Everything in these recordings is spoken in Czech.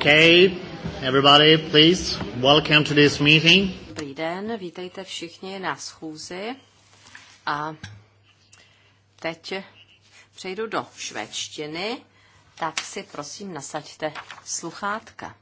Okay, everybody, please, welcome to this meeting. Dobrý den, vítejte všichni na schůzi. A teď přejdu do švédštiny, tak si prosím nasaďte sluchátka.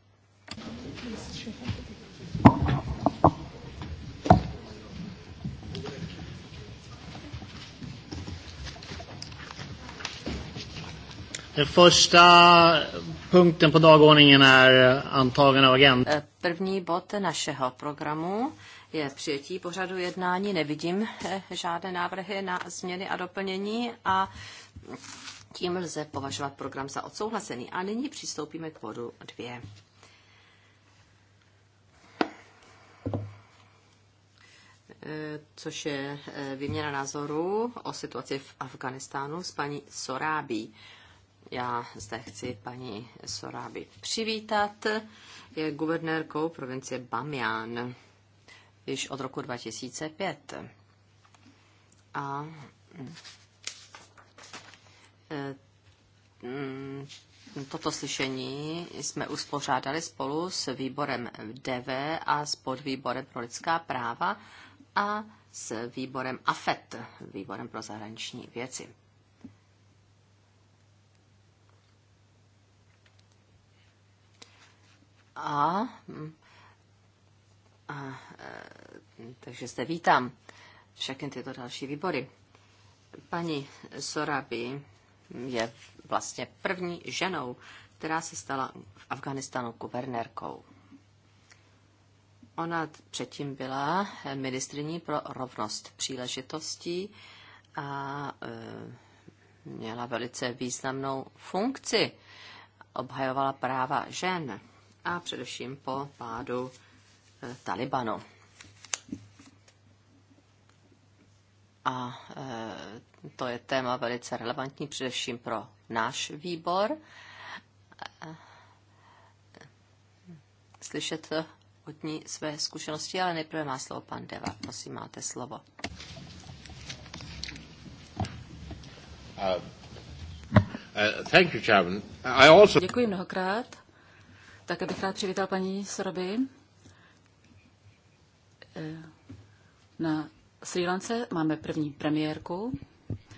Den första uh, Punkten på dagordningen är eh, antagande av agent. Eh, první bod našeho programu je přijetí pořadu jednání. Nevidím eh, žádné návrhy na změny a doplnění a tím lze považovat program za odsouhlasený. A nyní přistoupíme k bodu dvě. což je výměna názoru o situaci v Afganistánu s paní Sorábí. Já zde chci paní Soráby přivítat. Je guvernérkou provincie Bamian již od roku 2005. A mm, mm, toto slyšení jsme uspořádali spolu s výborem DV a s podvýborem pro lidská práva a s výborem AFET, výborem pro zahraniční věci. A, a e, takže zde vítám všechny tyto další výbory. Paní Sorabi je vlastně první ženou, která se stala v Afganistánu guvernérkou. Ona předtím byla ministriní pro rovnost příležitostí a e, měla velice významnou funkci. Obhajovala práva žen a především po pádu eh, Talibanu. A eh, to je téma velice relevantní především pro náš výbor. Slyšet od ní své zkušenosti, ale nejprve má slovo pan Deva. Prosím, máte slovo. Uh, uh, thank you, Chairman. I also... Děkuji mnohokrát. Tak bych rád přivítal paní Sraby eh, na Sri Lance. Máme první premiérku,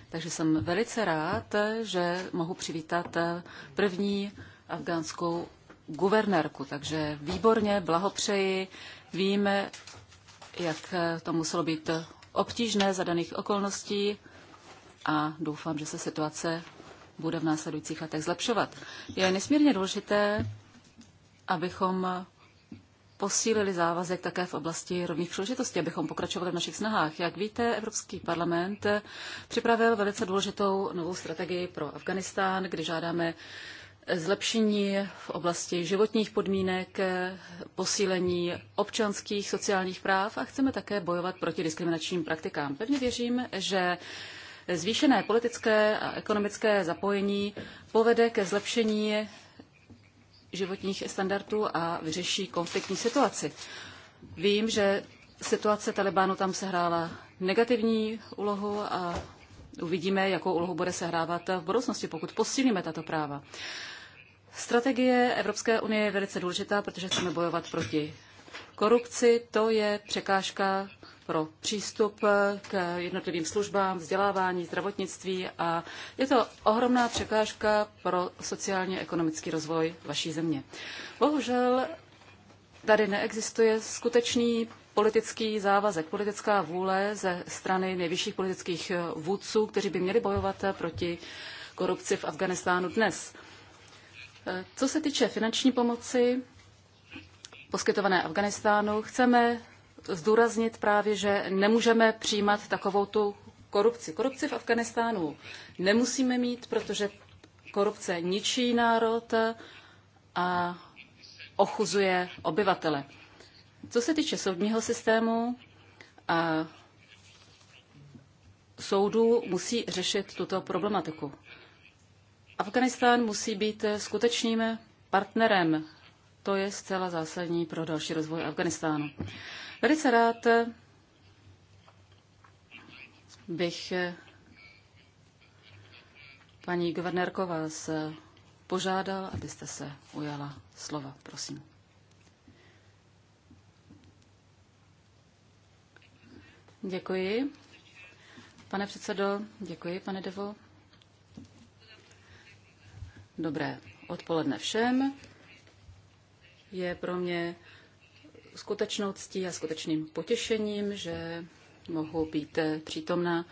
takže jsem velice rád, že mohu přivítat eh, první afgánskou guvernérku. Takže výborně, blahopřeji. Víme, jak eh, to muselo být obtížné za daných okolností a doufám, že se situace bude v následujících letech zlepšovat. Je nesmírně důležité, abychom posílili závazek také v oblasti rovných příležitostí, abychom pokračovali v našich snahách. Jak víte, Evropský parlament připravil velice důležitou novou strategii pro Afganistán, kdy žádáme zlepšení v oblasti životních podmínek, posílení občanských sociálních práv a chceme také bojovat proti diskriminačním praktikám. Pevně věřím, že zvýšené politické a ekonomické zapojení povede ke zlepšení životních standardů a vyřeší konfliktní situaci. Vím, že situace Talibánu tam sehrála negativní úlohu a uvidíme, jakou úlohu bude sehrávat v budoucnosti, pokud posílíme tato práva. Strategie Evropské unie je velice důležitá, protože chceme bojovat proti korupci. To je překážka pro přístup k jednotlivým službám, vzdělávání, zdravotnictví a je to ohromná překážka pro sociálně ekonomický rozvoj vaší země. Bohužel tady neexistuje skutečný politický závazek, politická vůle ze strany nejvyšších politických vůdců, kteří by měli bojovat proti korupci v Afganistánu dnes. Co se týče finanční pomoci poskytované Afganistánu, chceme zdůraznit právě, že nemůžeme přijímat takovou tu korupci. Korupci v Afganistánu nemusíme mít, protože korupce ničí národ a ochuzuje obyvatele. Co se týče soudního systému, a soudů musí řešit tuto problematiku. Afganistán musí být skutečným partnerem. To je zcela zásadní pro další rozvoj Afganistánu. Velice rád bych paní guvernérko vás požádal, abyste se ujala slova. Prosím. Děkuji. Pane předsedo, děkuji, pane Devo. Dobré odpoledne všem. Je pro mě skutečnou ctí a skutečným potěšením, že mohu být přítomna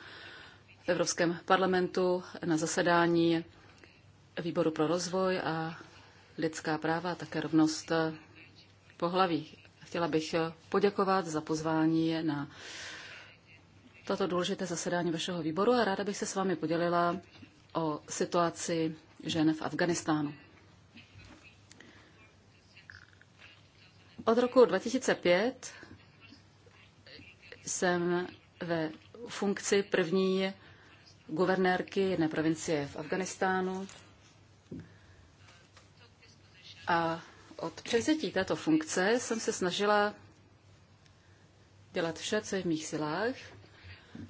v Evropském parlamentu na zasedání Výboru pro rozvoj a lidská práva a také rovnost pohlaví. Chtěla bych poděkovat za pozvání na toto důležité zasedání vašeho výboru a ráda bych se s vámi podělila o situaci žen v Afganistánu. Od roku 2005 jsem ve funkci první guvernérky jedné provincie v Afganistánu a od převzetí této funkce jsem se snažila dělat vše, co je v mých silách,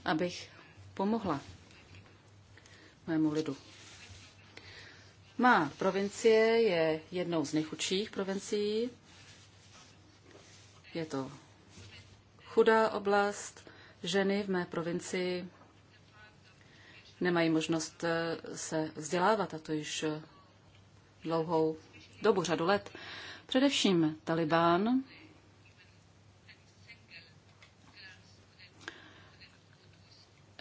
abych pomohla mému lidu. Má provincie je jednou z nejchudších provincií je to chudá oblast, ženy v mé provincii nemají možnost eh, se vzdělávat, a to již eh, dlouhou dobu, řadu let. Především Talibán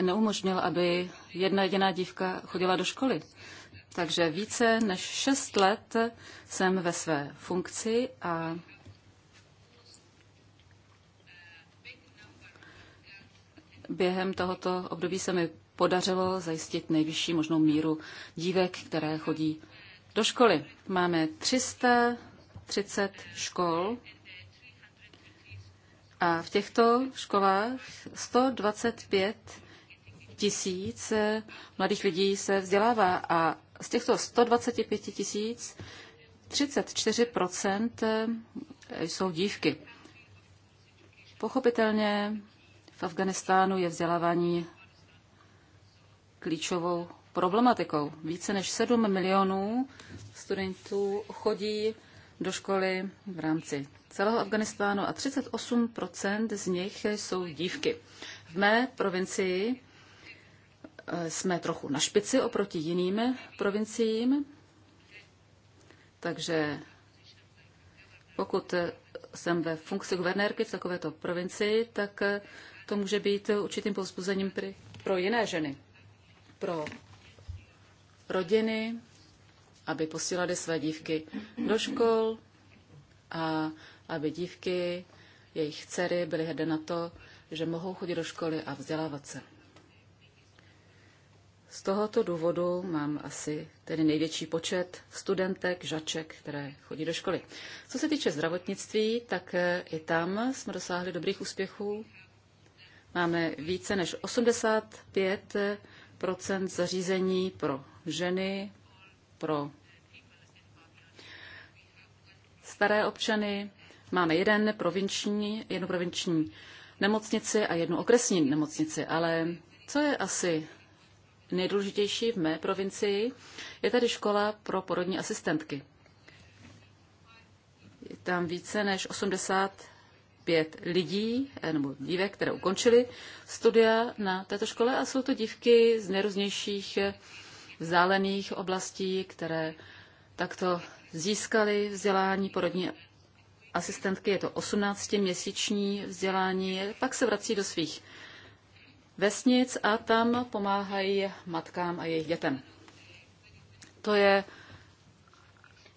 neumožnil, aby jedna jediná dívka chodila do školy. Takže více než šest let jsem ve své funkci a během tohoto období se mi podařilo zajistit nejvyšší možnou míru dívek, které chodí do školy. Máme 330 škol a v těchto školách 125 tisíc mladých lidí se vzdělává a z těchto 125 tisíc 34 jsou dívky. Pochopitelně v Afganistánu je vzdělávání klíčovou problematikou. Více než 7 milionů studentů chodí do školy v rámci celého Afganistánu a 38 z nich jsou dívky. V mé provincii eh, jsme trochu na špici oproti jiným provinciím, takže pokud eh, jsem ve funkci guvernérky v takovéto provincii, tak eh, to může být určitým povzbuzením pro jiné ženy, pro rodiny, aby posílali své dívky do škol a aby dívky, jejich dcery byly hrdé na to, že mohou chodit do školy a vzdělávat se. Z tohoto důvodu mám asi tedy největší počet studentek, žaček, které chodí do školy. Co se týče zdravotnictví, tak eh, i tam jsme dosáhli dobrých úspěchů máme více než 85 zařízení pro ženy, pro staré občany. Máme jeden provinční, jednu provinční nemocnici a jednu okresní nemocnici, ale co je asi nejdůležitější v mé provincii, je tady škola pro porodní asistentky. Je tam více než 80 pět lidí eh, nebo dívek, které ukončily studia na této škole a jsou to dívky z nejrůznějších eh, vzdálených oblastí, které takto získaly vzdělání porodní asistentky. Je to 18-měsíční vzdělání, pak se vrací do svých vesnic a tam pomáhají matkám a jejich dětem. To je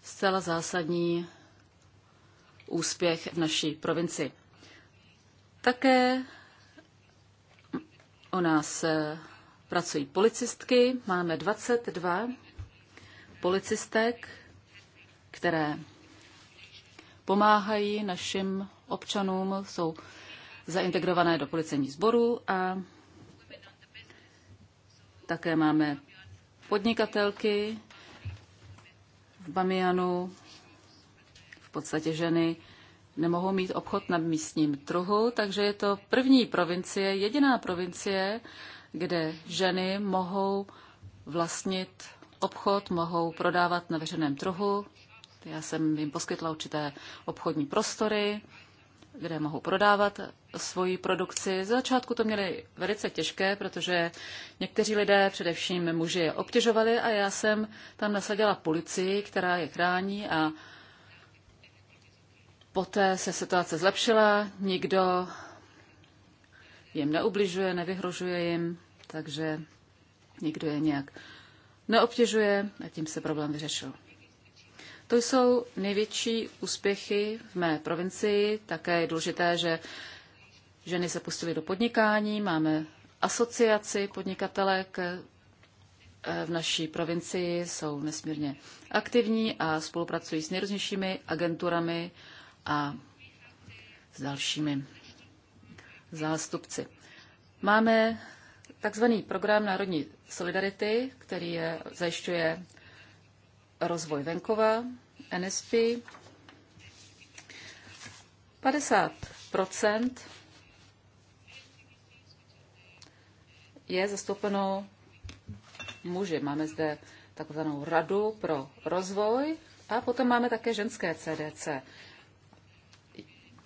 zcela zásadní úspěch v naší provinci. Také u nás eh, pracují policistky. Máme 22 policistek, které pomáhají našim občanům, jsou zaintegrované do policejních sborů a také máme podnikatelky v Bamianu, v podstatě ženy, nemohou mít obchod na místním trhu, takže je to první provincie, jediná provincie, kde ženy mohou vlastnit obchod, mohou prodávat na veřejném trhu. Já jsem jim poskytla určité obchodní prostory, kde mohou prodávat svoji produkci. Z začátku to měli velice těžké, protože někteří lidé, především muži, je obtěžovali a já jsem tam nasadila policii, která je chrání a Poté se situace zlepšila, nikdo jim neubližuje, nevyhrožuje jim, takže nikdo je nějak neobtěžuje a tím se problém vyřešil. To jsou největší úspěchy v mé provincii. Také je důležité, že ženy se pustily do podnikání. Máme asociaci podnikatelek eh, v naší provincii, jsou nesmírně aktivní a spolupracují s nejrůznějšími agenturami a s dalšími zástupci. Máme takzvaný program Národní solidarity, který je, zajišťuje rozvoj venkova, NSP. 50 je zastoupeno muži. Máme zde takzvanou radu pro rozvoj a potom máme také ženské CDC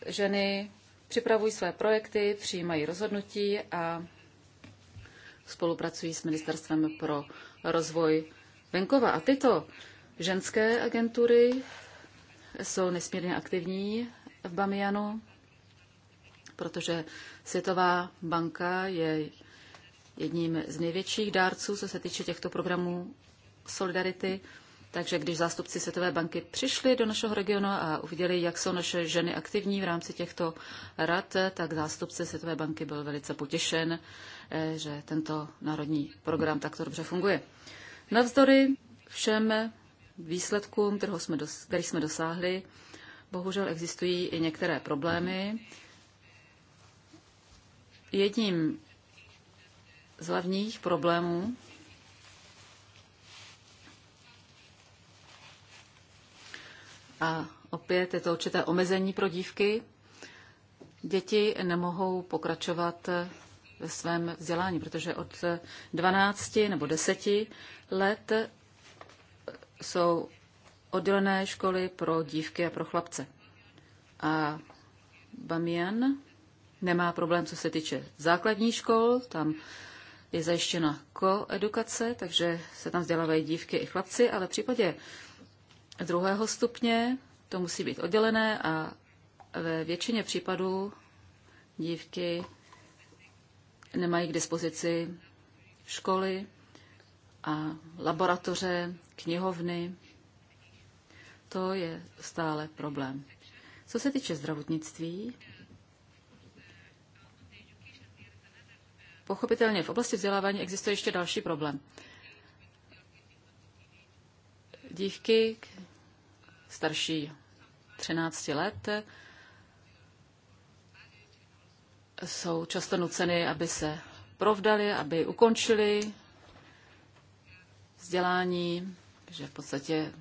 ženy připravují své projekty, přijímají rozhodnutí a spolupracují s Ministerstvem pro rozvoj venkova. A tyto ženské agentury jsou nesmírně aktivní v Bamianu, protože Světová banka je jedním z největších dárců, co se týče těchto programů Solidarity. Takže když zástupci Světové banky přišli do našeho regionu a uviděli, jak jsou naše ženy aktivní v rámci těchto rad, tak zástupce Světové banky byl velice potěšen, eh, že tento národní program takto dobře funguje. Navzdory všem výsledkům, jsme dos- kterých jsme dosáhli, bohužel existují i některé problémy. Jedním z hlavních problémů A opět je to určité omezení pro dívky. Děti nemohou pokračovat ve svém vzdělání, protože od 12 nebo 10 let jsou oddělené školy pro dívky a pro chlapce. A Bamian nemá problém, co se týče základní škol, tam je zajištěna koedukace, takže se tam vzdělávají dívky i chlapci, ale v případě druhého stupně, to musí být oddělené a ve většině případů dívky nemají k dispozici školy a laboratoře, knihovny. To je stále problém. Co se týče zdravotnictví, pochopitelně v oblasti vzdělávání existuje ještě další problém. Dívky, starší 13 let jsou často nuceny, aby se provdali, aby ukončili vzdělání, že v podstatě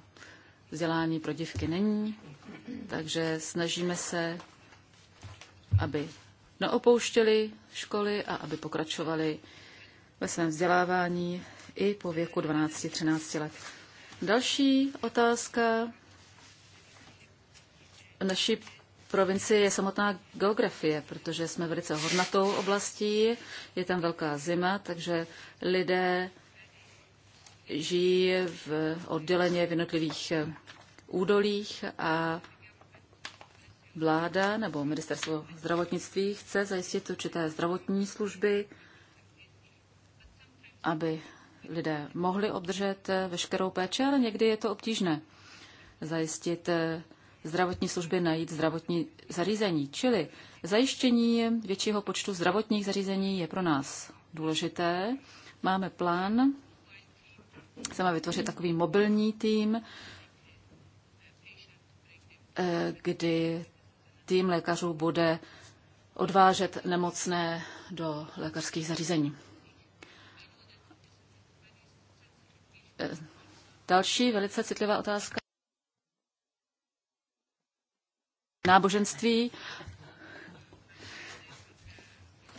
vzdělání pro dívky není, takže snažíme se, aby neopouštěli školy a aby pokračovali ve svém vzdělávání i po věku 12-13 let. Další otázka naší provinci je samotná geografie, protože jsme velice hornatou oblastí, je tam velká zima, takže lidé žijí v odděleně v jednotlivých eh, údolích a vláda nebo ministerstvo zdravotnictví chce zajistit určité zdravotní služby, aby lidé mohli obdržet eh, veškerou péči, ale někdy je to obtížné zajistit eh, zdravotní služby najít zdravotní zařízení. Čili zajištění většího počtu zdravotních zařízení je pro nás důležité. Máme plán, chceme vytvořit takový mobilní tým, eh, kdy tým lékařů bude odvážet nemocné do lékařských zařízení. Eh, další velice citlivá otázka. náboženství.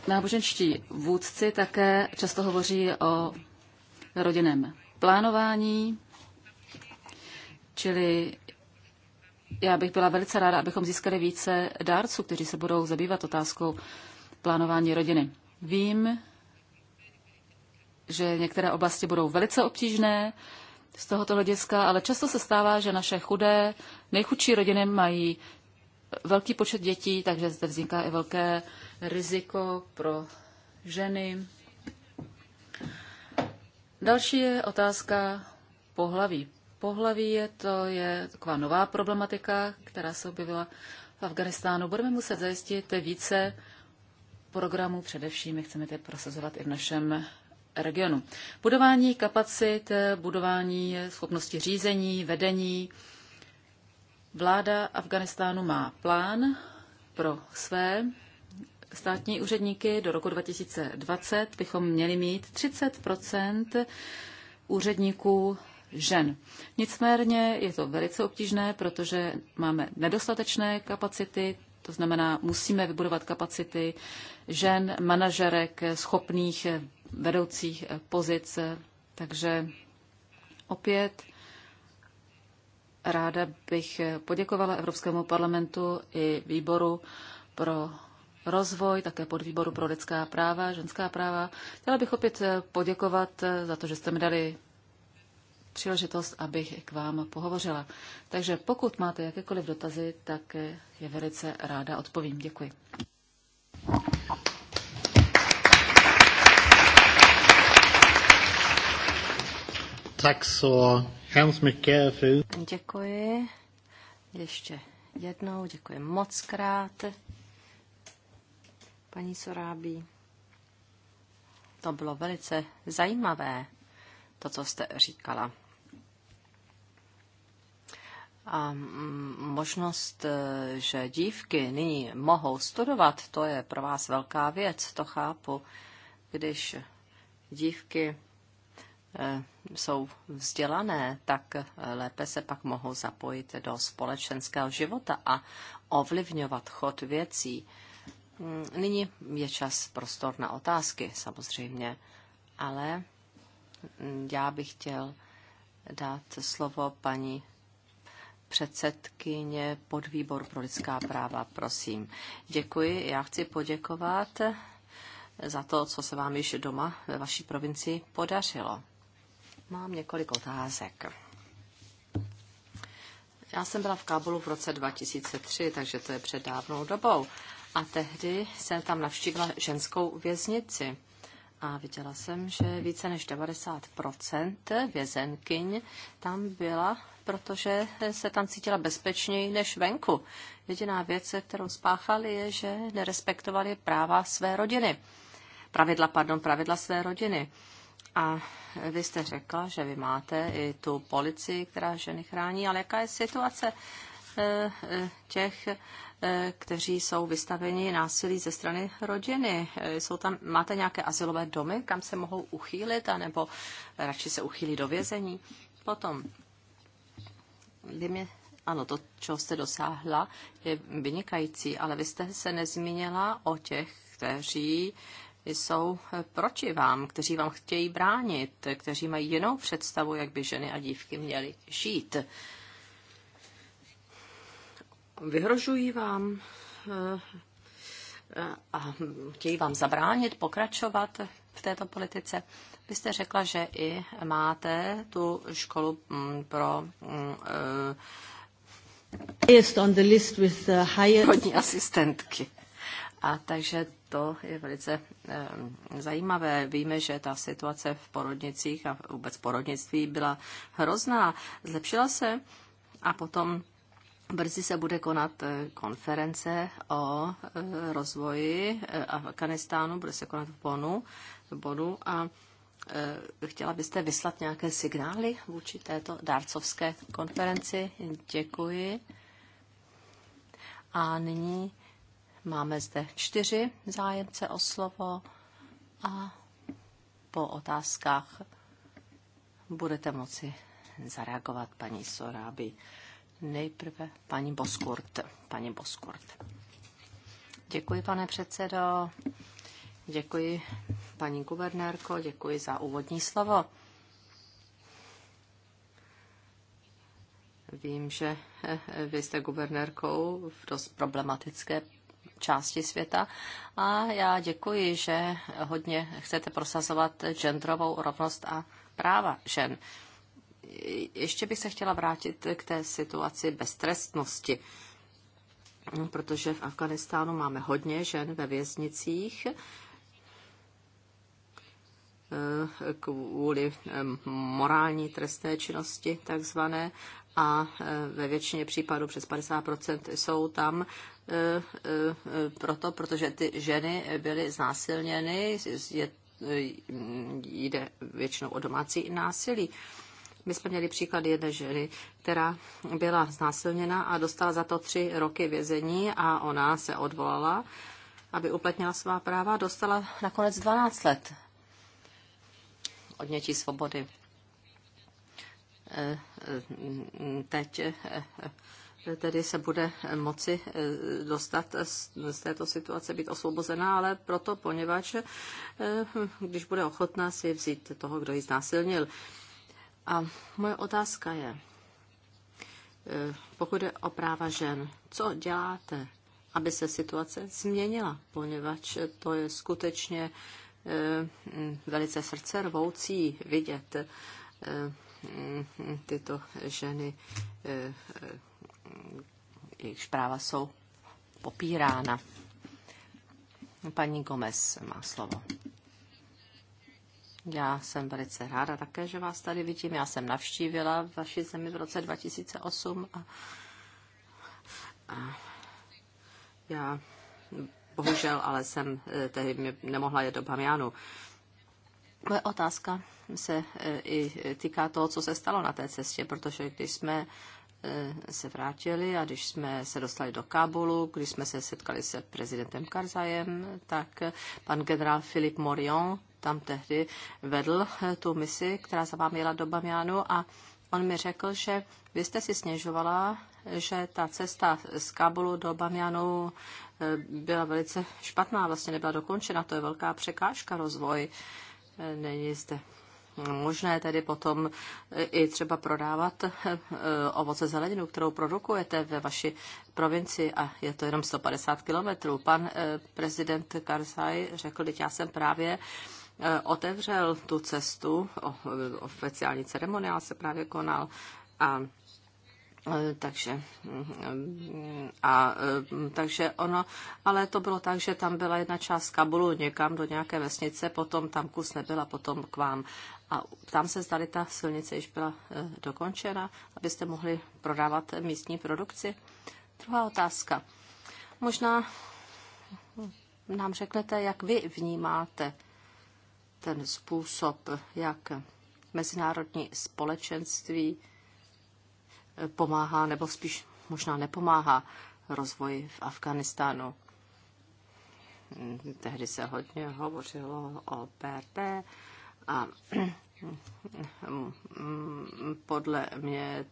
Náboženští vůdci také často hovoří o rodinném plánování, čili já bych byla velice ráda, abychom získali více dárců, kteří se budou zabývat otázkou plánování rodiny. Vím, že některé oblasti budou velice obtížné z tohoto hlediska, ale často se stává, že naše chudé, nejchudší rodiny mají velký počet dětí, takže zde vzniká i velké riziko pro ženy. Další je otázka pohlaví. Pohlaví je to je taková nová problematika, která se objevila v Afganistánu. Budeme muset zajistit více programů, především my chceme je prosazovat i v našem regionu. Budování kapacit, budování schopnosti řízení, vedení, Vláda Afganistánu má plán pro své státní úředníky. Do roku 2020 bychom měli mít 30 úředníků žen. Nicméně je to velice obtížné, protože máme nedostatečné kapacity, to znamená, musíme vybudovat kapacity žen, manažerek, schopných vedoucích pozic. Takže opět Ráda bych poděkovala Evropskému parlamentu i výboru pro rozvoj, také pod výboru pro lidská práva, ženská práva. Chtěla bych opět poděkovat za to, že jste mi dali příležitost, abych k vám pohovořila. Takže pokud máte jakékoliv dotazy, tak je velice ráda odpovím. Děkuji. Tak so Děkuji. Ještě jednou, děkuji moc krát. Paní Sorábí, to bylo velice zajímavé, to, co jste říkala. A mm, možnost, e, že dívky nyní mohou studovat, to je pro vás velká věc, to chápu, když dívky e, jsou vzdělané, tak eh, lépe se pak mohou zapojit do společenského života a ovlivňovat chod věcí. Mm, nyní je čas prostor na otázky, samozřejmě, ale mm, já bych chtěl dát slovo paní předsedkyně podvýboru pro lidská práva. Prosím. Děkuji. Já chci poděkovat za to, co se vám již doma ve vaší provincii podařilo. Mám několik otázek. Já jsem byla v Kábulu v roce 2003, takže to je před dávnou dobou. A tehdy jsem tam navštívila ženskou věznici. A viděla jsem, že více než 90 vězenkyň tam byla, protože se tam cítila bezpečněji než venku. Jediná věc, kterou spáchali, je, že nerespektovali práva své rodiny. Pravidla, pardon, pravidla své rodiny. A vy jste řekla, že vy máte i tu policii, která ženy chrání, ale jaká je situace eh, eh, těch, eh, kteří jsou vystaveni násilí ze strany rodiny. Jsou tam, máte nějaké asilové domy, kam se mohou uchýlit, anebo radši se uchýlí do vězení? Potom, vy mě, ano, to, čeho jste dosáhla, je vynikající, ale vy jste se nezmínila o těch, kteří jsou eh, proti vám, kteří vám chtějí bránit, kteří mají jinou představu, jak by ženy a dívky měly žít. Vyhrožují vám eh, a chtějí vám zabránit pokračovat v této politice. Vy jste řekla, že i máte tu školu mm, pro mm, eh, Highest on the list with the Hodní asistentky. A takže to je velice eh, zajímavé. Víme, že ta situace v porodnicích a vůbec porodnictví byla hrozná. Zlepšila se a potom Brzy se bude konat eh, konference o eh, rozvoji Afganistánu, bude se konat v Bonu, v Bonu a chtěla byste vyslat nějaké signály vůči této dárcovské konferenci. Děkuji. A nyní Máme zde čtyři zájemce o slovo a po otázkách budete moci zareagovat paní Soráby. Nejprve paní Boskurt. Paní Boskurt. Děkuji, pane předsedo. Děkuji, paní guvernérko. Děkuji za úvodní slovo. Vím, že vy jste guvernérkou v dost problematické části světa. A já děkuji, že hodně chcete prosazovat genderovou rovnost a práva žen. Ještě bych se chtěla vrátit k té situaci beztrestnosti, protože v Afganistánu máme hodně žen ve věznicích eh, kvůli eh, morální trestné činnosti takzvané a e, ve většině případů přes 50% jsou tam e, e, proto, protože ty ženy byly znásilněny, je, jde většinou o domácí násilí. My jsme měli příklad jedné ženy, která byla znásilněna a dostala za to tři roky vězení a ona se odvolala, aby uplatnila svá práva, dostala nakonec 12 let odnětí svobody teď eh, eh, tedy se bude moci eh, dostat z této situace, být osvobozená, ale proto, poněvadž když bude ochotná si vzít toho, kdo ji znásilnil. A moje otázka je, pokud je o práva žen, co děláte, aby se situace změnila, poněvadž to je skutečně velice srdce rvoucí vidět Mm, tyto ženy, eh, eh, jejichž práva jsou popírána. Paní Gomez má slovo. Já jsem velice ráda také, že vás tady vidím. Já jsem navštívila vaši zemi v roce 2008 a, a já bohužel ale jsem tehdy nemohla jet do Bamianu. Moje otázka se e, i týká toho, co se stalo na té cestě, protože když jsme e, se vrátili a když jsme se dostali do Kábulu, když jsme se setkali se prezidentem Karzajem, tak pan generál Filip Morion tam tehdy vedl e, tu misi, která za vám jela do Bamianu a on mi řekl, že vy jste si sněžovala, že ta cesta z Kábulu do Bamianu byla velice špatná, vlastně nebyla dokončena, to je velká překážka rozvoj není zde možné tedy potom eh, i třeba prodávat eh, eh, ovoce zeleninu, kterou produkujete ve vaší provinci a je to jenom 150 kilometrů. Pan prezident Karzaj řekl, teď já jsem právě otevřel tu cestu, oficiální ceremoniál se právě konal a E, takže, mm, a, e, mm, takže ono, ale to bylo tak, že tam byla jedna část Kabulu někam do nějaké vesnice, potom tam kus nebyla, potom k vám. A tam se zdali ta silnice již byla e, dokončena, abyste mohli prodávat místní produkci. Druhá otázka. Možná nám řeknete, jak vy vnímáte ten způsob, jak mezinárodní společenství pomáhá, nebo spíš možná nepomáhá rozvoji v Afganistánu. Tehdy se hodně hovořilo o PRP a podle mě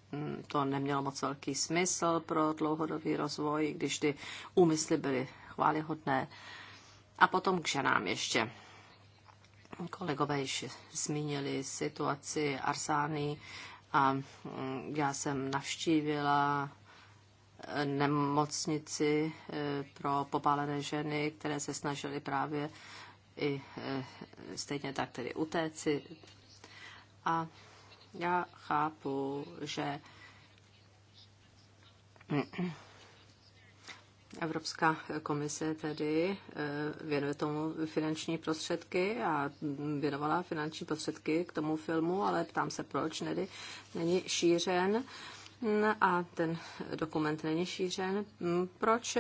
to nemělo moc velký smysl pro dlouhodobý rozvoj, když ty úmysly byly chválihodné. A potom k ženám ještě. Kolegové již zmínili situaci Arsány a mm, já jsem navštívila eh, nemocnici eh, pro popálené ženy, které se snažily právě i eh, stejně tak tedy utéci. A já chápu, že Evropská komise tedy eh, věnuje tomu finanční prostředky a věnovala finanční prostředky k tomu filmu, ale ptám se, proč nedy není šířen mm, a ten dokument není šířen. Mm, proč?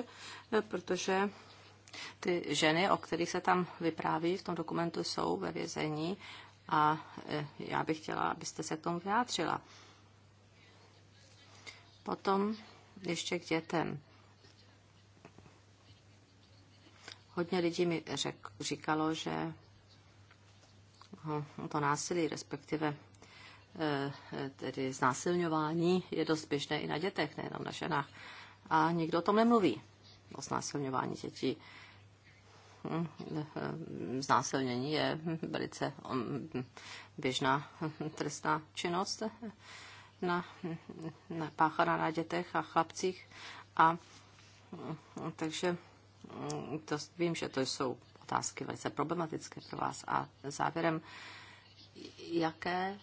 Protože ty ženy, o kterých se tam vypráví v tom dokumentu, jsou ve vězení a eh, já bych chtěla, abyste se k tomu vyjádřila. Potom ještě k dětem Hodně lidí mi řek, říkalo, že to násilí, respektive eh, eh, tedy znásilňování, je dost běžné i na dětech, nejenom na ženách. A nikdo o tom nemluví, o znásilňování dětí. Hm, eh, znásilnění je velice mm, hm, běžná hm, trestná činnost na, na páchaná na dětech a chlapcích. A takže Mm, to vím, že to jsou otázky velice problematické pro vás. A závěrem, jaké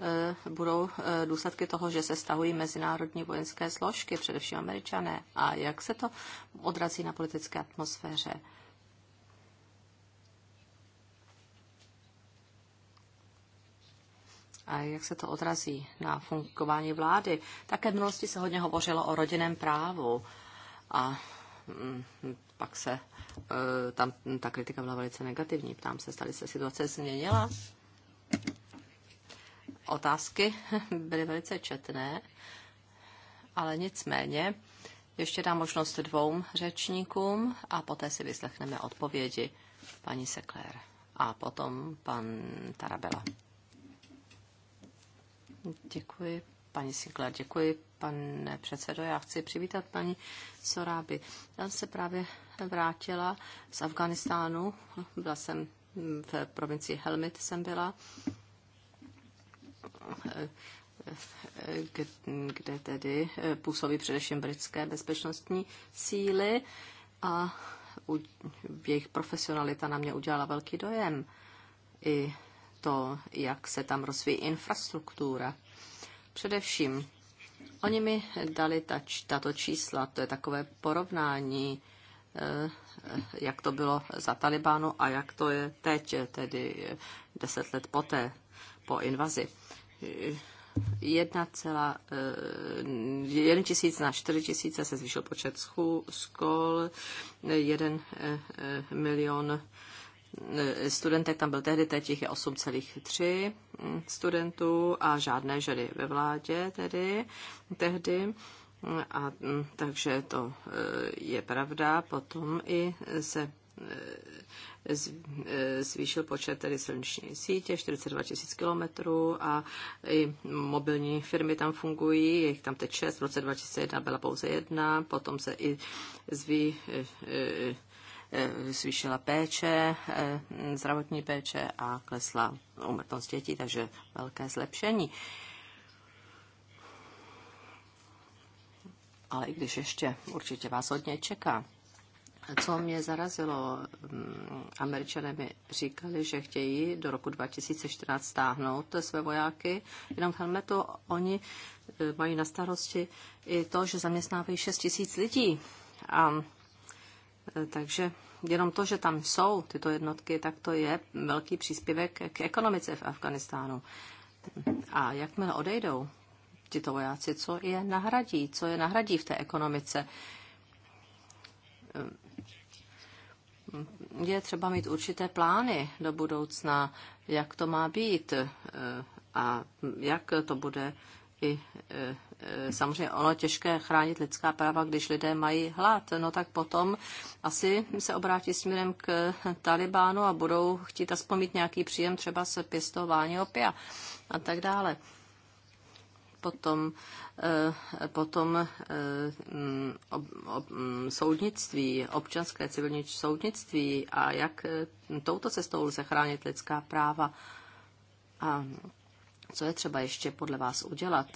eh, budou eh, důsledky toho, že se stahují mezinárodní vojenské složky, především američané, a jak se to odrazí na politické atmosféře a jak se to odrazí na fungování vlády. Také v minulosti se hodně hovořilo o rodinném právu a mm, pak se e, tam ta kritika byla velice negativní. Ptám se, stali se situace změnila? Otázky byly velice četné, ale nicméně ještě dám možnost dvou řečníkům a poté si vyslechneme odpovědi paní Sekler a potom pan Tarabela. Děkuji, paní Sinclair, děkuji, pane předsedo. Já chci přivítat paní Soráby. Já se právě vrátila z Afganistánu. Byla jsem v provincii Helmit, jsem byla kde tedy působí především britské bezpečnostní síly a jejich profesionalita na mě udělala velký dojem. I to, jak se tam rozvíjí infrastruktura. Především, oni mi dali ta, tato čísla, to je takové porovnání, eh, jak to bylo za Talibánu a jak to je teď, tedy deset let poté, po invazi. 1 eh, tisíc na 4 tisíce se zvýšil počet skol, 1 eh, milion Eh, studentek tam byl tehdy, teď jich je 8,3 studentů a žádné ženy ve vládě tedy tehdy. A, mm, takže to eh, je pravda. Potom i se eh, zvýšil počet tedy silniční sítě, 42 tisíc kilometrů a i mobilní firmy tam fungují, je jich tam teď 6, v roce 2001 byla pouze jedna, potom se i zvý, Eh, zvýšila péče, eh, zdravotní péče a klesla umrtnost dětí, takže velké zlepšení. Ale i když ještě určitě vás hodně čeká. Co mě zarazilo, mm, američané mi říkali, že chtějí do roku 2014 stáhnout své vojáky, jenom v Helmetu oni eh, mají na starosti i to, že zaměstnávají 6 tisíc lidí. A Eh, takže jenom to, že tam jsou tyto jednotky, tak to je velký příspěvek k ekonomice v Afganistánu. A jakmile odejdou tito vojáci, co je nahradí, co je nahradí v té ekonomice? Eh, je třeba mít určité plány do budoucna, jak to má být eh, a jak to bude i Eh, samozřejmě ono těžké chránit lidská práva, když lidé mají hlad, no tak potom asi se obrátí směrem k Talibánu a budou chtít aspoň mít nějaký příjem třeba se pěstování opia a tak dále. Potom, eh, potom eh, mm, ob, ob, mm, soudnictví, občanské civilní soudnictví a jak touto cestou lze chránit lidská práva. A co je třeba ještě podle vás udělat?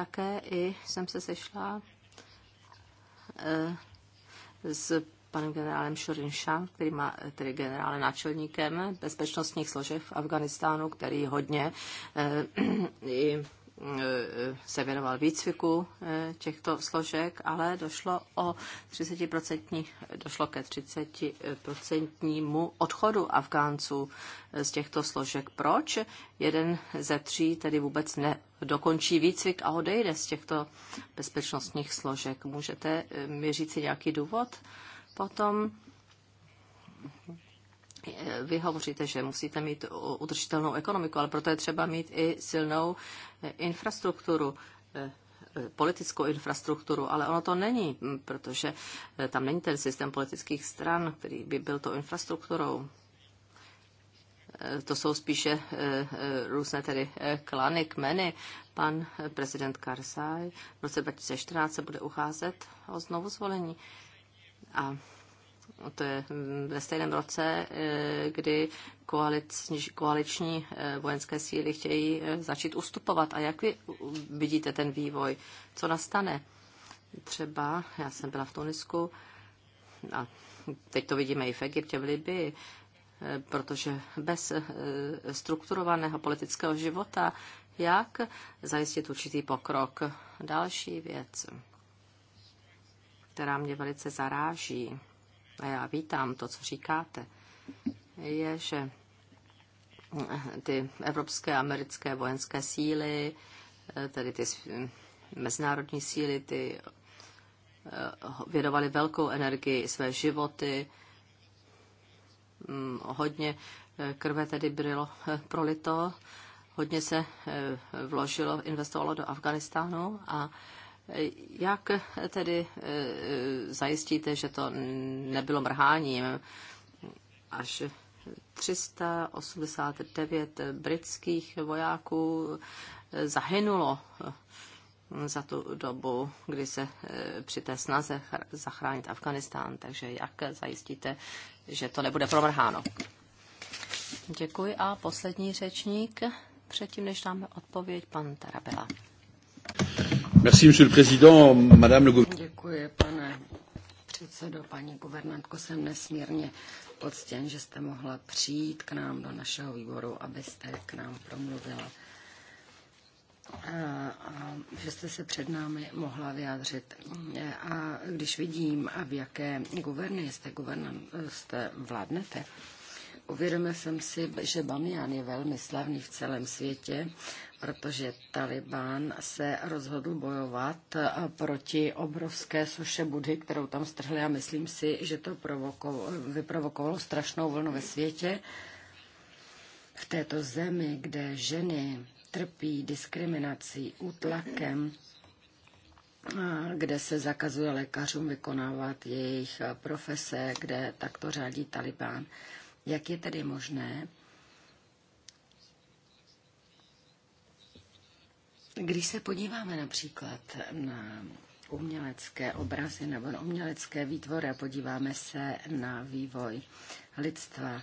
také i jsem se sešla eh, s panem generálem Shorin Shah, který má tedy generále náčelníkem bezpečnostních složek v Afganistánu, který hodně eh, i se věnoval výcviku eh, těchto složek, ale došlo o 30%, došlo ke 30% odchodu Afgánců eh, z těchto složek. Proč? Jeden ze tří tedy vůbec nedokončí výcvik a odejde z těchto bezpečnostních složek. Můžete eh, mi říci nějaký důvod? Potom vy hovoříte, že musíte mít udržitelnou ekonomiku, ale proto je třeba mít i silnou eh, infrastrukturu eh, eh, politickou infrastrukturu, ale ono to není, hm, protože tam není ten systém politických stran, který by byl tou infrastrukturou. To jsou spíše různé tedy klany, kmeny. Pan prezident Karsaj v roce 2014 se bude ucházet o znovu zvolení. A to je ve stejném roce, eh, kdy koaliční eh, vojenské síly chtějí eh, začít ustupovat. A jak vy vidíte ten vývoj? Co nastane? Třeba, já jsem byla v Tunisku, a teď to vidíme i v Egyptě, v Libii, protože bez strukturovaného politického života, jak zajistit určitý pokrok? Další věc, která mě velice zaráží, a já vítám to, co říkáte, je, že ty evropské americké vojenské síly, tedy ty mezinárodní síly, ty eh, věnovali velkou energii, své životy, mm, hodně eh, krve tedy bylo eh, prolito, hodně se vložilo, investovalo do Afganistánu a jak tedy e, zajistíte, že to nebylo mrháním? Až 389 britských vojáků e, zahynulo e, za tu dobu, kdy se při té snaze zachránit Afganistán. Takže jak zajistíte, že to nebude promrháno? Děkuji a poslední řečník, předtím než dáme odpověď, pan Tarabela. Děkuji, pane předsedo, paní guvernantko, jsem nesmírně poctěn, že jste mohla přijít k nám do našeho výboru, abyste k nám promluvila. A, že jste se před námi mohla vyjádřit. A když vidím, v jaké guverny jste, guvernan, jste vládnete, Uvědomil jsem si, že Bamián je velmi slavný v celém světě, protože Taliban se rozhodl bojovat eh, proti obrovské suše Budy, kterou tam strhli a myslím si, že to vyprovokovalo strašnou vlnu ve světě. V této zemi, kde ženy trpí diskriminací, útlakem, kde se zakazuje lékařům vykonávat jejich eh, profese, kde takto řádí Taliban. Jak je tedy možné, když se podíváme například na umělecké obrazy nebo na umělecké výtvory a podíváme se na vývoj lidstva,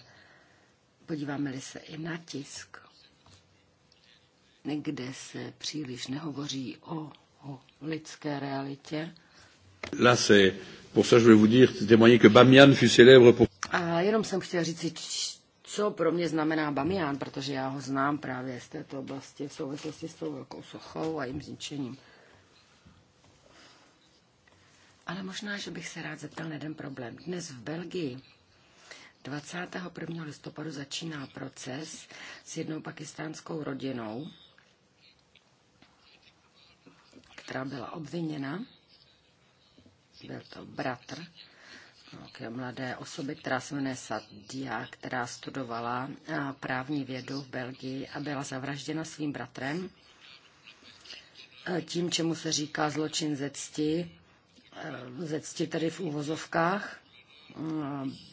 podíváme-li se i na tisk, kde se příliš nehovoří o, o lidské realitě. Là, c'est Pour ça, je vais vous dire, témoigner que fut célèbre pour... A jenom jsem chtěl říct, co pro mě znamená Bamián, protože já ho znám právě z této oblasti v souvislosti s tou velkou sochou a jim zničením. Ale možná, že bych se rád zeptal na jeden problém. Dnes v Belgii 21. listopadu začíná proces s jednou pakistánskou rodinou, která byla obviněna byl to bratr no, k mladé osoby, která se jmenuje Sadia, která studovala eh, právní vědu v Belgii a byla zavražděna svým bratrem eh, tím, čemu se říká zločin ze cti, eh, ze cti tedy v úvozovkách,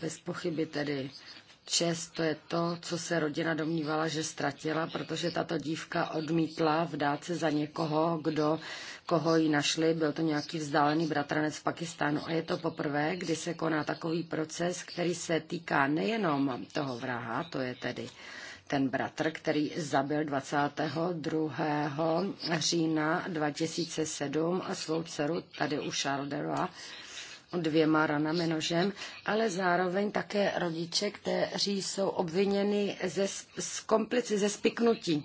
bez pochyby tedy čest, to je to, co se rodina domnívala, že ztratila, protože tato dívka odmítla vdát se za někoho, kdo, koho ji našli. Byl to nějaký vzdálený bratranec v Pakistánu. A je to poprvé, kdy se koná takový proces, který se týká nejenom toho vraha, to je tedy ten bratr, který zabil 22. října 2007 a svou dceru tady u Charleroi dvěma ranami nožem, ale zároveň také rodiče, kteří jsou obviněni ze, z komplici, ze spiknutí.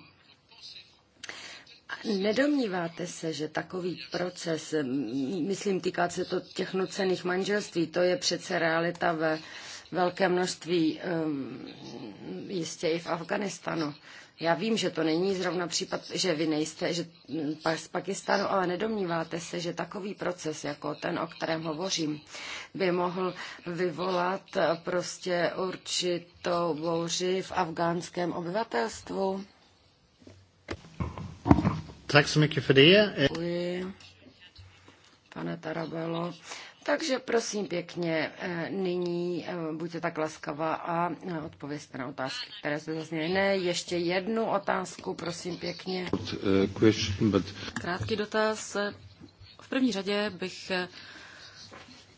Nedomníváte se, že takový proces, myslím, týká se to těch nucených manželství, to je přece realita ve velké množství, um, jistě i v Afganistanu. Já vím, že to není zrovna případ, že vy nejste že z Pakistanu, ale nedomníváte se, že takový proces, jako ten, o kterém hovořím, by mohl vyvolat prostě určitou bouři v afgánském obyvatelstvu? Tak se mi pane Tarabelo. Takže prosím pěkně, eh, nyní eh, buďte tak laskavá a eh, odpovězte na otázky, které jsou zazněly. Ne, ještě jednu otázku, prosím pěkně. Krátký dotaz. V první řadě bych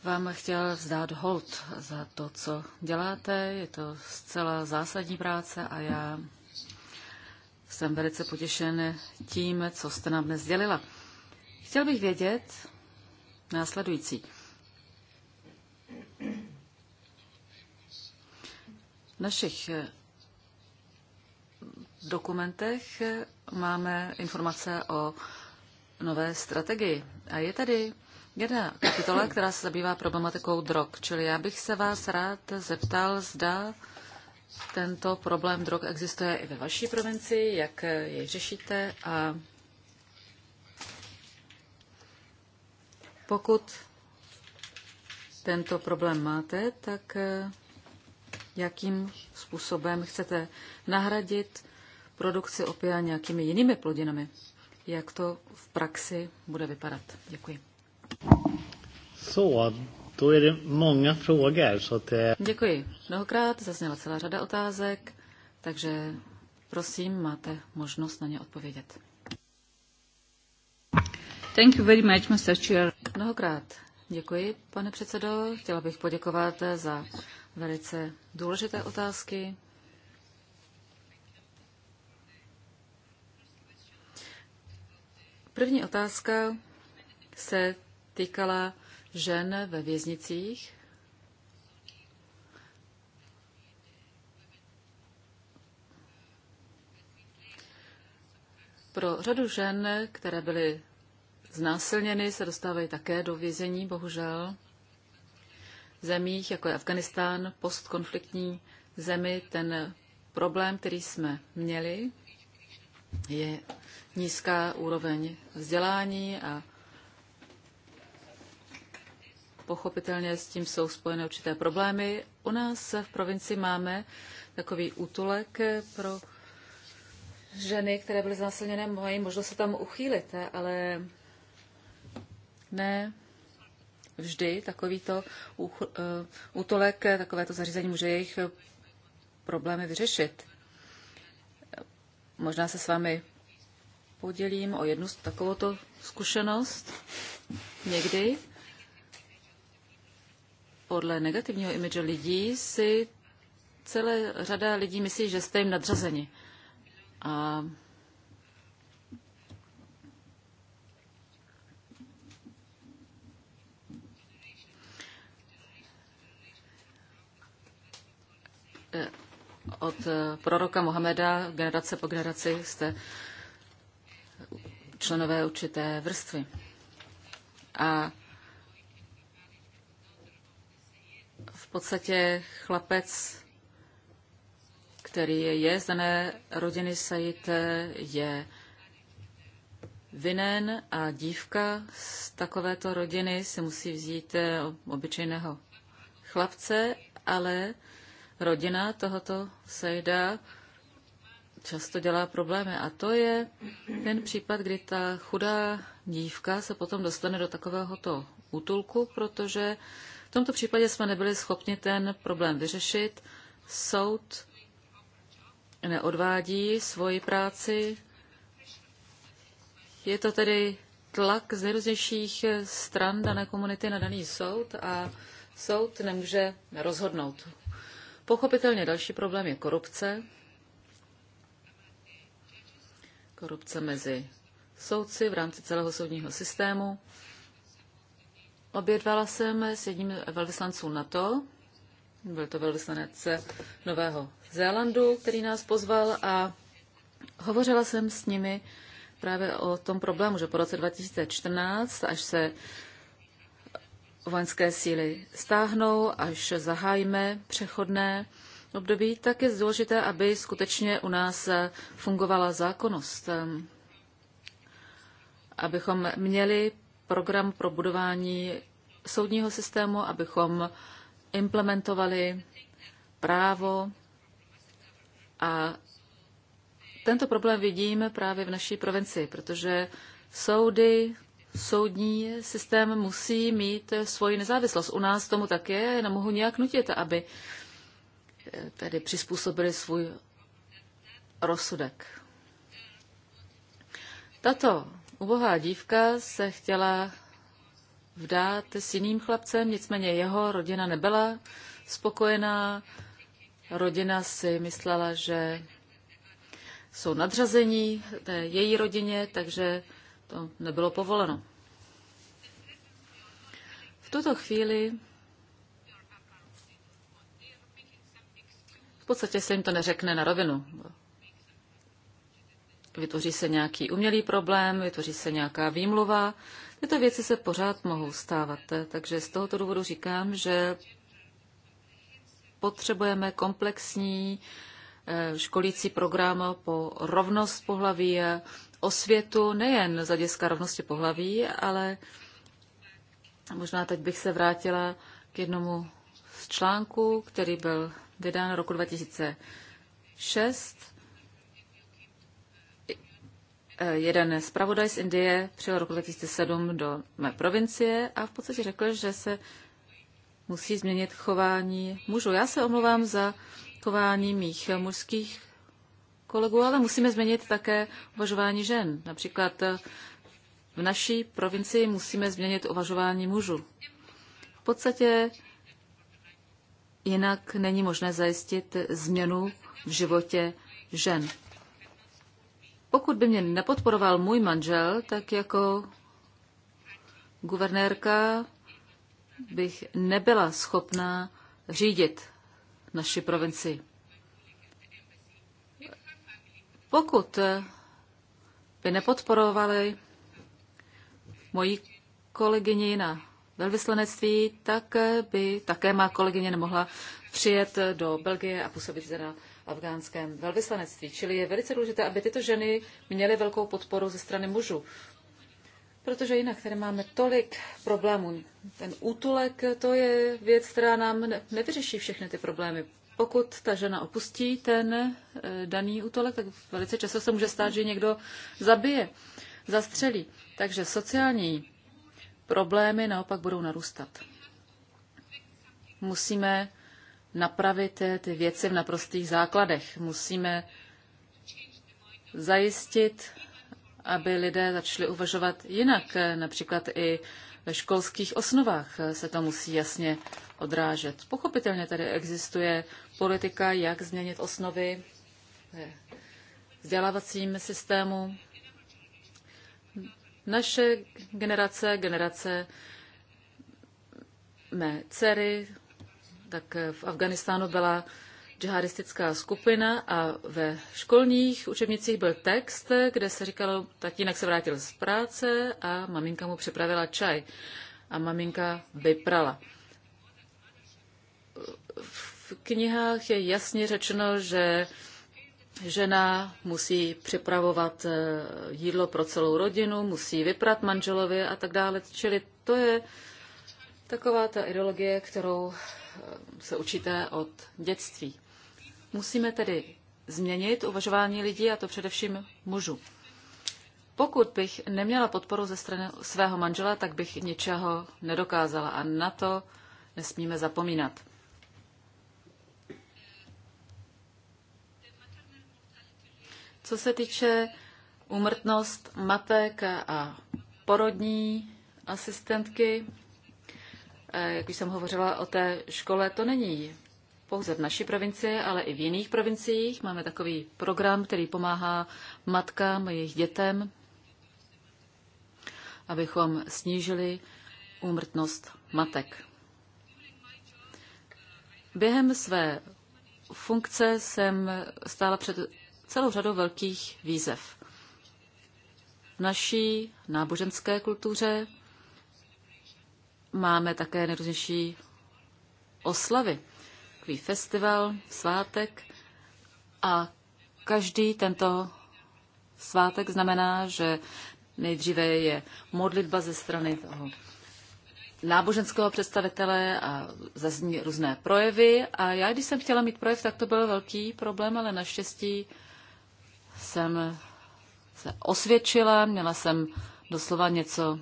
vám chtěl vzdát hold za to, co děláte. Je to zcela zásadní práce a já jsem velice potěšen tím, co jste nám dnes dělila. Chtěl bych vědět následující. našich eh, dokumentech eh, máme informace o nové strategii. A je tady jedna kapitola, která se zabývá problematikou drog. Čili já bych se vás rád zeptal, zda tento problém drog existuje i ve vaší provinci, jak eh, jej řešíte a pokud tento problém máte, tak jakým způsobem chcete nahradit produkci opia nějakými jinými plodinami. Jak to v praxi bude vypadat? Děkuji. So, to je mnoha frågor, så eh, Děkuji. Mnohokrát zazněla celá řada otázek, takže prosím, máte možnost na ně odpovědět. Thank you very much, Mr. Chair. Mnohokrát děkuji, pane předsedo. Chtěla bych poděkovat za velice důležité otázky. První otázka se týkala žen ve věznicích. Pro řadu žen, které byly znásilněny, se dostávají také do vězení, bohužel zemích, jako je Afganistán, postkonfliktní zemi, ten problém, který jsme měli, je nízká úroveň vzdělání a pochopitelně s tím jsou spojené určité problémy. U nás v provinci máme takový útulek pro ženy, které byly znásilněné, mají možnost se tam uchýlit, ale ne vždy takovýto eh, útolek, takovéto zařízení může jejich eh, problémy vyřešit. Možná se s vámi podělím o jednu takovouto zkušenost někdy. Podle negativního imidže lidí si celé řada lidí myslí, že jste jim nadřazeni. A od eh, proroka Mohameda generace po generaci jste členové určité vrstvy. A v podstatě chlapec, který je z dané rodiny Sajit, je vinen a dívka z takovéto rodiny si musí vzít eh, obyčejného chlapce, ale rodina tohoto sejda často dělá problémy. A to je ten případ, kdy ta chudá dívka se potom dostane do takovéhoto útulku, protože v tomto případě jsme nebyli schopni ten problém vyřešit. Soud neodvádí svoji práci. Je to tedy tlak z nejrůznějších stran dané komunity na daný soud a soud nemůže rozhodnout. Pochopitelně další problém je korupce. Korupce mezi soudci v rámci celého soudního systému. Obědvala jsem s jedním velvyslanců NATO, byl to velvyslanec Nového Zélandu, který nás pozval a hovořila jsem s nimi právě o tom problému, že po roce 2014, až se vojenské síly stáhnou, až zahájíme přechodné období, tak je důležité, aby skutečně u nás fungovala zákonnost. Abychom měli program pro budování soudního systému, abychom implementovali právo a tento problém vidíme právě v naší provincii, protože soudy soudní systém musí mít svoji nezávislost. U nás tomu tak je, nemohu nějak nutit, aby eh, tedy přizpůsobili svůj rozsudek. Tato ubohá dívka se chtěla vdát s jiným chlapcem, nicméně jeho rodina nebyla spokojená. Rodina si myslela, že jsou nadřazení té její rodině, takže to nebylo povoleno. V tuto chvíli v podstatě se jim to neřekne na rovinu. Vytvoří se nějaký umělý problém, vytvoří se nějaká výmluva. Tyto věci se pořád mohou stávat. Takže z tohoto důvodu říkám, že potřebujeme komplexní eh, školící program po rovnost pohlaví, osvětu nejen z hlediska rovnosti pohlaví, ale možná teď bych se vrátila k jednomu z článků, který byl vydán roku 2006. Jeden zpravodaj z Indie přijel roku 2007 do mé provincie a v podstatě řekl, že se musí změnit chování mužů. Já se omluvám za chování mých mužských kolegů, ale musíme změnit také uvažování žen. Například eh, v naší provincii musíme změnit uvažování mužů. V podstatě jinak není možné zajistit změnu v životě žen. Pokud by mě nepodporoval můj manžel, tak jako guvernérka bych nebyla schopná řídit naši provincii. Pokud eh, by nepodporovali moji kolegyni na velvyslanectví, tak eh, by také má kolegyně nemohla přijet eh, do Belgie a působit zde na afgánském velvyslanectví. Čili je velice důležité, aby tyto ženy měly velkou podporu ze strany mužů. Protože jinak tady máme tolik problémů. Ten útulek, to je věc, která nám nevyřeší všechny ty problémy pokud ta žena opustí ten eh, daný útolek, tak velice často se může stát, že někdo zabije, zastřelí. Takže sociální problémy naopak budou narůstat. Musíme napravit eh, ty věci v naprostých základech. Musíme zajistit, aby lidé začali uvažovat jinak, eh, například i ve školských osnovách eh, se to musí jasně odrážet. Pochopitelně tady existuje politika, jak změnit osnovy vzdělávacím systému. Naše generace, generace mé dcery, tak v Afganistánu byla džihadistická skupina a ve školních učebnicích byl text, kde se říkalo, tatínek se vrátil z práce a maminka mu připravila čaj. A maminka vyprala. V knihách je jasně řečeno, že žena musí připravovat eh, jídlo pro celou rodinu, musí vyprat manželovi a tak dále. Čili to je taková ta ideologie, kterou eh, se učíte od dětství. Musíme tedy změnit uvažování lidí, a to především mužů. Pokud bych neměla podporu ze strany svého manžela, tak bych ničeho nedokázala a na to nesmíme zapomínat. Co se týče úmrtnost matek a porodní asistentky, eh, jak už jsem hovořila o té škole, to není pouze v naší provincii, ale i v jiných provinciích. Máme takový program, který pomáhá matkám, jejich dětem, abychom snížili úmrtnost matek. Během své funkce jsem stála před celou řadou velkých výzev. V naší náboženské kultuře máme také nejrůznější oslavy takový festival, svátek a každý tento svátek znamená, že nejdříve je modlitba ze strany toho náboženského představitele a zazní různé projevy. A já, když jsem chtěla mít projev, tak to byl velký problém, ale naštěstí jsem se osvědčila, měla jsem doslova něco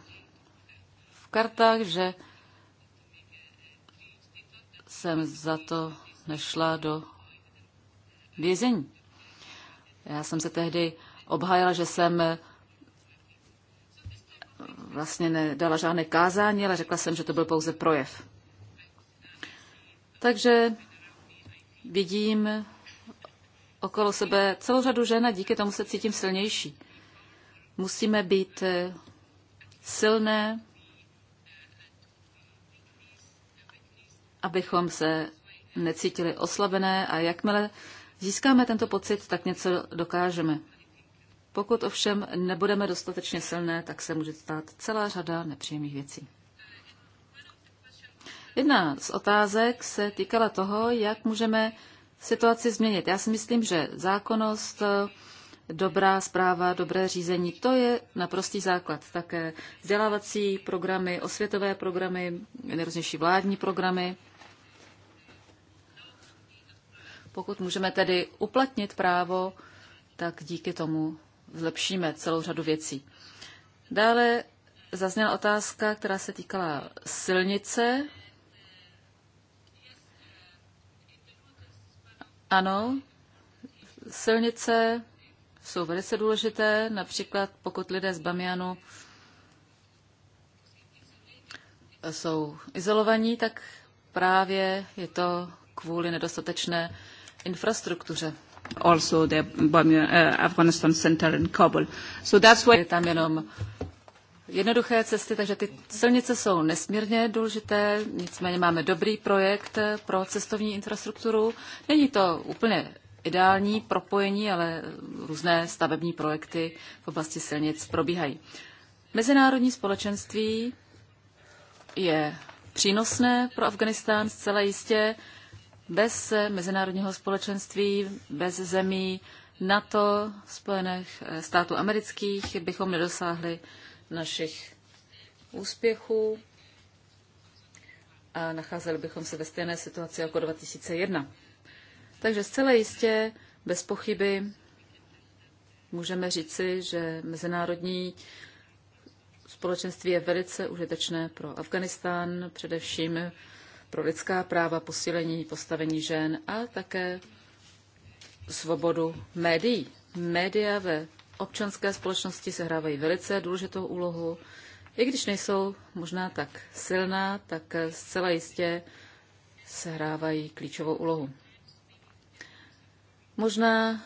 v kartách, že jsem za to nešla do vězení. Já jsem se tehdy obhájila, že jsem eh, vlastně nedala žádné kázání, ale řekla jsem, že to byl pouze projev. Takže vidím okolo sebe celou řadu žen a díky tomu se cítím silnější. Musíme být eh, silné, abychom se necítili oslabené a jakmile získáme tento pocit, tak něco dokážeme. Pokud ovšem nebudeme dostatečně silné, tak se může stát celá řada nepříjemných věcí. Jedna z otázek se týkala toho, jak můžeme situaci změnit. Já si myslím, že zákonnost, dobrá zpráva, dobré řízení, to je naprostý základ. Také vzdělávací programy, osvětové programy, nejrůznější vládní programy, Pokud můžeme tedy uplatnit právo, tak díky tomu zlepšíme celou řadu věcí. Dále zazněla otázka, která se týkala silnice. Ano, silnice jsou velice důležité, například pokud lidé z Bamianu jsou izolovaní, tak právě je to kvůli nedostatečné infrastruktuře. Also the Bamio, uh, äh, Afghanistan Center in Kabul. So that's why... tam jenom jednoduché cesty, takže ty silnice jsou nesmírně důležité, nicméně máme dobrý projekt pro cestovní infrastrukturu. Není to úplně ideální propojení, ale různé stavební projekty v oblasti silnic probíhají. Mezinárodní společenství je přínosné pro Afganistán zcela jistě. Bez mezinárodního společenství, bez zemí NATO, Spojených eh, států amerických, bychom nedosáhli našich úspěchů a nacházeli bychom se ve stejné situaci jako 2001. Takže zcela jistě, bez pochyby, můžeme říci, že mezinárodní společenství je velice užitečné pro Afganistán, především pro lidská práva, posílení postavení žen a také svobodu médií. Média ve občanské společnosti sehrávají velice důležitou úlohu. I když nejsou možná tak silná, tak zcela jistě sehrávají klíčovou úlohu. Možná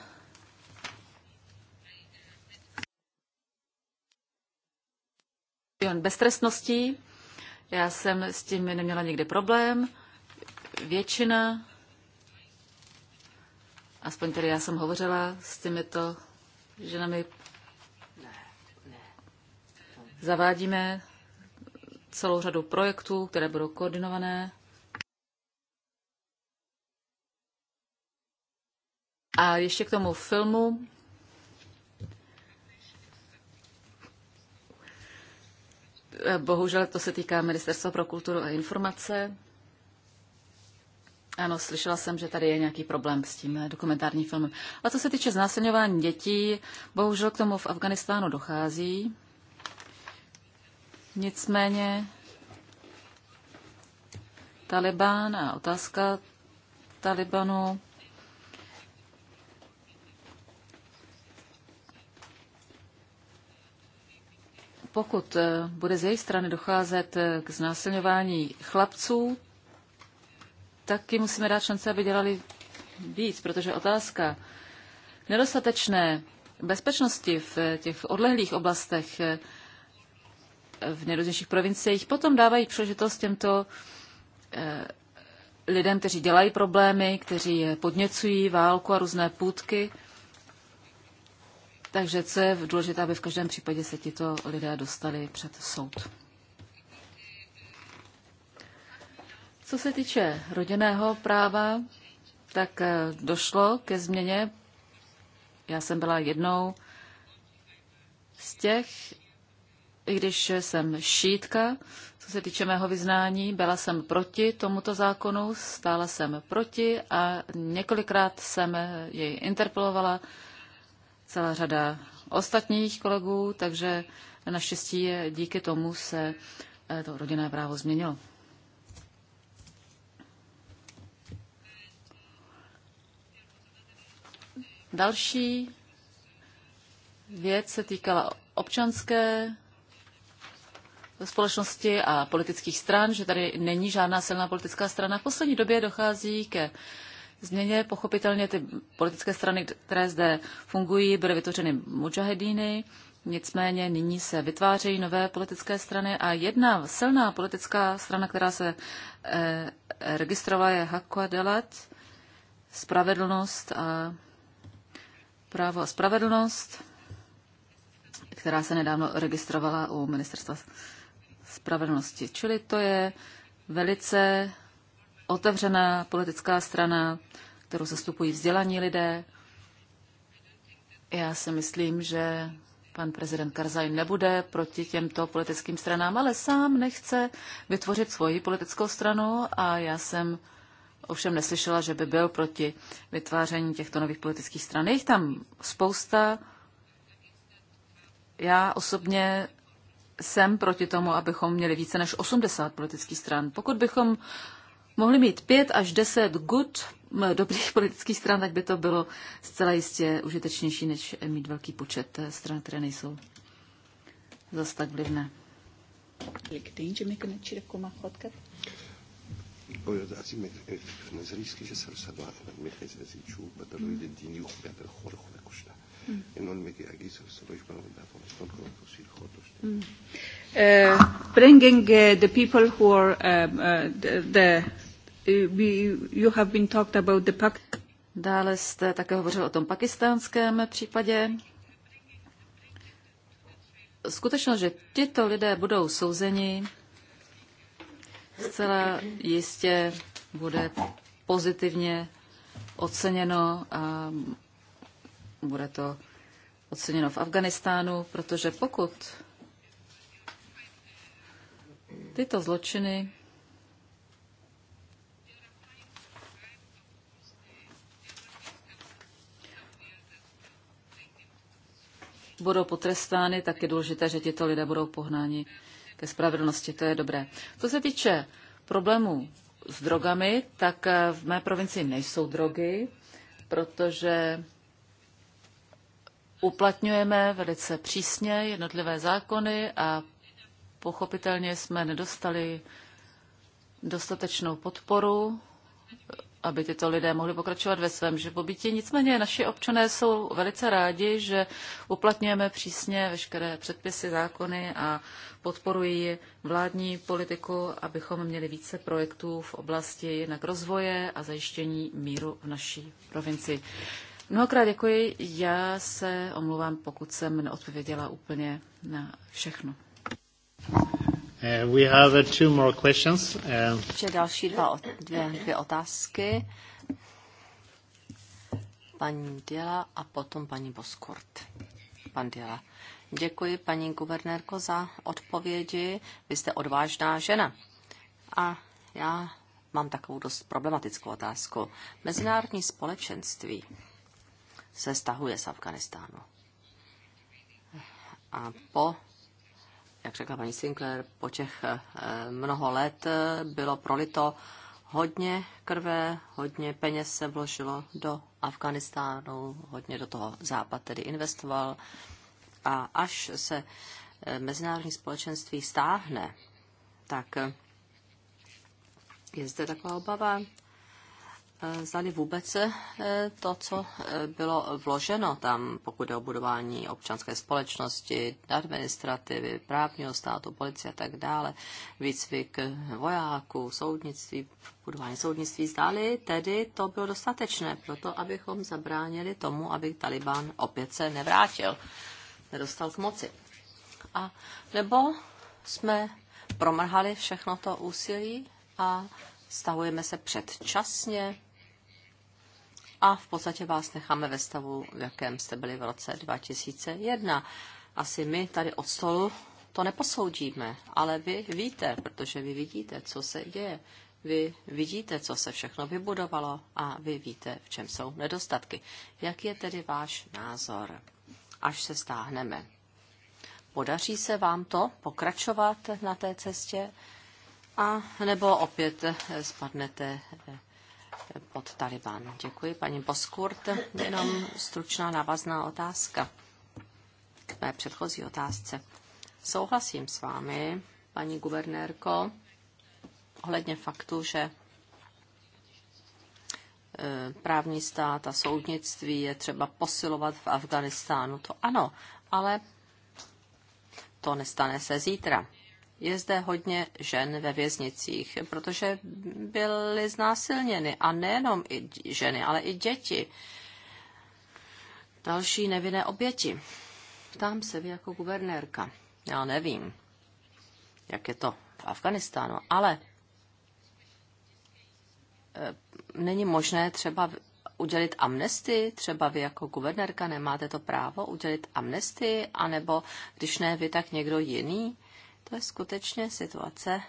beztrestností já jsem s tím neměla nikdy problém. Většina, aspoň tedy já jsem hovořila s těmito ženami, zavádíme celou řadu projektů, které budou koordinované. A ještě k tomu filmu. Bohužel to se týká Ministerstva pro kulturu a informace. Ano, slyšela jsem, že tady je nějaký problém s tím dokumentárním filmem. A co se týče znásilňování dětí, bohužel k tomu v Afganistánu dochází. Nicméně Taliban a otázka Talibanu pokud eh, bude z její strany docházet eh, k znásilňování chlapců, taky musíme dát šance, aby dělali víc, protože otázka nedostatečné bezpečnosti v eh, těch odlehlých oblastech, v nejrůznějších provinciích, potom dávají příležitost těmto lidem, kteří dělají problémy, kteří podněcují válku a různé půdky, takže co je důležité, aby v každém případě se tito lidé dostali před soud. Co se týče rodinného práva, tak eh, došlo ke změně. Já jsem byla jednou z těch, i když jsem šítka, co se týče mého vyznání, byla jsem proti tomuto zákonu, stála jsem proti a několikrát jsem jej interpelovala celá řada ostatních kolegů, takže naštěstí díky tomu se eh, to rodinné právo změnilo. Další věc se týkala občanské společnosti a politických stran, že tady není žádná silná politická strana. V poslední době dochází ke změně. Pochopitelně ty politické strany, které zde fungují, byly vytvořeny mujahedíny, nicméně nyní se vytvářejí nové politické strany a jedna silná politická strana, která se e, registrovala, je Hakwa Delat, Spravedlnost a právo a spravedlnost, která se nedávno registrovala u ministerstva spravedlnosti. Čili to je velice otevřená politická strana, kterou zastupují vzdělaní lidé. Já si myslím, že pan prezident Karzaj nebude proti těmto politickým stranám, ale sám nechce vytvořit svoji politickou stranu a já jsem ovšem neslyšela, že by byl proti vytváření těchto nových politických stran. Je jich tam spousta. Já osobně jsem proti tomu, abychom měli více než 80 politických stran. Pokud bychom mohli mít pět až deset good dobrých politických stran, tak by to bylo zcela jistě užitečnější, než mít velký počet eh, stran, které nejsou zas tak vlivné. se Bringing uh, the people who are uh, the, the Uh, you have been talked about the Dále jste také hovořil o tom pakistánském případě. Skutečnost, že tito lidé budou souzeni, zcela jistě bude pozitivně oceněno a bude to oceněno v Afganistánu, protože pokud tyto zločiny budou potrestány, tak je důležité, že tito lidé budou pohnáni ke spravedlnosti. To je dobré. Co se týče problémů s drogami, tak eh, v mé provincii nejsou drogy, protože uplatňujeme velice přísně jednotlivé zákony a pochopitelně jsme nedostali dostatečnou podporu aby tyto lidé mohli pokračovat ve svém živobytí. Nicméně naši občané jsou velice rádi, že uplatňujeme přísně veškeré předpisy, zákony a podporují vládní politiku, abychom měli více projektů v oblasti jednak rozvoje a zajištění míru v naší provincii. Mnohokrát děkuji. Já se omluvám, pokud jsem neodpověděla úplně na všechno. Uh, we have uh, two more questions. Uh, Ještě další dva, dvě, dvě otázky. Paní Děla a potom paní Boskurt. Pan Děla. Děkuji, paní guvernérko, za odpovědi. Vy jste odvážná žena. A já mám takovou dost problematickou otázku. Mezinárodní společenství se stahuje z Afganistánu. A po jak řekla paní Sinclair, po těch eh, mnoho let eh, bylo prolito hodně krve, hodně peněz se vložilo do Afganistánu, hodně do toho Západ tedy investoval. A až se eh, mezinárodní společenství stáhne, tak je zde taková obava, Eh, zdali vůbec eh, to, co eh, bylo vloženo tam, pokud je o budování občanské společnosti, administrativy, právního státu, policie a tak dále, výcvik vojáků, soudnictví, budování soudnictví, zdali tedy to bylo dostatečné pro to, abychom zabránili tomu, aby Taliban opět se nevrátil, nedostal k moci. A nebo jsme promrhali všechno to úsilí a stavujeme se předčasně, a v podstatě vás necháme ve stavu, v jakém jste byli v roce 2001. Asi my tady od stolu to neposoudíme, ale vy víte, protože vy vidíte, co se děje. Vy vidíte, co se všechno vybudovalo a vy víte, v čem jsou nedostatky. Jak je tedy váš názor, až se stáhneme? Podaří se vám to pokračovat na té cestě? A nebo opět spadnete pod Taliban. Děkuji, paní Boskurt. Jenom stručná návazná otázka k mé předchozí otázce. Souhlasím s vámi, paní guvernérko, ohledně faktu, že e, právní stát a soudnictví je třeba posilovat v Afganistánu. To ano, ale to nestane se zítra je zde hodně žen ve věznicích, protože byly znásilněny a nejenom i ženy, ale i děti. Další nevinné oběti. Tam se vy jako guvernérka. Já nevím, jak je to v Afganistánu, ale eh, není možné třeba udělit amnestii, třeba vy jako guvernérka nemáte to právo udělit amnestii, anebo když ne vy, tak někdo jiný to je skutečně situace,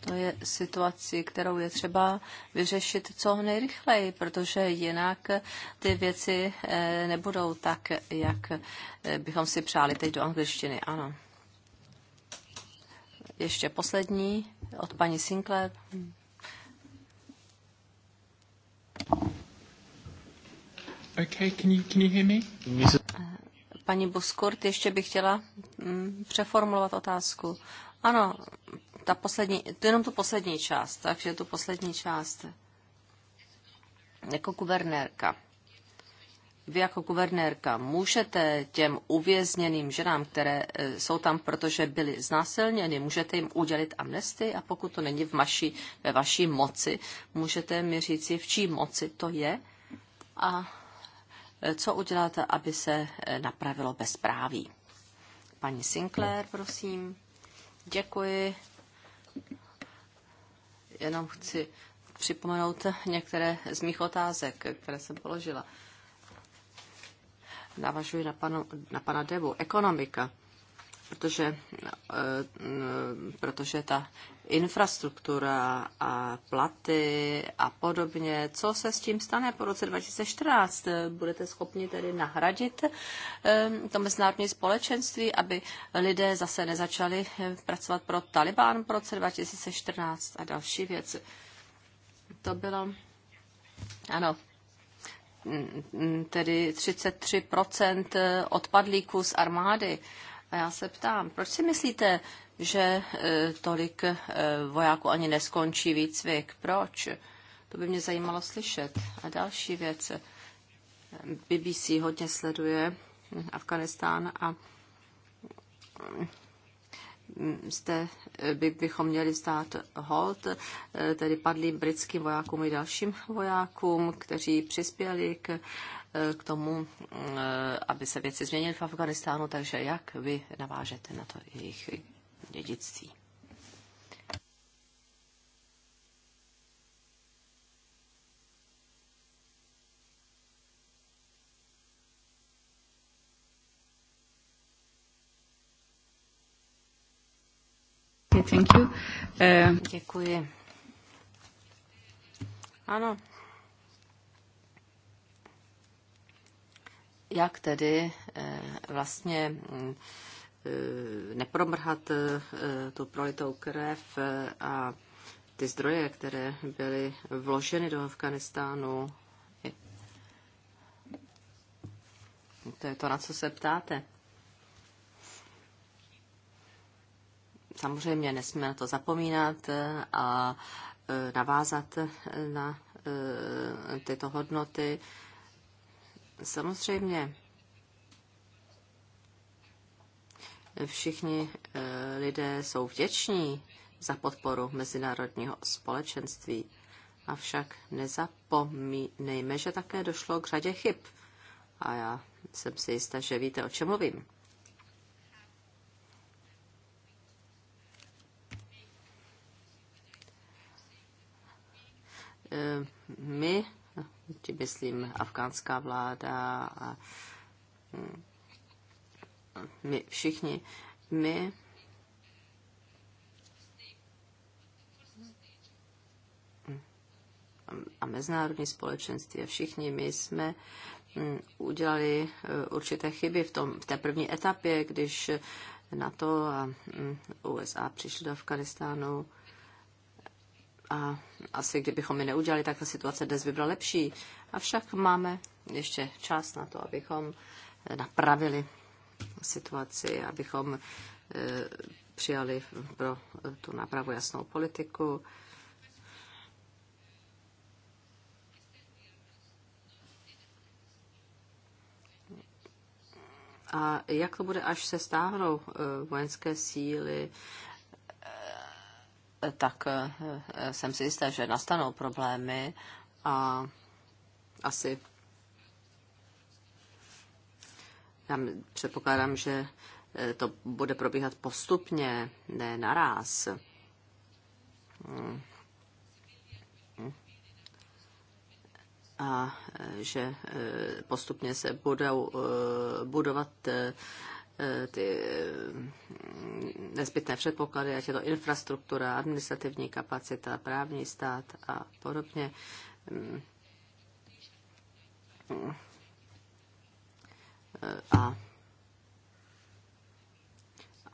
to je situaci, kterou je třeba vyřešit co nejrychleji, protože jinak ty věci eh, nebudou tak, jak eh, bychom si přáli teď do angličtiny. Ano. Ještě poslední od paní Sinclair. Okay, can you, can you hear me? Eh, ještě bych chtěla mm, přeformulovat otázku. Ano, ta poslední, to jenom tu poslední část, takže tu poslední část. Jako guvernérka. Vy jako guvernérka můžete těm uvězněným ženám, které eh, jsou tam, protože byly znásilněny, můžete jim udělit amnestii a pokud to není v maši, ve vaší moci, můžete mi říci, v čí moci to je a co udělat, aby se eh, napravilo bezpráví. Paní Sinclair, prosím. Děkuji. Jenom chci připomenout některé z mých otázek, které jsem položila. Navažuji na, panu, na pana Devu. Ekonomika protože, eh, protože ta infrastruktura a platy a podobně. Co se s tím stane po roce 2014? Budete schopni tedy nahradit to mezinárodní společenství, aby lidé zase nezačali pracovat pro Taliban po roce 2014 a další věci. To bylo... Ano, tedy 33% odpadlíků z armády. A já se ptám, proč si myslíte, že e, tolik e, vojáků ani neskončí výcvik. Proč? To by mě zajímalo slyšet. A další věc. BBC hodně sleduje Afganistán a mm, zde by, bychom měli stát hold, e, tedy padlým britským vojákům i dalším vojákům, kteří přispěli k, k tomu, mm, aby se věci změnily v Afganistánu. Takže jak vy navážete na to jejich dědictví. Thank you. Uh... Děkuji. Ano. Jak tedy eh, vlastně mm, Eh, nepromrhat eh, tu prolitou krev eh, a ty zdroje, které byly vloženy do Afganistánu. To je to, na co se ptáte. Samozřejmě nesmíme na to zapomínat a navázat na tyto hodnoty. Samozřejmě všichni eh, lidé jsou vděční za podporu mezinárodního společenství. Avšak nezapomínejme, že také došlo k řadě chyb. A já jsem si jistá, že víte, o čem mluvím. Eh, my, tím myslím afgánská vláda a hm, my všichni, my a mezinárodní společenství a všichni my jsme mm, udělali eh, určité chyby v, tom, v té první etapě, když NATO a mm, USA přišli do Afganistánu. A asi kdybychom je neudělali, tak ta situace dnes by byla lepší. Avšak máme ještě čas na to, abychom eh, napravili situaci, abychom e, přijali pro tu nápravu jasnou politiku. A jak to bude, až se stáhnou e, vojenské síly, e, tak jsem si jistá, že nastanou problémy a asi Já předpokládám, že eh, to bude probíhat postupně, ne naraz. A eh, že eh, postupně se budou budovat ty nezbytné předpoklady, ať je to infrastruktura, administrativní kapacita, právní stát a podobně mm a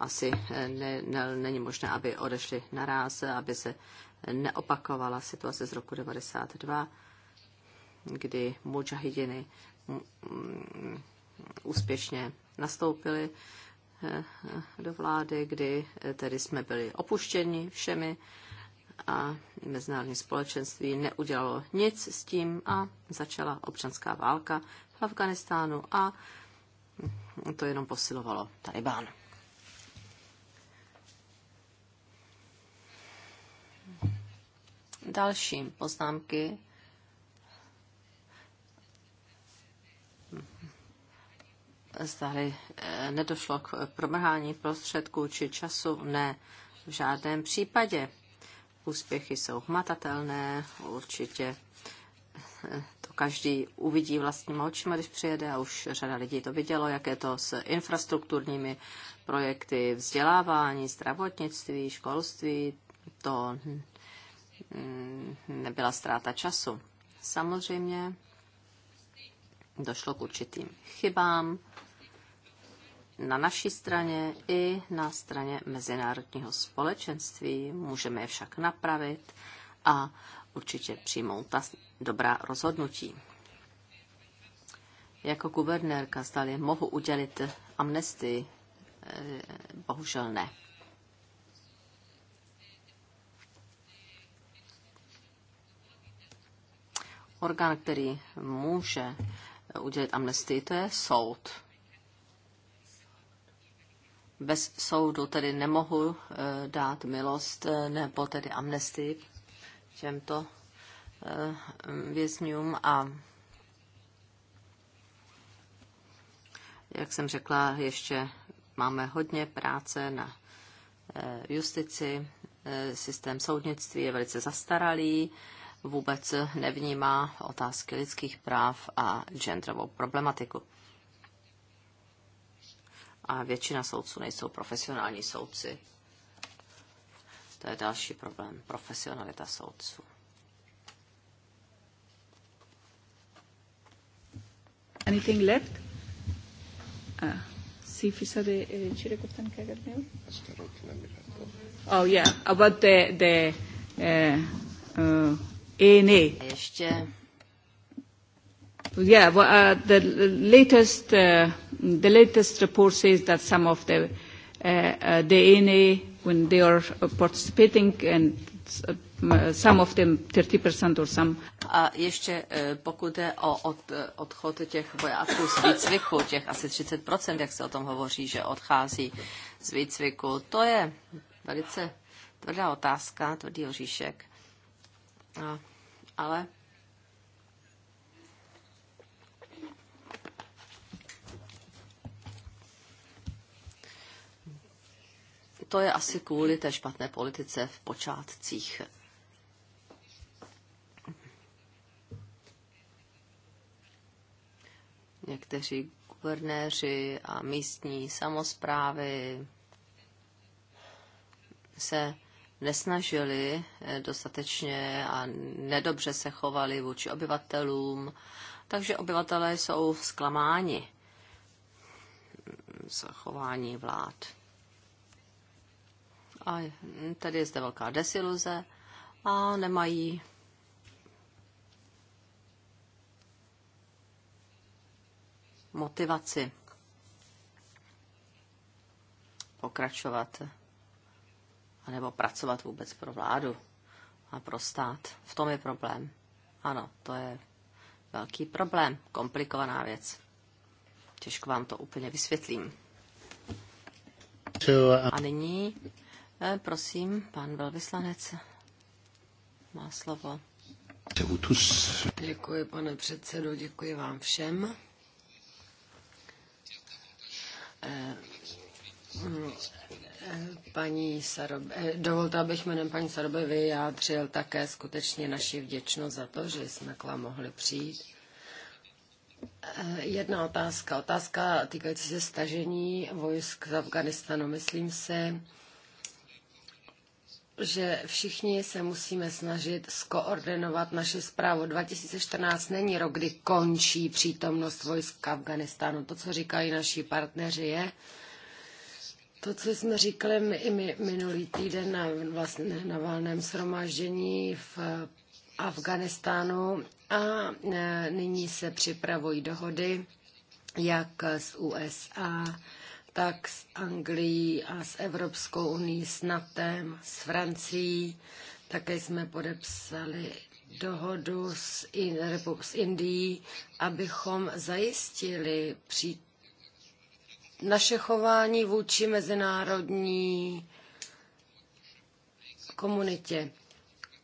asi eh, ne, ne, není možné, aby odešli naráz, aby se neopakovala situace z roku 92, kdy mujahidiny mm, mm, úspěšně nastoupili eh, do vlády, kdy eh, tedy jsme byli opuštěni všemi a mezinárodní společenství neudělalo nic s tím a začala občanská válka v Afganistánu a to jenom posilovalo Taliban. Další poznámky zdali eh, nedošlo k promrhání prostředků či času. Ne, v žádném případě. Úspěchy jsou hmatatelné, určitě eh, každý uvidí vlastníma očima, když přijede a už řada lidí to vidělo, jak je to s infrastrukturními projekty vzdělávání, zdravotnictví, školství, to mm, nebyla ztráta času. Samozřejmě došlo k určitým chybám na naší straně i na straně mezinárodního společenství. Můžeme je však napravit a určitě přijmout ta dobrá rozhodnutí. Jako guvernérka stále mohu udělit amnestii? Eh, bohužel ne. Orgán, který může udělit amnestii, to je soud. Bez soudu tedy nemohu eh, dát milost eh, nebo tedy amnestii těmto Eh, vězňům a jak jsem řekla, ještě máme hodně práce na eh, justici, eh, systém soudnictví je velice zastaralý, vůbec nevnímá otázky lidských práv a genderovou problematiku. A většina soudců nejsou profesionální soudci. To je další problém, profesionalita soudců. Anything left? Ah, Sifisade Çirekop'tan kaydetmiyor. Oh yeah, about the, the eh, uh, uh, ANA. Ještě. Yeah, well, uh, the latest, uh, the latest report says that some of the, uh, uh, the ANA, when they are participating and some of them 30% or some. A ještě eh, pokud jde o od, eh, odchod těch vojáků z výcviku, těch asi 30%, jak se o tom hovoří, že odchází z výcviku, to je velice tvrdá otázka, tvrdý oříšek. A, ale to je asi kvůli té špatné politice v počátcích. Někteří guvernéři a místní samozprávy se nesnažili eh, dostatečně a nedobře se chovali vůči obyvatelům, takže obyvatelé jsou zklamáni z chování vlád a tady je zde velká desiluze a nemají motivaci pokračovat anebo pracovat vůbec pro vládu a pro stát. V tom je problém. Ano, to je velký problém, komplikovaná věc. Těžko vám to úplně vysvětlím. Uh, a nyní Eh, prosím, pan velvyslanec má slovo. Děkuji, pane předsedo, děkuji vám všem. Eh, paní Sarobe, eh, dovolte, abych jménem paní Sarobe vyjádřil také skutečně naši vděčnost za to, že jsme k vám mohli přijít. Jedna otázka. Otázka týkající se stažení vojsk z Afganistanu. Myslím si, se že všichni se musíme snažit skoordinovat naši zprávu. 2014 není rok, kdy končí přítomnost vojsk v Afganistánu. To, co říkají naši partneři, je, to, co jsme říkali my, i my minulý týden na, vlastně, na válném shromáždění v Afganistánu a e, nyní se připravují dohody, jak z USA, tak s Anglií a s Evropskou uní, s NATEM, s Francií. Také jsme podepsali dohodu s, In- s Indií, abychom zajistili při naše chování vůči mezinárodní komunitě.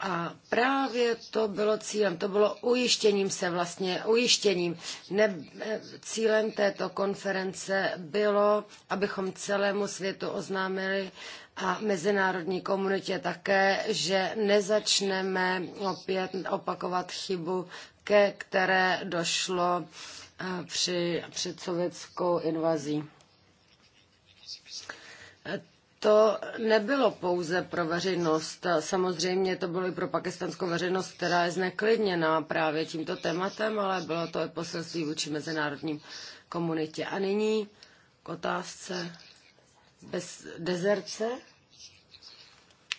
A právě to bylo cílem, to bylo ujištěním se vlastně, ujištěním. Ne, eh, cílem této konference bylo, abychom celému světu oznámili a mezinárodní komunitě také, že nezačneme opět opakovat chybu, ke které došlo eh, při sovětskou invazí to nebylo pouze pro veřejnost. Samozřejmě to bylo i pro pakistánskou veřejnost, která je zneklidněná právě tímto tématem, ale bylo to i poselství vůči mezinárodním komunitě. A nyní k otázce bez dezerce.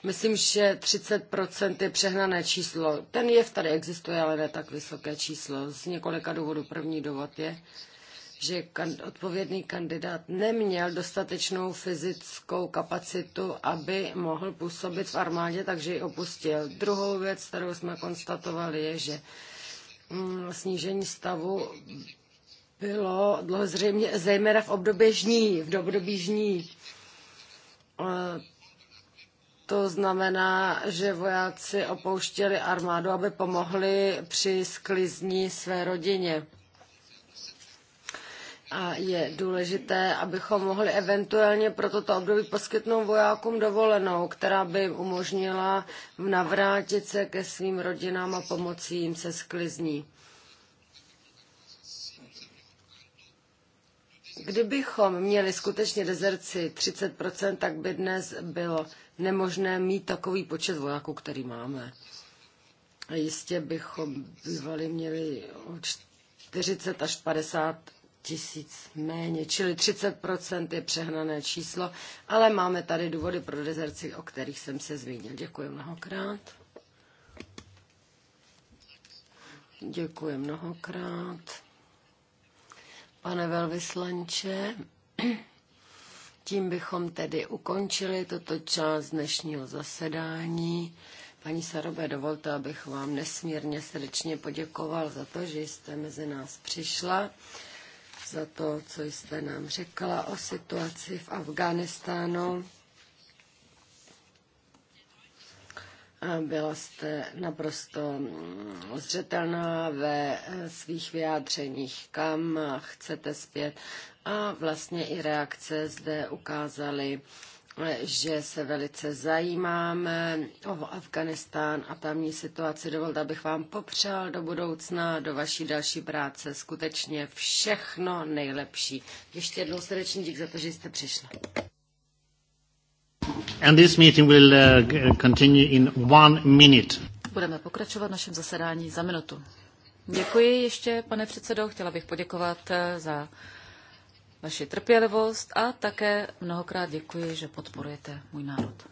Myslím, že 30% je přehnané číslo. Ten jev tady existuje, ale ne tak vysoké číslo. Z několika důvodů. První důvod je, že odpovědný kandidát neměl dostatečnou fyzickou kapacitu, aby mohl působit v armádě, takže ji opustil. Druhou věc, kterou jsme konstatovali, je, že mm, snížení stavu bylo dlouho zřejmě, zejména v období žní, v období žní. To znamená, že vojáci opouštěli armádu, aby pomohli při sklizni své rodině. A je důležité, abychom mohli eventuálně pro toto období poskytnout vojákům dovolenou, která by jim umožnila navrátit se ke svým rodinám a pomoci jim se sklizní. Kdybychom měli skutečně dezerci 30%, tak by dnes bylo nemožné mít takový počet vojáků, který máme. A jistě bychom bývali měli 40 až 50 tisíc méně, čili 30% je přehnané číslo, ale máme tady důvody pro dezerci, o kterých jsem se zmínil. Děkuji mnohokrát. Děkuji mnohokrát. Pane velvyslanče, tím bychom tedy ukončili toto část dnešního zasedání. Paní Sarobe, dovolte, abych vám nesmírně srdečně poděkoval za to, že jste mezi nás přišla za to, co jste nám řekla o situaci v Afghánistánu. Byla jste naprosto mm, zřetelná ve eh, svých vyjádřeních, kam chcete zpět. A vlastně i reakce zde ukázaly, že se velice zajímáme o Afganistán a tamní situaci. Dovolte, abych vám popřál do budoucna, do vaší další práce skutečně všechno nejlepší. Ještě jednou srdečný dík za to, že jste přišla. And this meeting will uh, continue in one minute. Budeme pokračovat našem zasedání za minutu. Děkuji ještě, pane předsedo. Chtěla bych poděkovat eh, za vaši trpělivost a také mnohokrát děkuji, že podporujete můj národ.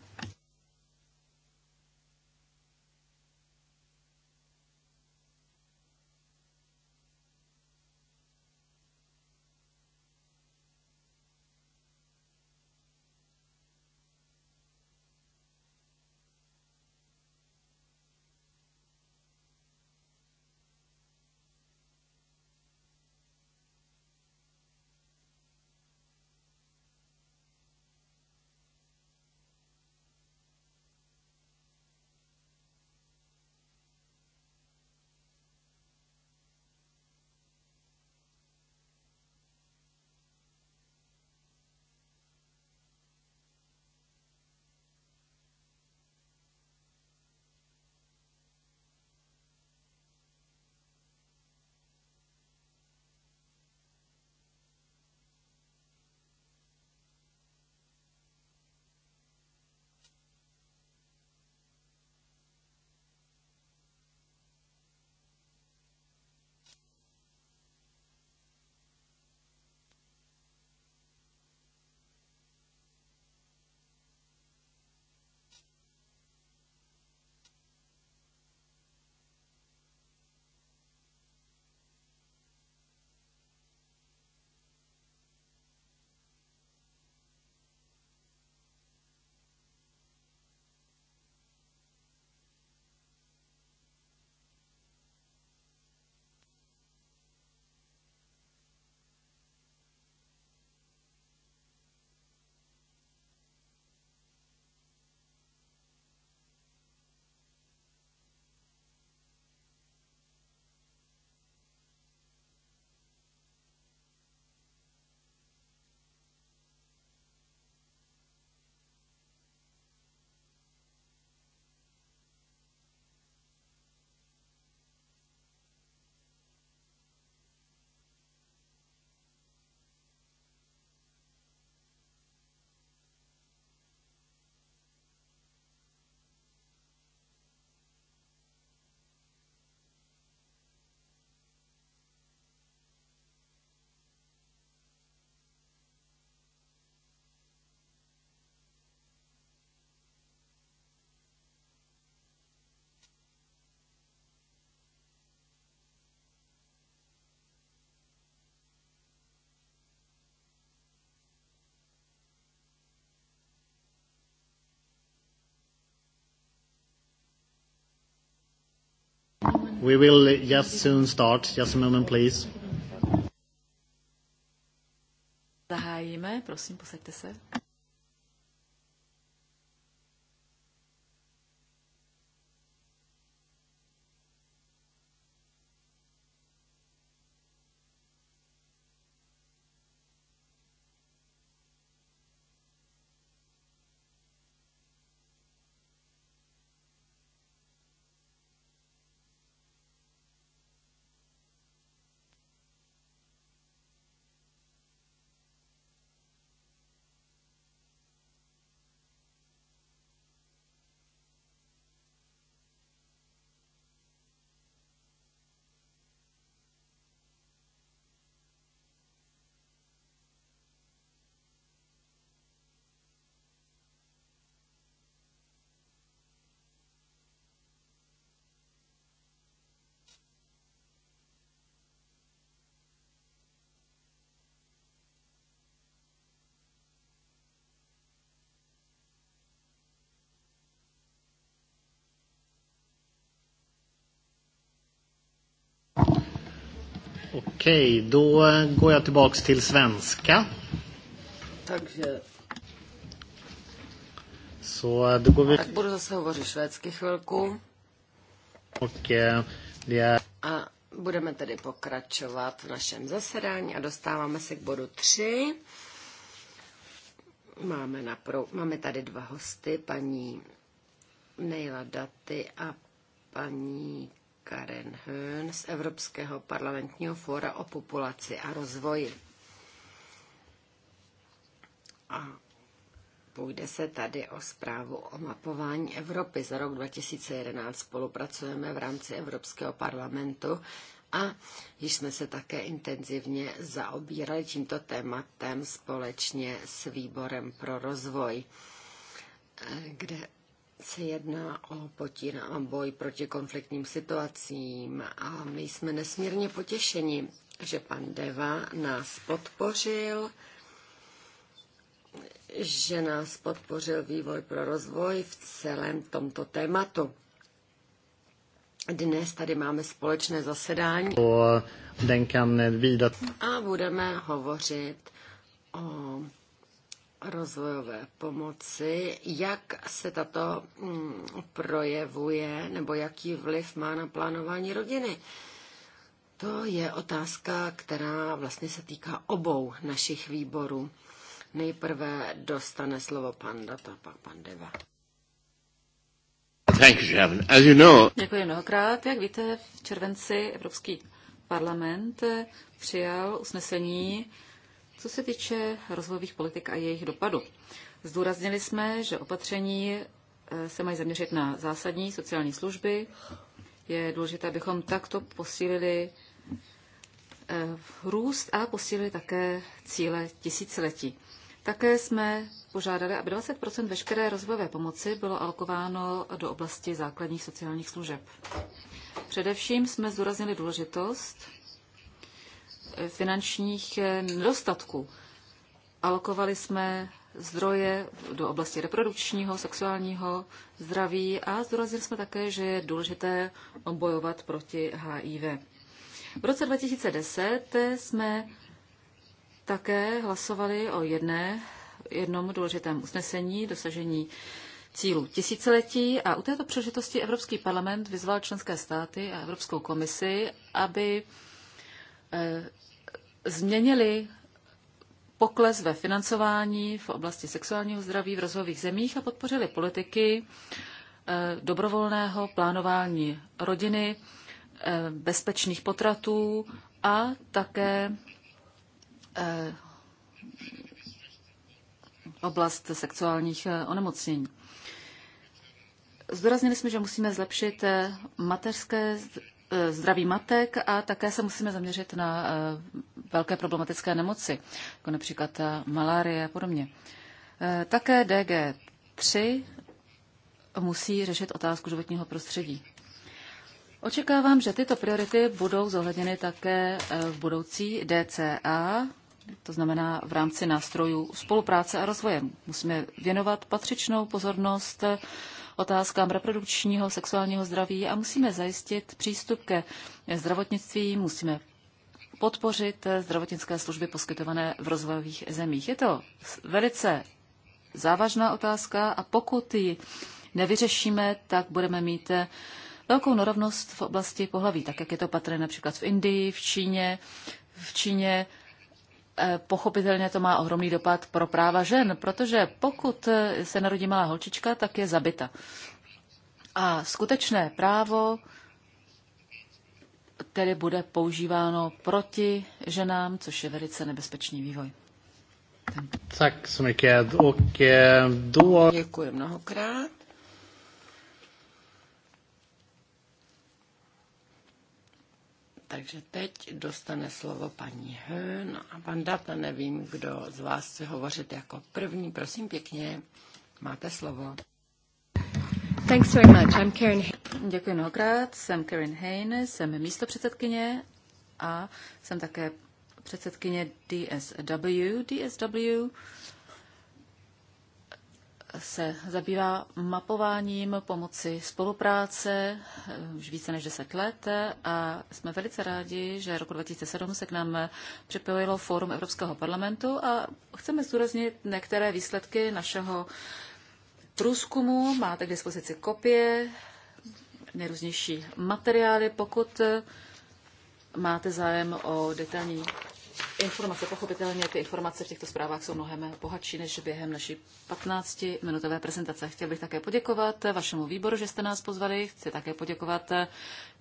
We will just soon start. Just a moment, please. Zahájíme, prosím, posaďte se. Okej, då går jag tillbaks till svenska. Takže... Så då går vi... Tak budu zase hovořit švédsky chvilku. Och, eh, det är... A budeme tedy pokračovat v našem zasedání a dostáváme se k bodu 3. Máme, napr- Máme tady dva hosty, paní Nejla Daty a paní Karen Hearn z Evropského parlamentního fóra o populaci a rozvoji. A půjde se tady o zprávu o mapování Evropy. Za rok 2011 spolupracujeme v rámci Evropského parlamentu a již jsme se také intenzivně zaobírali tímto tématem společně s Výborem pro rozvoj, kde se jedná o, potín, a boj proti konfliktním situacím a my jsme nesmírně potěšeni, že pan Deva nás podpořil, že nás podpořil vývoj pro rozvoj v celém tomto tématu. Dnes tady máme společné zasedání a budeme hovořit o rozvojové pomoci, jak se tato mm, projevuje nebo jaký vliv má na plánování rodiny. To je otázka, která vlastně se týká obou našich výborů. Nejprve dostane slovo pan Data, pan Deva. Děkuji mnohokrát. Jak víte, v červenci Evropský parlament přijal usnesení co se týče rozvojových politik a jejich dopadu, zdůraznili jsme, že opatření eh, se mají zaměřit na zásadní sociální služby. Je důležité, abychom takto posílili eh, růst a posílili také cíle tisíciletí. Také jsme požádali, aby 20 veškeré rozvojové pomoci bylo alokováno do oblasti základních sociálních služeb. Především jsme zdůraznili důležitost finančních eh, nedostatků. Alokovali jsme zdroje do oblasti reprodukčního, sexuálního zdraví a zdůraznili jsme také, že je důležité bojovat proti HIV. V roce 2010 jsme také hlasovali o jedné, jednom důležitém usnesení dosažení cílu tisíciletí a u této příležitosti Evropský parlament vyzval členské státy a Evropskou komisi, aby eh, změnili pokles ve financování v oblasti sexuálního zdraví v rozvojových zemích a podpořili politiky eh, dobrovolného plánování rodiny, eh, bezpečných potratů a také eh, oblast sexuálních onemocnění. Zdůraznili jsme, že musíme zlepšit mateřské Eh, zdraví matek a také se musíme zaměřit na eh, velké problematické nemoci, jako například eh, malárie a podobně. Také DG3 musí řešit otázku životního prostředí. Očekávám, že tyto priority budou zohledněny také v budoucí DCA, to znamená v rámci nástrojů spolupráce a rozvoje. Musíme věnovat patřičnou pozornost otázkám reprodukčního sexuálního zdraví a musíme zajistit přístup ke zdravotnictví, musíme podpořit zdravotnické služby poskytované v rozvojových zemích. Je to velice závažná otázka a pokud ji nevyřešíme, tak budeme mít velkou nerovnost v oblasti pohlaví, tak jak je to patrné například v Indii, v Číně. V Číně Eh, pochopitelně to má ohromný dopad pro práva žen, protože pokud eh, se narodí malá holčička, tak je zabita. A skutečné právo tedy bude používáno proti ženám, což je velice nebezpečný vývoj. Tak, Děkuji mnohokrát. Takže teď dostane slovo paní Hön a pan Data, nevím, kdo z vás chce hovořit jako první. Prosím pěkně, máte slovo. Thanks very much. I'm Karen Hain. Děkuji mnohokrát. Jsem Karen Hain, jsem místo předsedkyně a jsem také předsedkyně DSW. DSW se zabývá mapováním pomoci spolupráce eh, už více než 10 let eh, a jsme velice rádi, že roku 2007 se k nám připojilo Fórum Evropského parlamentu a chceme zdůraznit některé výsledky našeho průzkumu. Máte k dispozici kopie, nejrůznější materiály. Pokud eh, máte zájem o detailní informace. Pochopitelně ty informace v těchto zprávách jsou mnohem bohatší než během naší 15-minutové prezentace. Chtěl bych také poděkovat vašemu výboru, že jste nás pozvali. Chci také poděkovat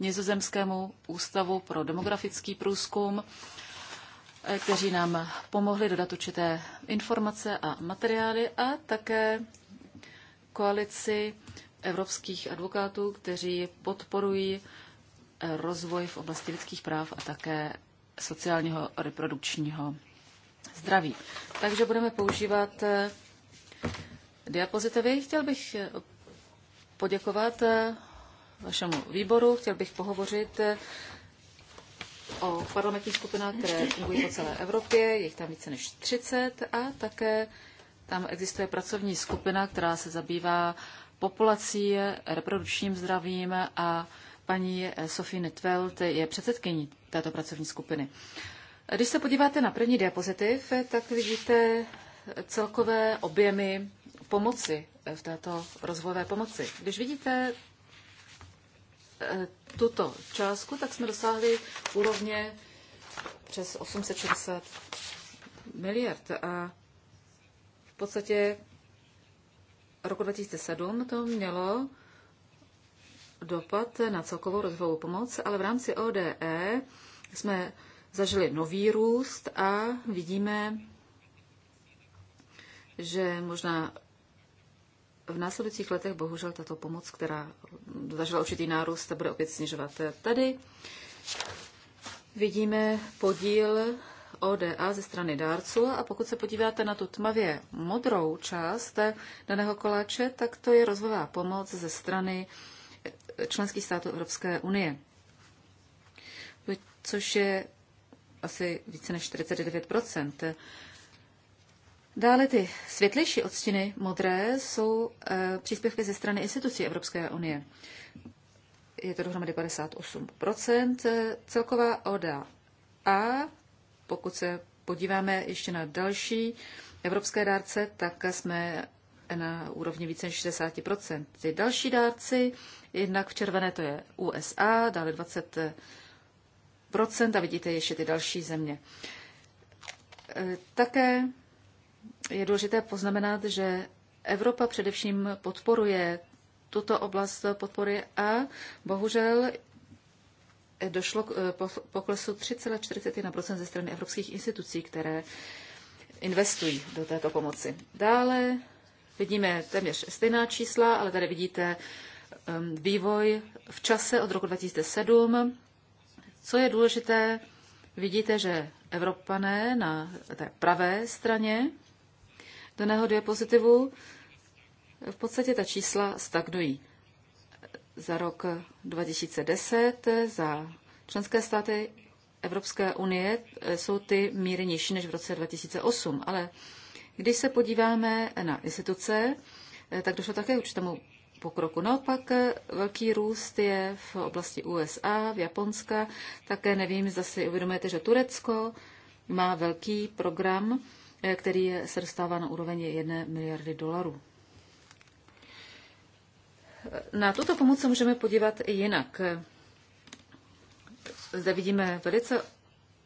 Nizozemskému ústavu pro demografický průzkum, kteří nám pomohli dodat určité informace a materiály a také koalici evropských advokátů, kteří podporují rozvoj v oblasti lidských práv a také sociálního reprodukčního zdraví. Takže budeme používat eh, diapozitivy. Chtěl bych eh, poděkovat eh, vašemu výboru, chtěl bych pohovořit o parlamentních skupinách, které fungují po celé Evropě, je jich tam více než 30 a také tam existuje pracovní skupina, která se zabývá populací, reprodukčním zdravím a Paní Sofie Netveld je předsedkyní této pracovní skupiny. Když se podíváte na první diapozitiv, tak vidíte celkové objemy pomoci v této rozvojové pomoci. Když vidíte eh, tuto částku, tak jsme dosáhli úrovně přes 860 miliard a v podstatě roku 2007 to mělo dopad na celkovou rozvojovou pomoc, ale v rámci ODE jsme zažili nový růst a vidíme, že možná v následujících letech bohužel tato pomoc, která zažila určitý nárůst, bude opět snižovat. Tady vidíme podíl ODA ze strany dárců a pokud se podíváte na tu tmavě modrou část daného koláče, tak to je rozvojová pomoc ze strany členských států Evropské unie, což je asi více než 49 Dále ty světlejší odstiny modré jsou eh, příspěvky ze strany institucí Evropské unie. Je to dohromady 58 Celková oda A, pokud se podíváme ještě na další evropské dárce, tak jsme na úrovni více než 60 Ty další dárci, jednak v červené to je USA, dále 20 a vidíte ještě ty další země. E, také je důležité poznamenat, že Evropa především podporuje tuto oblast podpory a bohužel došlo k e, poklesu 3,41 ze strany evropských institucí, které investují do této pomoci. Dále vidíme téměř stejná čísla, ale tady vidíte um, vývoj v čase od roku 2007. Co je důležité, vidíte, že Evropané na té pravé straně Do daného pozitivu. v podstatě ta čísla stagnují. Za rok 2010 za členské státy Evropské unie eh, jsou ty míry nižší než v roce 2008, ale když se podíváme na instituce, eh, tak došlo také určitému pokroku. Naopak eh, velký růst je v oblasti USA, v Japonska. Také nevím, zda si uvědomujete, že Turecko má velký program, eh, který se dostává na úroveň 1 miliardy dolarů. Na tuto pomoc se můžeme podívat i jinak. Zde vidíme velice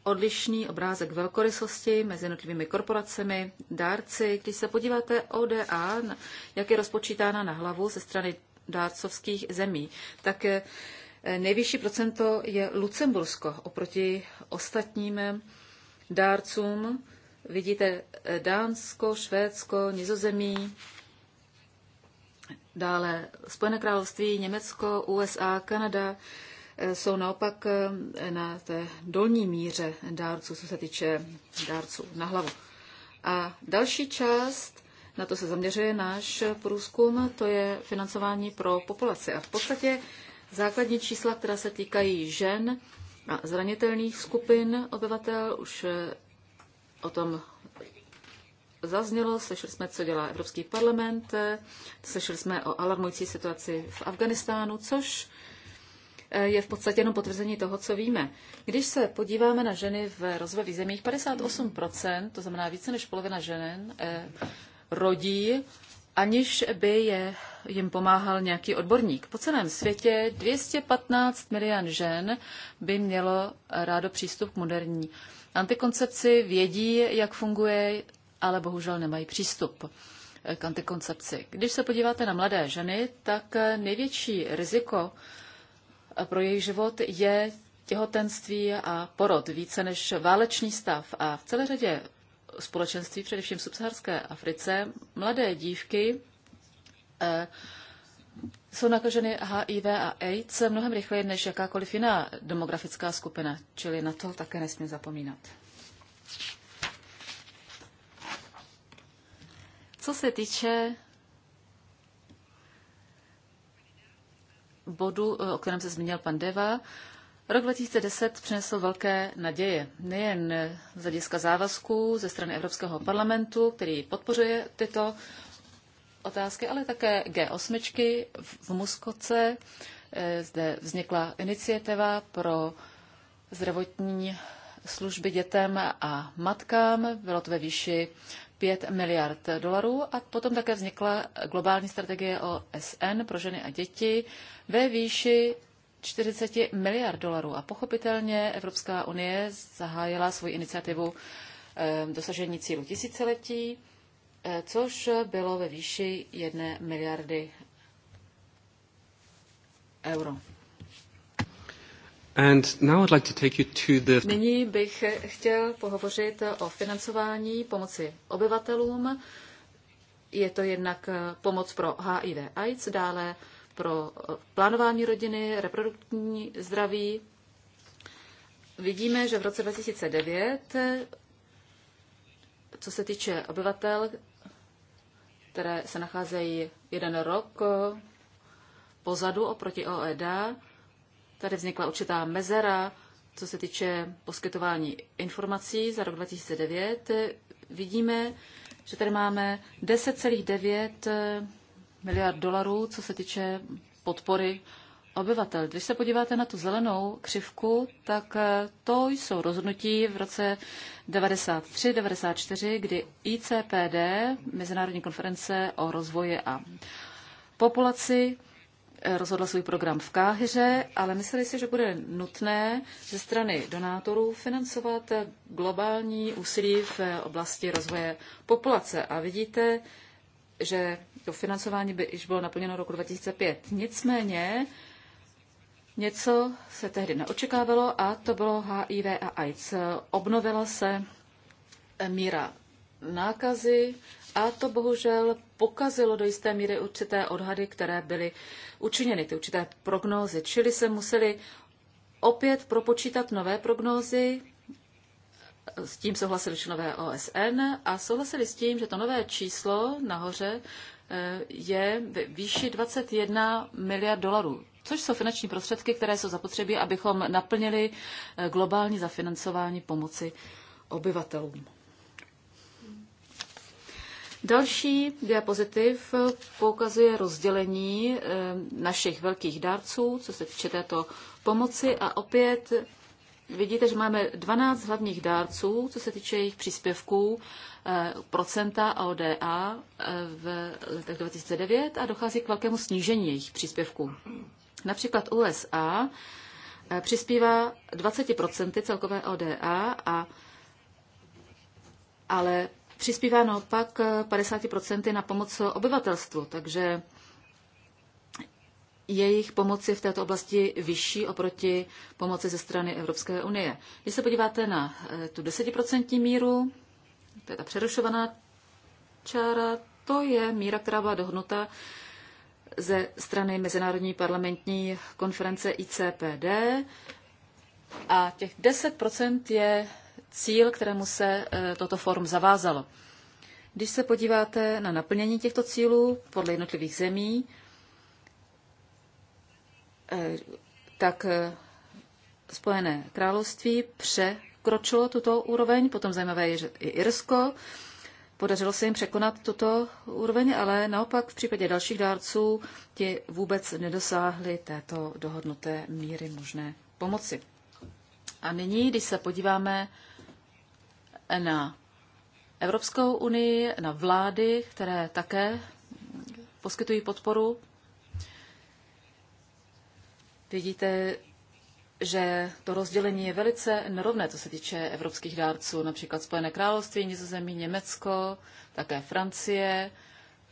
odlišný obrázek velkorysosti mezi jednotlivými korporacemi, dárci. Když se podíváte ODA, jak je rozpočítána na hlavu ze strany dárcovských zemí, tak eh, nejvyšší procento je Lucembursko oproti ostatním eh, dárcům. Vidíte eh, Dánsko, Švédsko, Nizozemí, dále Spojené království, Německo, USA, Kanada, jsou naopak eh, na té dolní míře dárců, co se týče dárců na hlavu. A další část, na to se zaměřuje náš průzkum, to je financování pro populaci. A v podstatě základní čísla, která se týkají žen a zranitelných skupin obyvatel, už eh, o tom zaznělo, slyšeli jsme, co dělá Evropský parlament, eh, slyšeli jsme o alarmující situaci v Afganistánu, což Eh, je v podstatě jenom potvrzení toho, co víme. Když se podíváme na ženy v rozvojových zemích, 58%, to znamená více než polovina žen, eh, rodí, aniž by je, jim pomáhal nějaký odborník. Po celém světě 215 milion žen by mělo rádo přístup k moderní antikoncepci, vědí, jak funguje, ale bohužel nemají přístup eh, k antikoncepci. Když se podíváte na mladé ženy, tak největší riziko pro jejich život je těhotenství a porod více než válečný stav. A v celé řadě společenství, především v subsaharské Africe, mladé dívky eh, jsou nakaženy HIV a AIDS mnohem rychleji než jakákoliv jiná demografická skupina, čili na to také nesmí zapomínat. Co se týče bodu, eh, o kterém se zmínil pan Deva. Rok 2010 přinesl velké naděje, nejen z hlediska závazků ze strany Evropského parlamentu, který podpořuje tyto otázky, ale také G8 v Muskoce. Eh, zde vznikla iniciativa pro zdravotní služby dětem a matkám. Bylo to ve výši 5 miliard dolarů a potom také vznikla globální strategie OSN pro ženy a děti ve výši 40 miliard dolarů. A pochopitelně Evropská unie zahájila svoji iniciativu eh, dosažení cílu tisíciletí, eh, což bylo ve výši 1 miliardy euro. And now I'd like to take you to the... Nyní bych chtěl pohovořit o financování pomoci obyvatelům. Je to jednak pomoc pro HIV AIDS, dále pro plánování rodiny, reprodukční zdraví. Vidíme, že v roce 2009, co se týče obyvatel, které se nacházejí jeden rok pozadu oproti OEDA. Tady vznikla určitá mezera, co se týče poskytování informací za rok 2009. Vidíme, že tady máme 10,9 eh, miliard dolarů, co se týče podpory obyvatel. Když se podíváte na tu zelenou křivku, tak eh, to jsou rozhodnutí v roce 93-94, kdy ICPD, Mezinárodní konference o rozvoji a populaci, rozhodla svůj program v Káhyře, ale mysleli si, že bude nutné ze strany donátorů financovat globální úsilí v oblasti rozvoje populace. A vidíte, že to financování by již bylo naplněno roku 2005. Nicméně něco se tehdy neočekávalo a to bylo HIV a AIDS. Obnovila se míra nákazy a to bohužel pokazilo do jisté míry určité odhady, které byly učiněny, ty určité prognózy. Čili se museli opět propočítat nové prognózy, s tím souhlasili členové OSN a souhlasili s tím, že to nové číslo nahoře eh, je výši 21 miliard dolarů, což jsou finanční prostředky, které jsou zapotřebí, abychom naplnili eh, globální zafinancování pomoci obyvatelům. Další diapozitiv poukazuje rozdělení eh, našich velkých dárců, co se týče této pomoci a opět vidíte, že máme 12 hlavních dárců, co se týče jejich příspěvků eh, procenta a ODA eh, v letech 2009 a dochází k velkému snížení jejich příspěvků. Například USA přispívá 20% celkové ODA, a, ale přispívá naopak 50% eh, na pomoc obyvatelstvu, takže jejich pomoc je v této oblasti vyšší oproti pomoci ze strany Evropské unie. Když se podíváte na eh, tu desetiprocentní míru, to je ta přerušovaná čára, to je míra, která byla dohodnuta ze strany Mezinárodní parlamentní konference ICPD a těch 10% je cíl, kterému se eh, toto fórum zavázalo. Když se podíváte na naplnění těchto cílů podle jednotlivých zemí, eh, tak eh, Spojené království překročilo tuto úroveň, potom zajímavé je, že i Irsko, Podařilo se jim překonat tuto úroveň, ale naopak v případě dalších dárců ti vůbec nedosáhli této dohodnuté míry možné pomoci. A nyní, když se podíváme na Evropskou unii, na vlády, které také poskytují podporu. Vidíte, že to rozdělení je velice nerovné, co se týče evropských dárců, například Spojené království, Nizozemí, Německo, také Francie,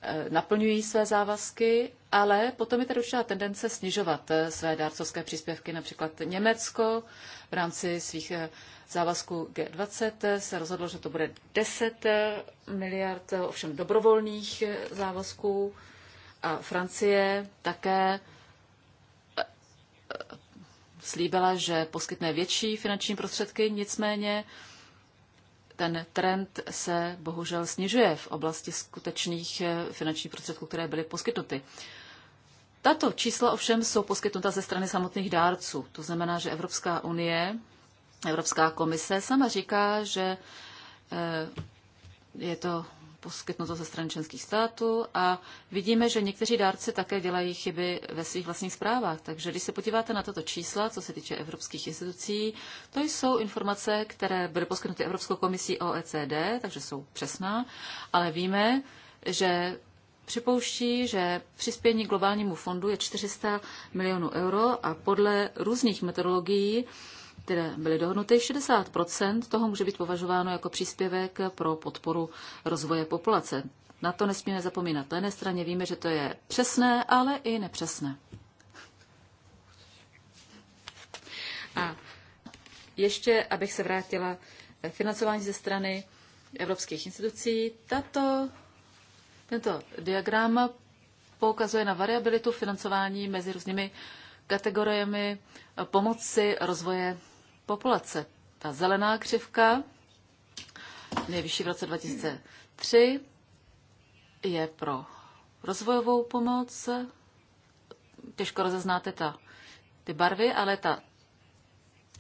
Eh, naplňují své závazky, ale potom je tady určitá tendence snižovat eh, své dárcovské příspěvky. Například Německo v rámci svých eh, závazků G20 se rozhodlo, že to bude 10 miliard ovšem dobrovolných závazků a Francie také slíbila, že poskytne větší finanční prostředky, nicméně ten trend se bohužel snižuje v oblasti skutečných eh, finančních prostředků, které byly poskytnuty. Tato čísla ovšem jsou poskytnuta ze strany samotných dárců. To znamená, že Evropská unie, Evropská komise sama říká, že eh, je to poskytnuto ze strany členských států a vidíme, že někteří dárci také dělají chyby ve svých vlastních zprávách. Takže když se podíváte na tato čísla, co se týče evropských institucí, to jsou informace, které byly poskytnuty Evropskou komisí OECD, takže jsou přesná, ale víme, že připouští, že přispění globálnímu fondu je 400 milionů euro a podle různých metodologií které byly dohodnuty, 60 toho může být považováno jako příspěvek pro podporu rozvoje populace. Na to nesmíme zapomínat. Na jedné straně víme, že to je přesné, ale i nepřesné. A ještě, abych se vrátila financování ze strany evropských institucí, tato, tento diagram poukazuje na variabilitu financování mezi různými kategoriemi pomoci rozvoje populace. Ta zelená křivka, nejvyšší v roce 2003, je pro rozvojovou pomoc. Těžko rozeznáte ta, ty barvy, ale ta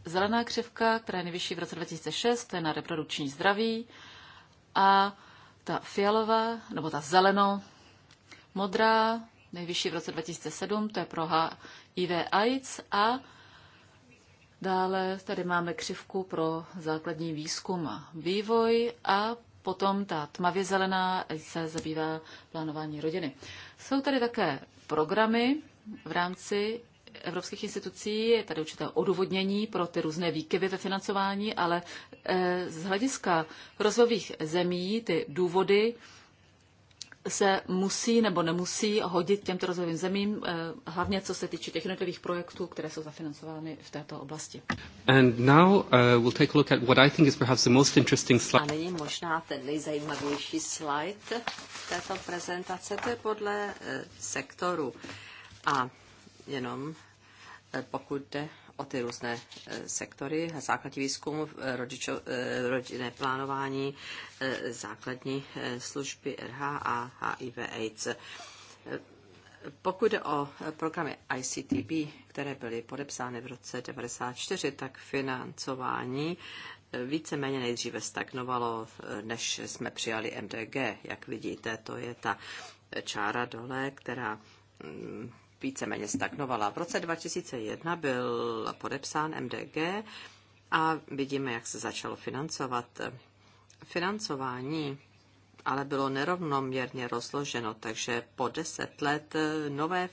zelená křivka, která je nejvyšší v roce 2006, to je na reprodukční zdraví. A ta fialová, nebo ta zeleno, modrá, nejvyšší v roce 2007, to je pro HIV AIDS a Dále tady máme křivku pro základní výzkum a vývoj a potom ta tmavě zelená se zabývá plánování rodiny. Jsou tady také programy v rámci evropských institucí, je tady určité odůvodnění pro ty různé výkyvy ve financování, ale eh, z hlediska rozvojových zemí ty důvody se musí nebo nemusí hodit těmto rozvojovým zemím, eh, hlavně co se týče těch jednotlivých projektů, které jsou zafinancovány v této oblasti. And now eh, we'll take a look at what I think is perhaps the most interesting slide. nyní možná ten nejzajímavější slide této prezentace, to je podle eh, sektoru. A jenom pokud jde o ty různé e, sektory, základní výzkum, e, rodičo, e, rodinné plánování, základní služby RH a HIV AIDS. Pokud jde o programy ICTB, které byly podepsány v roce 1994, tak financování víceméně nejdříve stagnovalo, než jsme přijali MDG. Jak vidíte, to je ta čára dole, která mm, víceméně stagnovala. V roce 2001 byl podepsán MDG a vidíme, jak se začalo financovat. Financování ale bylo nerovnoměrně rozloženo, takže po deset let nové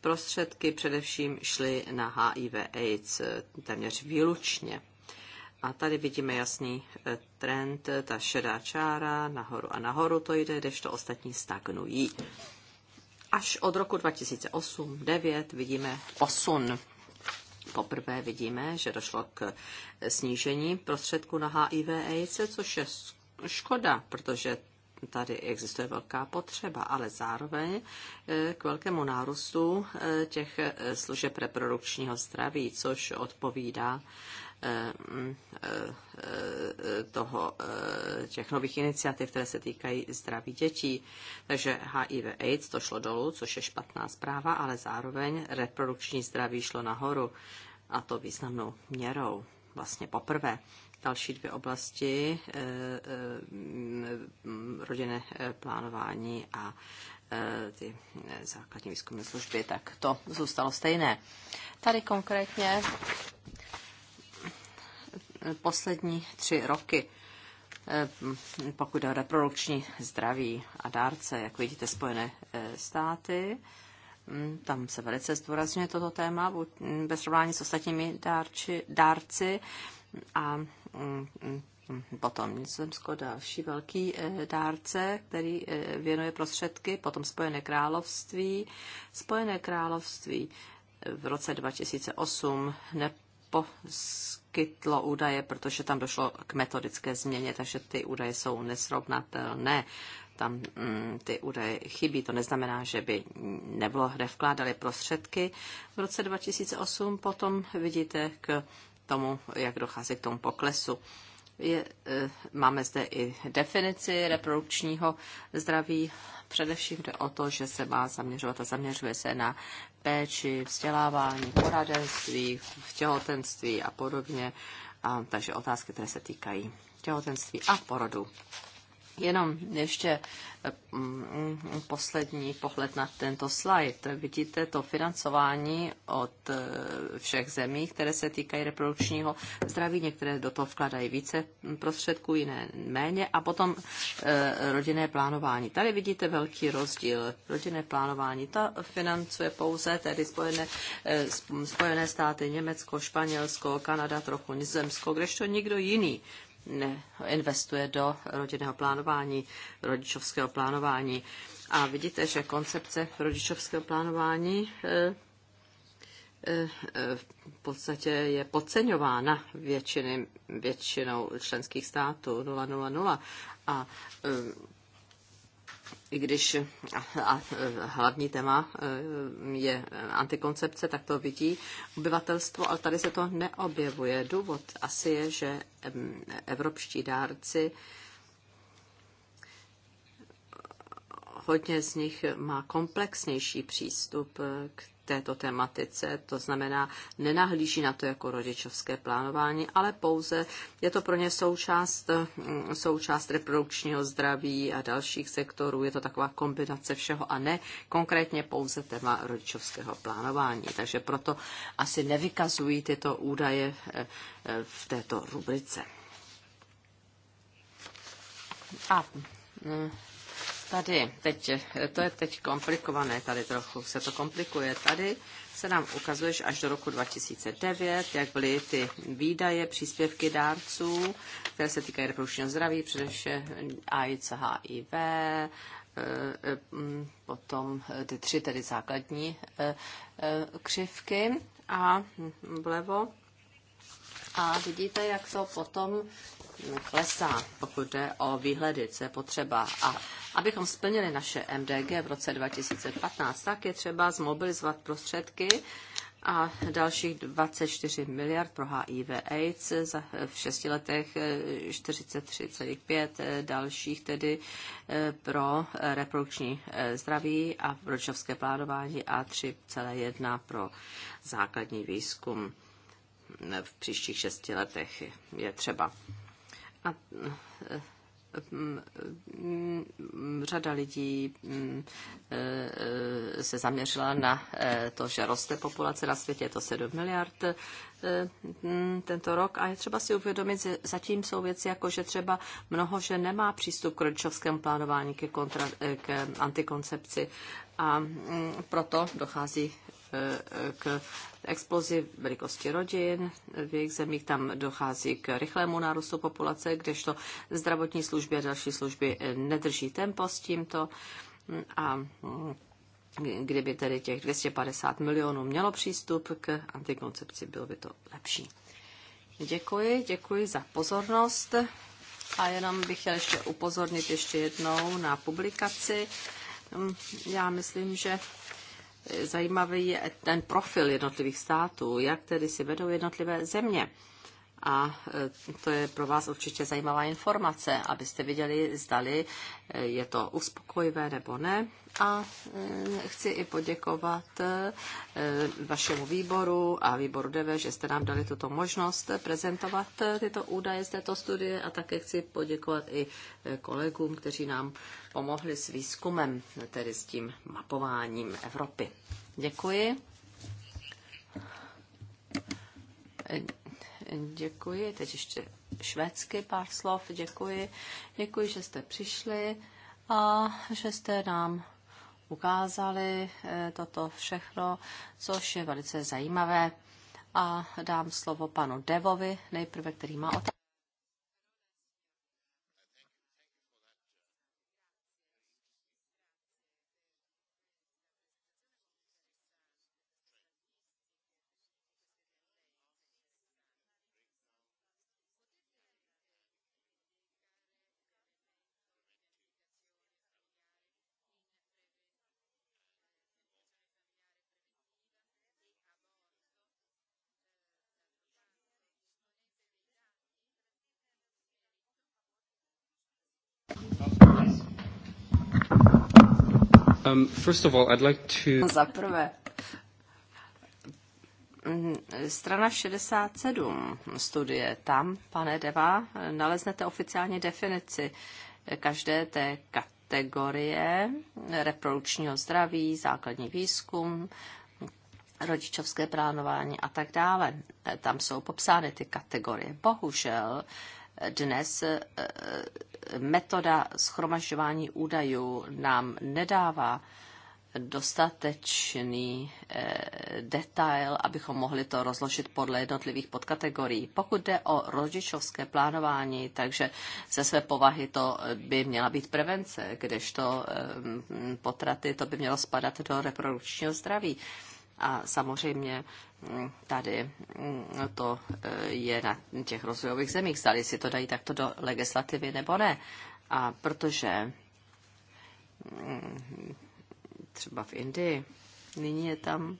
prostředky především šly na HIV AIDS téměř výlučně. A tady vidíme jasný eh, trend, ta šedá čára nahoru a nahoru to jde, kdežto ostatní stagnují až od roku 2008-2009 vidíme posun. Poprvé vidíme, že došlo k snížení prostředků na HIV AIDS, což je škoda, protože tady existuje velká potřeba, ale zároveň eh, k velkému nárůstu eh, těch eh, služeb reprodukčního zdraví, což odpovídá toho, těch nových iniciativ, které se týkají zdraví dětí. Takže HIV AIDS to šlo dolů, což je špatná zpráva, ale zároveň reprodukční zdraví šlo nahoru a to významnou měrou vlastně poprvé. Další dvě oblasti, eh, eh, rodinné eh, plánování a ty základní výzkumné služby, tak to zůstalo stejné. Tady konkrétně poslední tři roky, eh, pokud jde o reprodukční zdraví a dárce, jak vidíte, Spojené eh, státy, mm, tam se velice zdůrazňuje toto téma mm, ve srovnání s ostatními dárči, dárci a mm, potom Nizozemsko další velký eh, dárce, který věnuje prostředky, potom Spojené království. Spojené království v roce 2008 nepo poskytlo údaje, protože tam došlo k metodické změně, takže ty údaje jsou nesrovnatelné. Tam mm, ty údaje chybí. To neznamená, že by nebylo nevkládali prostředky. V roce 2008 potom vidíte k tomu, jak dochází k tomu poklesu. Je, e, máme zde i definici reprodukčního zdraví. Především jde o to, že se má zaměřovat a zaměřuje se na péči, vzdělávání, poradenství, v těhotenství a podobně. A, takže otázky, které se týkají těhotenství a porodu. Jenom ještě mm, mm, poslední pohled na tento slide. Vidíte to financování od eh, všech zemí, které se týkají reprodukčního zdraví. Některé do toho vkládají více prostředků, jiné méně. A potom eh, rodinné plánování. Tady vidíte velký rozdíl. Rodinné plánování To financuje pouze tedy Spojené, eh, Spojené státy, Německo, Španělsko, Kanada, trochu Nizozemsko, kdežto nikdo jiný neinvestuje do rodinného plánování, rodičovského plánování. A vidíte, že koncepce rodičovského plánování eh, eh, v podstatě je podceňována většiny, většinou členských států 000 a eh, i když a, a, hlavní téma e, je antikoncepce, tak to vidí obyvatelstvo, ale tady se to neobjevuje. Důvod asi je, že evropští dárci, hodně z nich má komplexnější přístup k této tematice, to znamená, nenahlíží na to jako rodičovské plánování, ale pouze je to pro ně součást, mm, součást reprodukčního zdraví a dalších sektorů. Je to taková kombinace všeho a ne konkrétně pouze téma rodičovského plánování. Takže proto asi nevykazují tyto údaje eh, eh, v této rubrice. A mm, Tady, teď, to je teď komplikované, tady trochu se to komplikuje. Tady se nám ukazuje, že až do roku 2009, jak byly ty výdaje, příspěvky dárců, které se týkají reprodukčního zdraví, především AIDS, HIV, eh, eh, mm, potom ty tři tedy základní eh, křivky a vlevo a vidíte, jak to potom klesá, pokud jde o výhledy, co je potřeba. A abychom splnili naše MDG v roce 2015, tak je třeba zmobilizovat prostředky a dalších 24 miliard pro HIV AIDS za, v šesti letech 43,5 dalších tedy eh, pro reprodukční eh, zdraví a rodičovské plánování a 3,1 pro základní výzkum v příštích šesti letech je třeba. A mm, řada lidí mm, e, e, se zaměřila na e, to, že roste populace na světě, je to 7 miliard mm, tento rok a je třeba si uvědomit, že zatím jsou věci jako, že třeba mnoho že nemá přístup k rodičovskému plánování, ke, kontra, k antikoncepci a proto dochází k explozi velikosti rodin. V jejich zemích tam dochází k rychlému nárůstu populace, kdežto zdravotní služby a další služby eh, nedrží tempo s tímto. A mm, kdyby tedy těch 250 milionů mělo přístup k antikoncepci, bylo by to lepší. Děkuji, děkuji za pozornost. A jenom bych chtěl ještě upozornit ještě jednou na publikaci. Mm, já myslím, že zajímavý je ten profil jednotlivých států, jak tedy si vedou jednotlivé země a e, to je pro vás určitě zajímavá informace, abyste viděli, zdali e, je to uspokojivé nebo ne. A e, chci i poděkovat vašemu výboru a výboru DV, že jste nám dali tuto možnost prezentovat tyto údaje z této studie a také chci poděkovat i kolegům, kteří nám pomohli s výzkumem, tedy s tím mapováním Evropy. Děkuji. Děkuji. Teď ještě švédsky pár slov. Děkuji. Děkuji, že jste přišli a že jste nám ukázali eh, toto všechno, což je velice zajímavé. A dám slovo panu Devovi, nejprve, který má otázku. Um, first of all, I'd like to... Za prvé, mm, strana 67 studie, tam, pane Deva, naleznete oficiální definici každé té kategorie reprodukčního zdraví, základní výzkum, rodičovské plánování a tak dále. Tam jsou popsány ty kategorie. Bohužel dnes eh, metoda schromažďování údajů nám nedává dostatečný eh, detail, abychom mohli to rozložit podle jednotlivých podkategorií. Pokud jde o rodičovské plánování, takže ze své povahy to by měla být prevence, kdežto eh, potraty to by mělo spadat do reprodukčního zdraví. A samozřejmě mm, tady mm, to eh, je na těch rozvojových zemích, zdali si to dají takto do legislativy nebo ne. A protože mm, třeba v Indii nyní je tam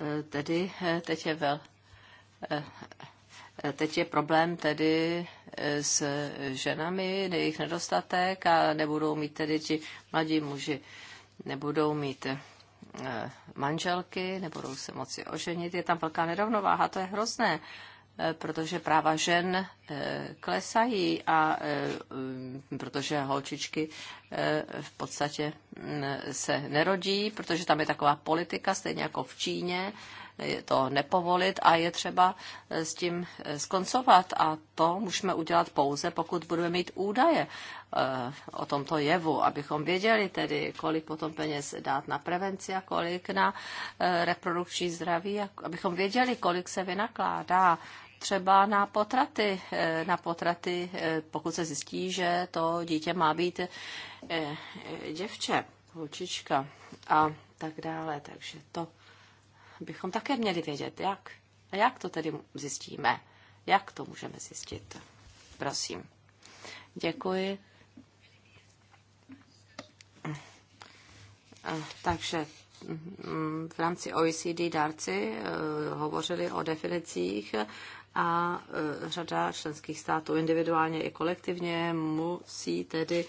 eh, tedy eh, teď je vel, teď je problém tedy s ženami, jejich nedostatek a nebudou mít tedy ti mladí muži, nebudou mít eh, manželky, nebudou se moci oženit. Je tam velká nerovnováha, to je hrozné, eh, protože práva žen eh, klesají a mm, protože holčičky v podstatě mm, se nerodí, protože tam je taková politika, stejně jako v Číně, to nepovolit a je třeba eh, s tím eh, skoncovat. A to můžeme udělat pouze, pokud budeme mít údaje eh, o tomto jevu, abychom věděli tedy, kolik potom peněz dát na prevenci a kolik na reprodukční zdraví, abychom věděli, kolik se vynakládá třeba na potraty. Na potraty, pokud se zjistí, že to dítě má být děvče, holčička a tak dále. Takže to bychom také měli vědět, jak. A jak to tedy zjistíme? Jak to můžeme zjistit? Prosím. Děkuji. Takže mm, mm, v rámci OECD dárci eh, hovořili o definicích a e, řada členských států individuálně i kolektivně musí tedy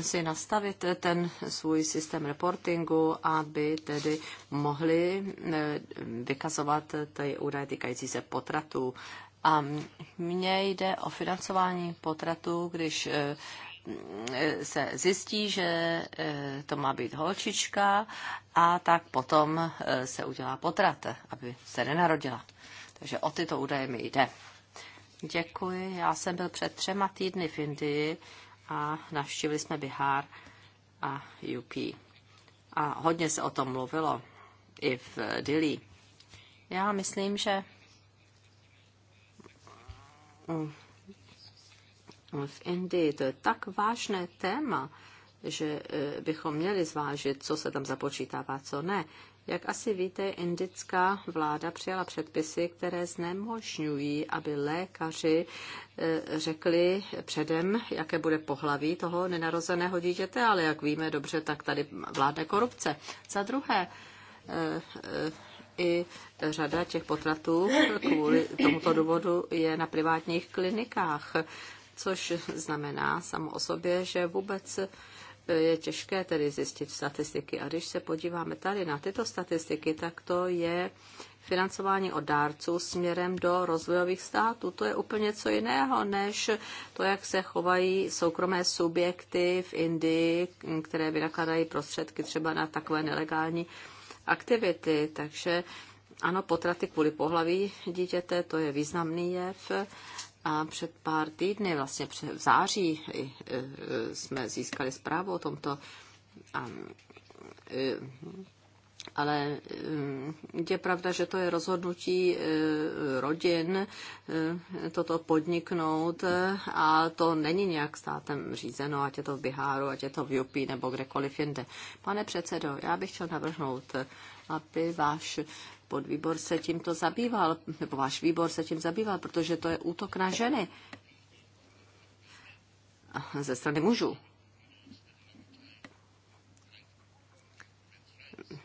si nastavit ten svůj systém reportingu, aby tedy mohli e, vykazovat ty údaje týkající se potratů. A mně jde o financování potratů, když e, se zjistí, že to má být holčička a tak potom se udělá potrat, aby se nenarodila. Takže o tyto údaje mi jde. Děkuji. Já jsem byl před třema týdny v Indii a navštívili jsme Bihar a UP. A hodně se o tom mluvilo i v Dili. Já myslím, že v Indii to je tak vážné téma, že eh, bychom měli zvážit, co se tam započítává, co ne. Jak asi víte, indická vláda přijala předpisy, které znemožňují, aby lékaři e, řekli předem, jaké bude pohlaví toho nenarozeného dítěte, ale jak víme dobře, tak tady vládne korupce. Za druhé, e, e, i řada těch potratů kvůli tomuto důvodu je na privátních klinikách, což znamená samo o sobě, že vůbec je těžké tedy zjistit statistiky. A když se podíváme tady na tyto statistiky, tak to je financování od dárců směrem do rozvojových států. To je úplně co jiného, než to, jak se chovají soukromé subjekty v Indii, které vynakladají prostředky třeba na takové nelegální aktivity. Takže ano, potraty kvůli pohlaví dítěte, to je významný jev a před pár týdny, vlastně v září, e, jsme získali zprávu o tomto. E, ale e, je pravda, že to je rozhodnutí rodin toto podniknout a to není nějak státem řízeno, ať je to v Biháru, ať je to v Jupí nebo kdekoliv jinde. Pane předsedo, já bych chtěl navrhnout, aby váš podvýbor se tímto zabýval, nebo váš výbor se tím zabýval, protože to je útok na ženy ze strany mužů.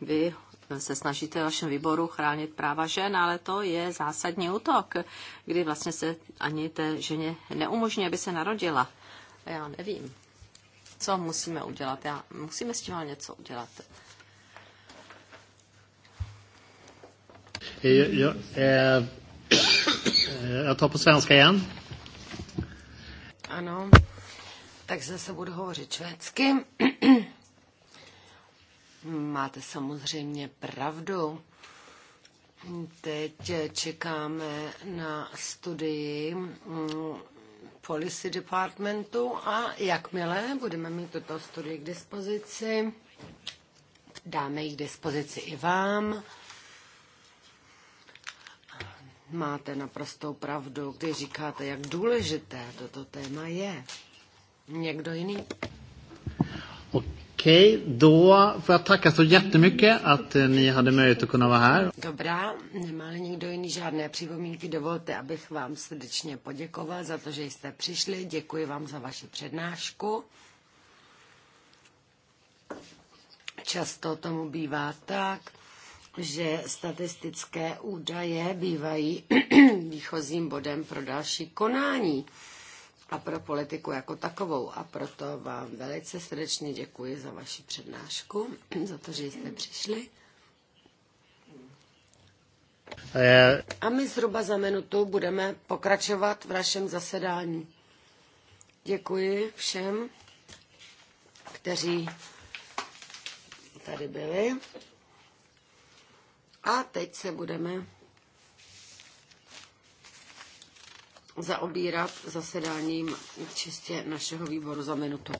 Vy se snažíte v vašem výboru chránit práva žen, ale to je zásadní útok, kdy vlastně se ani té ženě neumožní, aby se narodila. Já nevím, co musíme udělat. Já, musíme s tím něco udělat. Já to po svenské jen. Ano, tak zase budu hovořit švédsky. Máte samozřejmě pravdu. Teď čekáme na studii mm, Policy Departmentu a jakmile budeme mít tuto studii k dispozici, dáme ji k dispozici i vám. Máte naprostou pravdu, když říkáte, jak důležité toto téma je. Někdo jiný? Okej, då får jag tacka så jättemycket att eh, ni hade möjlighet att kunna vara här. Dobrá, nemá nikdo jiný žádné připomínky. Dovolte, abych vám srdečně poděkoval za to, že jste přišli. Děkuji vám za vaši přednášku. Často tomu bývá tak, že statistické údaje bývají výchozím bodem pro další konání a pro politiku jako takovou. A proto vám velice srdečně děkuji za vaši přednášku, za to, že jste přišli. A my zhruba za minutu budeme pokračovat v našem zasedání. Děkuji všem, kteří tady byli. A teď se budeme zaobírat zasedáním čistě našeho výboru za minutu.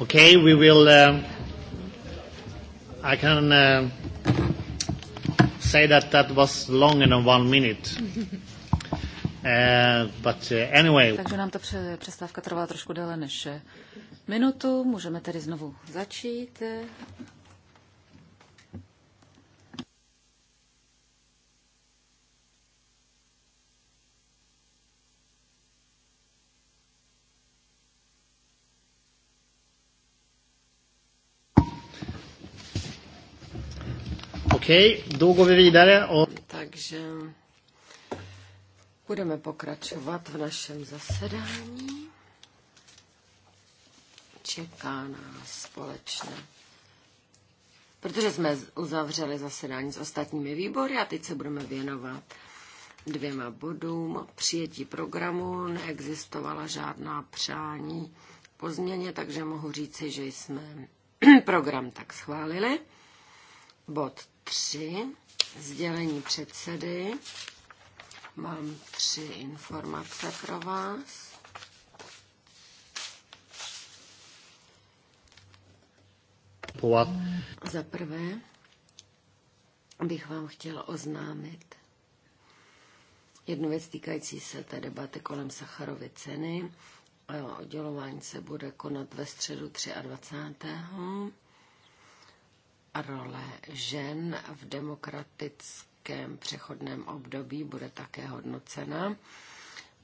Okay, we will. Uh, I can uh, say that that was longer than one minute. Uh, but uh, anyway. Takže nám ta přestávka trvala trošku déle než eh, minutu. Můžeme tedy znovu začít. Okej, okay, då går vi vidare. Och... Takže budeme pokračovat v našem zasedání. Čeká nás společně. Protože jsme uzavřeli zasedání s ostatními výbory a teď se budeme věnovat dvěma bodům. Přijetí programu neexistovala žádná přání po změně, takže mohu říci, že jsme program tak schválili. Bod 3. Sdělení předsedy. Mám tři informace pro vás. What? Za prvé bych vám chtěla oznámit jednu věc týkající se té debaty kolem Sacharovy ceny. Oddělování se bude konat ve středu 23 role žen v demokratickém přechodném období bude také hodnocena.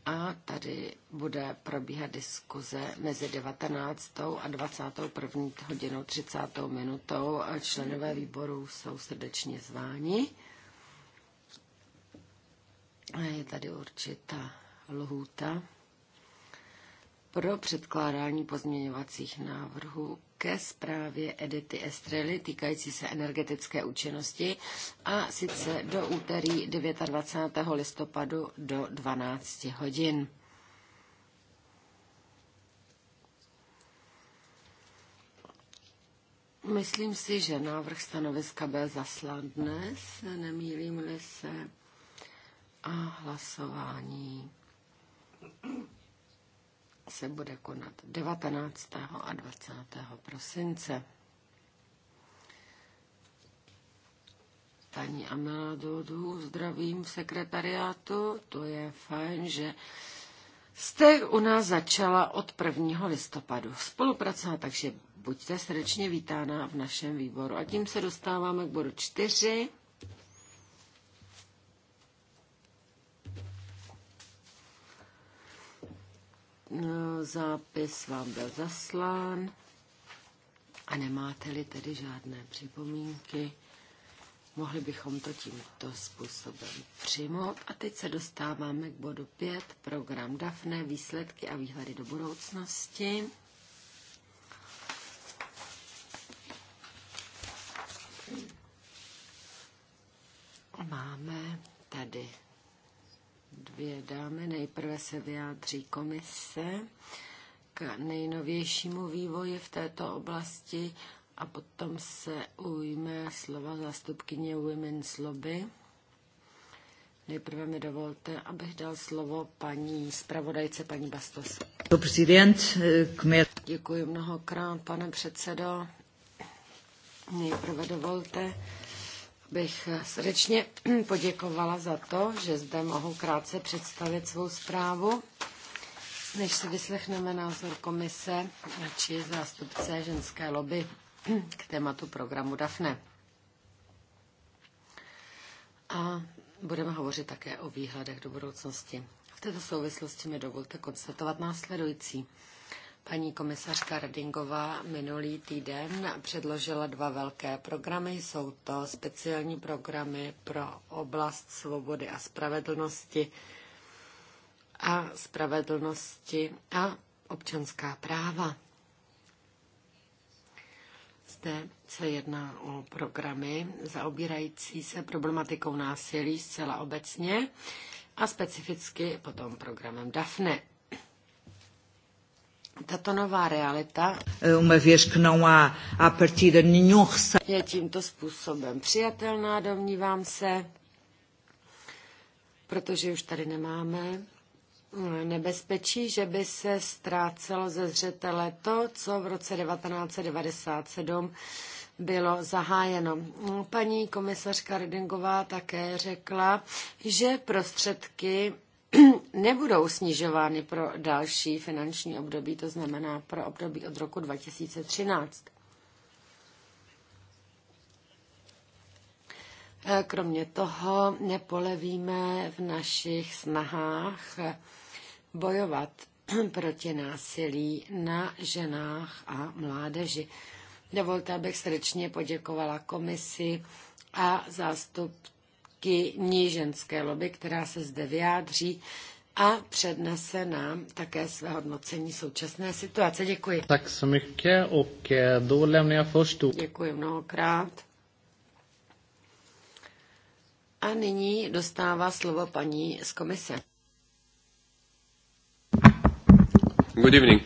A tady bude probíhat diskuze mezi 19. a 21. hodinou 30. minutou. Členové výboru jsou srdečně zváni. A je tady určitá lhůta pro předkládání pozměňovacích návrhů ke zprávě Edity Estrely týkající se energetické účinnosti a sice do úterý 29. listopadu do 12 hodin. Myslím si, že návrh stanoviska byl zaslán dnes, nemýlím-li se, a hlasování se bude konat 19. a 20. prosince. Paní Amela Dodu, zdravím v sekretariátu, to je fajn, že jste u nás začala od 1. listopadu spolupracovat, takže buďte srdečně vítána v našem výboru. A tím se dostáváme k bodu 4. Zápis vám byl zaslán a nemáte-li tedy žádné připomínky, mohli bychom to tímto způsobem přijmout. A teď se dostáváme k bodu 5, program DAFNE, výsledky a výhledy do budoucnosti. Máme tady zodpovědáme. Nejprve se vyjádří komise k nejnovějšímu vývoji v této oblasti a potom se ujme slova zastupkyně Women's Lobby. Nejprve mi dovolte, abych dal slovo paní zpravodajce, paní Bastos. Děkuji mnohokrát, pane předsedo. Nejprve dovolte, bych srdečně poděkovala za to, že zde mohu krátce představit svou zprávu. Než si vyslechneme názor komise či zástupce ženské lobby k tématu programu DAFNE. A budeme hovořit také o výhledech do budoucnosti. V této souvislosti mi dovolte konstatovat následující. Paní komisařka Redingová minulý týden předložila dva velké programy. Jsou to speciální programy pro oblast svobody a spravedlnosti a spravedlnosti a občanská práva. Zde se jedná o programy zaobírající se problematikou násilí zcela obecně a specificky potom programem DAFNE. Tato nová realita eh, uma vez que não há, nenhum je tímto způsobem přijatelná, domnívám se, protože už tady nemáme eh, nebezpečí, že by se ztrácelo ze zřetele to, co v roce 1997 bylo zahájeno. Paní komisařka Redingová také řekla, že prostředky nebudou snižovány pro další finanční období, to znamená pro období od roku 2013. Eh, kromě toho nepolevíme v našich snahách bojovat proti násilí na ženách a mládeži. Dovolte, abych srdečně poděkovala komisi a zástupcům zástupkyní ženské lobby, která se zde vyjádří a přednese nám také své hodnocení současné situace. Děkuji. Tak så mycket och já Děkuji mnohokrát. A nyní dostává slovo paní z komise. Good evening.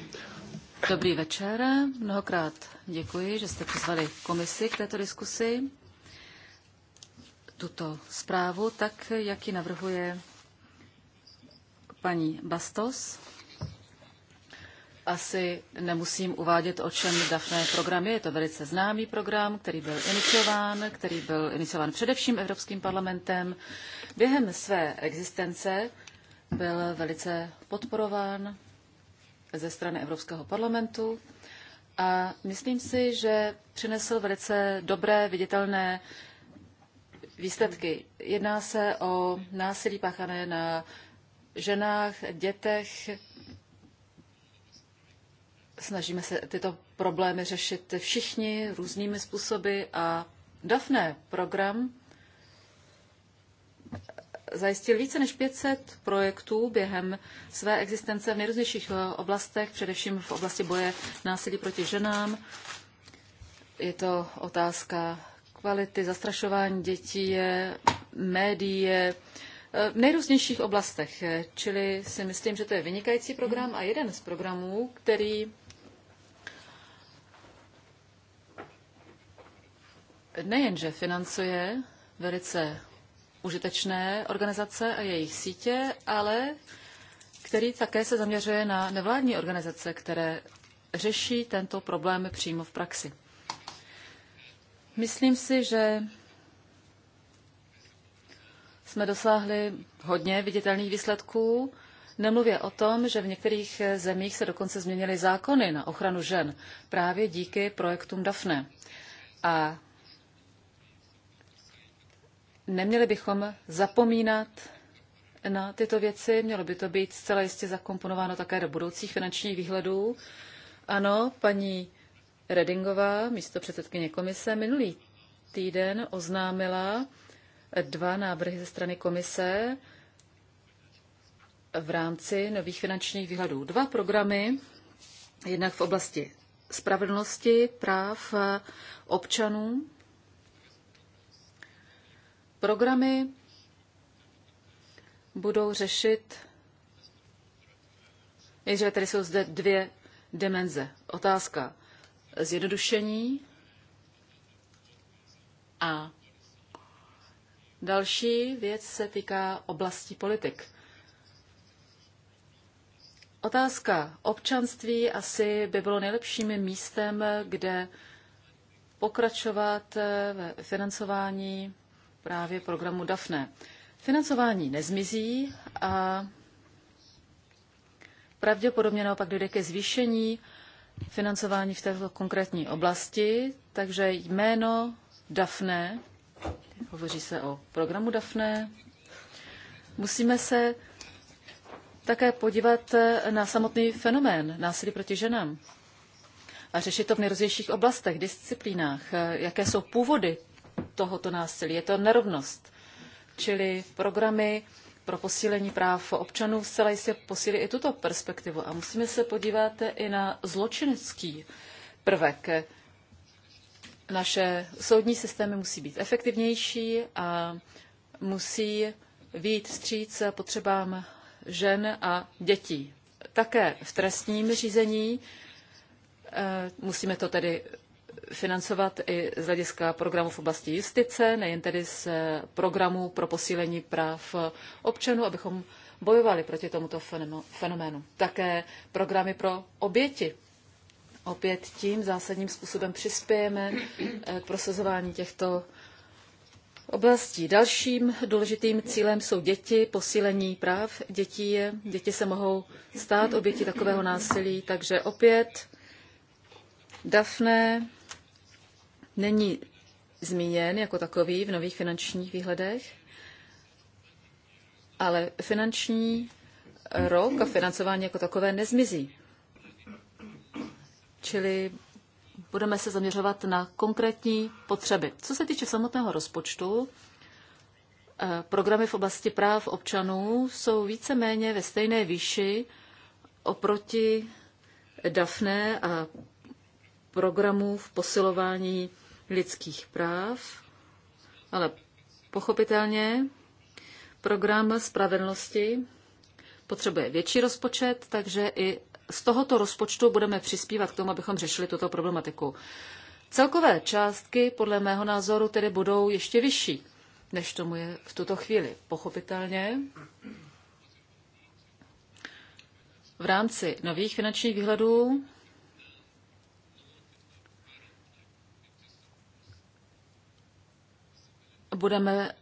Dobrý večer. Mnohokrát děkuji, že jste přizvali komisi k této diskusi tuto zprávu, tak jak ji navrhuje paní Bastos. Asi nemusím uvádět, o čem Dafné program je. Je to velice známý program, který byl iniciován, který byl iniciován především Evropským parlamentem. Během své existence byl velice podporován ze strany Evropského parlamentu a myslím si, že přinesl velice dobré, viditelné výsledky. Jedná se o násilí páchané na ženách, dětech. Snažíme se tyto problémy řešit všichni různými způsoby a DAFNE program zajistil více než 500 projektů během své existence v nejrůznějších eh, oblastech, především v oblasti boje násilí proti ženám. Je to otázka kvality, zastrašování dětí, médií, eh, v nejrůznějších oblastech. Čili si myslím, že to je vynikající program a jeden z programů, který nejenže financuje velice užitečné organizace a jejich sítě, ale který také se zaměřuje na nevládní organizace, které řeší tento problém přímo v praxi. Myslím si, že jsme dosáhli hodně viditelných výsledků. Nemluvě o tom, že v některých zemích se dokonce změnily zákony na ochranu žen právě díky projektům DAFNE. A neměli bychom zapomínat na tyto věci, mělo by to být zcela jistě zakomponováno také do budoucích finančních výhledů. Ano, paní Redingová, místo komise, minulý týden oznámila dva návrhy ze strany komise v rámci nových finančních výhledů. Dva programy, jednak v oblasti spravedlnosti, práv občanů, programy budou řešit, že tady jsou zde dvě dimenze. Otázka zjednodušení a další věc se týká oblasti politik. Otázka občanství asi by bylo nejlepším místem, kde pokračovat ve financování právě programu DAFNE. Financování nezmizí a pravděpodobně naopak dojde ke zvýšení financování v této konkrétní oblasti, takže jméno Dafne, hovoří se o programu Dafne, musíme se také podívat na samotný fenomén násilí proti ženám a řešit to v nejrůznějších oblastech, disciplínách, jaké jsou původy tohoto násilí. Je to nerovnost, čili programy pro posílení práv občanů zcela jistě posílí i tuto perspektivu. A musíme se podívat i na zločinecký prvek. Naše soudní systémy musí být efektivnější a musí výjít stříc potřebám žen a dětí. Také v trestním řízení eh, musíme to tedy financovat i z hlediska programu v oblasti justice, nejen tedy z programu pro posílení práv občanů, abychom bojovali proti tomuto fenoménu. Také programy pro oběti. Opět tím zásadním způsobem přispějeme eh, k prosazování těchto oblastí. Dalším důležitým cílem jsou děti, posílení práv dětí. děti se mohou stát oběti takového násilí, takže opět Daphne, není zmíněn jako takový v nových finančních výhledech, ale finanční rok a financování jako takové nezmizí. Čili budeme se zaměřovat na konkrétní potřeby. Co se týče samotného rozpočtu, eh, programy v oblasti práv občanů jsou víceméně ve stejné výši oproti DAFNE a programů v posilování lidských práv, ale pochopitelně program spravedlnosti potřebuje větší rozpočet, takže i z tohoto rozpočtu budeme přispívat k tomu, abychom řešili tuto problematiku. Celkové částky podle mého názoru tedy budou ještě vyšší, než tomu je v tuto chvíli. Pochopitelně v rámci nových finančních výhledů budeme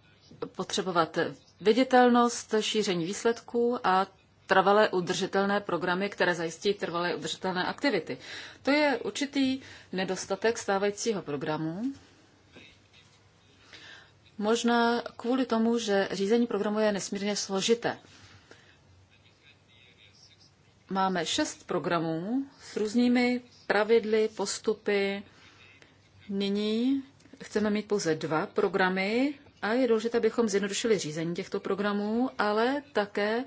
potřebovat viditelnost, šíření výsledků a trvalé udržitelné programy, které zajistí trvalé udržitelné aktivity. To je určitý nedostatek stávajícího programu. Možná kvůli tomu, že řízení programu je nesmírně složité. Máme šest programů s různými pravidly, postupy. Nyní chceme mít pouze dva programy a je důležité, abychom zjednodušili řízení těchto programů, ale také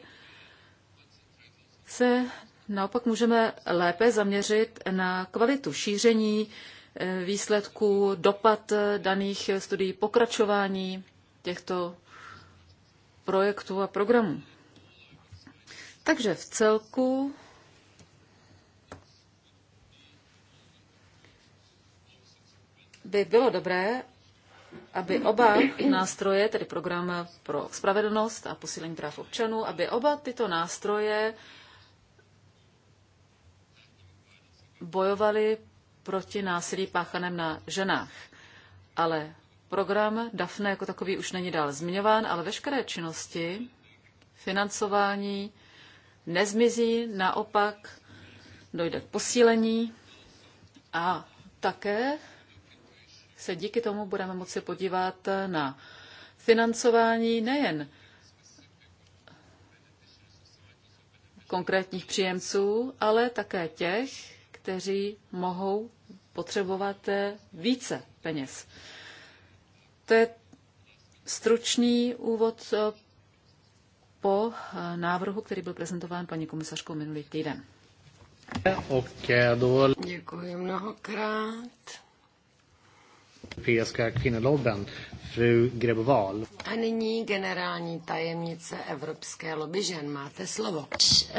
se naopak můžeme lépe zaměřit na kvalitu šíření eh, výsledků, dopad daných studií, pokračování těchto projektů a programů. Takže v celku by bylo dobré, aby oba nástroje, tedy program pro spravedlnost a posílení práv občanů, aby oba tyto nástroje bojovali proti násilí páchaném na ženách. Ale program DAFNE jako takový už není dál zmiňován, ale veškeré činnosti, financování nezmizí, naopak dojde k posílení a také se díky tomu budeme moci podívat na financování nejen konkrétních příjemců, ale také těch, kteří mohou potřebovat eh, více peněz. To je stručný úvod eh, po eh, návrhu, který byl prezentován paní komisařkou minulý týden. Děkuji mnohokrát. Europeiska kvinnolobben, fru Greboval. A nyní generální tajemnice Evropské lobby žen. Máte slovo.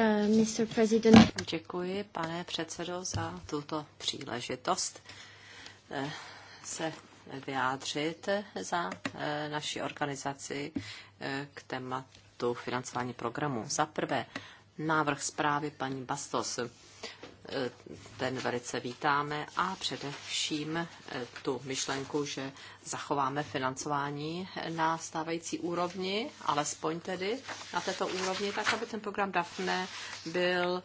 Uh, Mr. President. Děkuji, pane předsedo, za tuto příležitost eh, se vyjádřit za eh, naši organizaci eh, k tématu financování programu. Za prvé, návrh zprávy paní Bastos ten velice vítáme a především eh, tu myšlenku, že zachováme financování na stávající úrovni, alespoň tedy na této úrovni, tak aby ten program DAFNE byl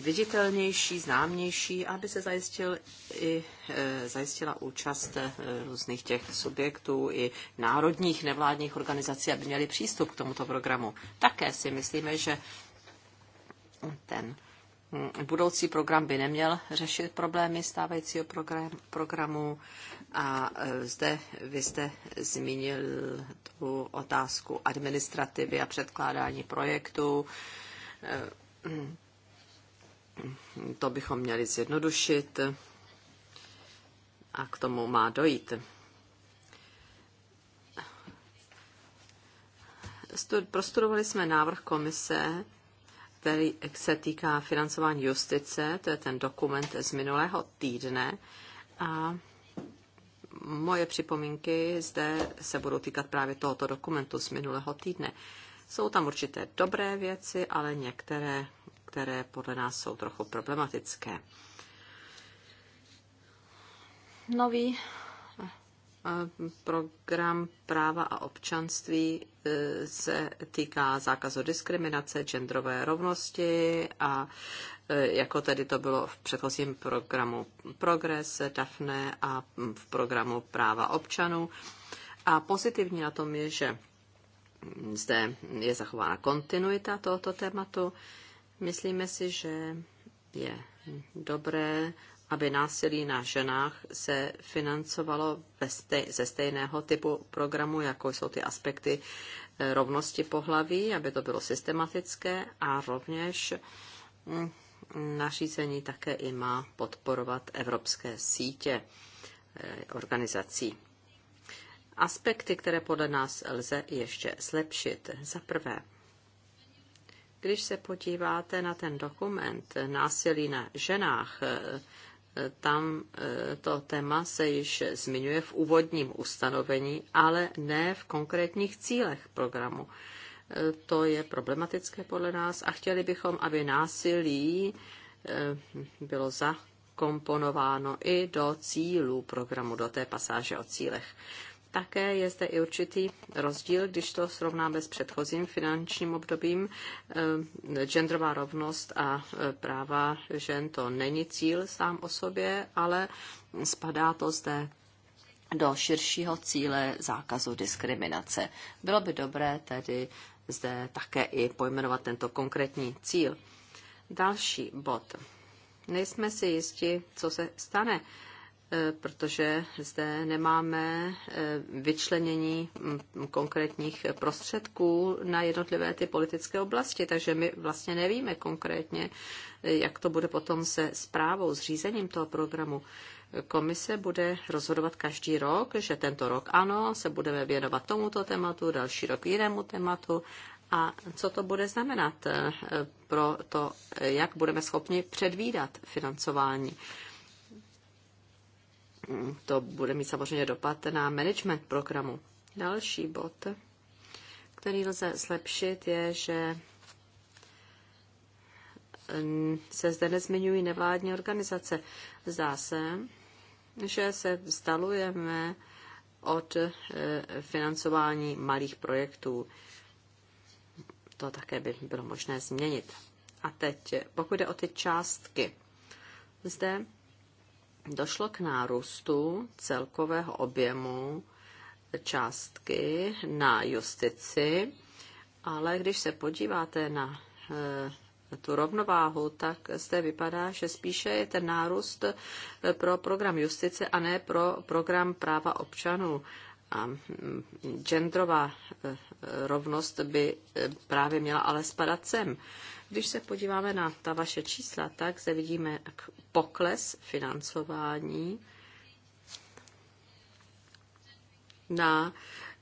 viditelnější, známější, aby se zajistil i, eh, zajistila účast eh, různých těch subjektů i národních nevládních organizací, aby měli přístup k tomuto programu. Také si myslíme, že ten Mm, budoucí program by neměl řešit problémy stávajícího program, programu. A e, zde vy jste zmínil tu otázku administrativy a předkládání projektů. E, mm, to bychom měli zjednodušit a k tomu má dojít. Prostudovali jsme návrh komise který se týká financování justice, to je ten dokument z minulého týdne. A moje připomínky zde se budou týkat právě tohoto dokumentu z minulého týdne. Jsou tam určité dobré věci, ale některé, které podle nás jsou trochu problematické. Nový program práva a občanství e, se týká zákazu diskriminace, genderové rovnosti a e, jako tedy to bylo v předchozím programu Progres, DAFNE a v programu práva občanů. A pozitivní na tom je, že zde je zachována kontinuita tohoto tématu. Myslíme si, že je dobré aby násilí na ženách se financovalo ze stejného typu programu, jako jsou ty aspekty e, rovnosti pohlaví, aby to bylo systematické a rovněž mm, nařízení také i má podporovat evropské sítě e, organizací. Aspekty, které podle nás lze ještě zlepšit. Za prvé, když se podíváte na ten dokument Násilí na ženách, e, tam eh, to téma se již zmiňuje v úvodním ustanovení, ale ne v konkrétních cílech programu. Eh, to je problematické podle nás a chtěli bychom, aby násilí eh, bylo zakomponováno i do cílů programu, do té pasáže o cílech. Také je zde i určitý rozdíl, když to srovnáme s předchozím finančním obdobím. Eh, genderová rovnost a eh, práva žen to není cíl sám o sobě, ale spadá to zde do širšího cíle zákazu diskriminace. Bylo by dobré tedy zde také i pojmenovat tento konkrétní cíl. Další bod. Nejsme si jisti, co se stane Eh, protože zde nemáme eh, vyčlenění mm, konkrétních prostředků na jednotlivé ty politické oblasti, takže my vlastně nevíme konkrétně, eh, jak to bude potom se zprávou, s řízením toho programu. Komise bude rozhodovat každý rok, že tento rok ano, se budeme věnovat tomuto tématu, další rok jinému tématu a co to bude znamenat pro to, jak budeme schopni předvídat financování to bude mít samozřejmě dopad na management programu. Další bod, který lze zlepšit, je, že mm, se zde nezmiňují nevládní organizace. Zdá se, že se vzdalujeme od e, financování malých projektů. To také by bylo možné změnit. A teď, pokud jde o ty částky, zde došlo k nárůstu celkového objemu částky na justici, ale když se podíváte na eh, tu rovnováhu, tak zde vypadá, že spíše je ten nárůst eh, pro program justice a ne pro program práva občanů. A mm, genderová eh, rovnost by právě měla ale spadat sem. Když se podíváme na ta vaše čísla, tak zde vidíme pokles financování na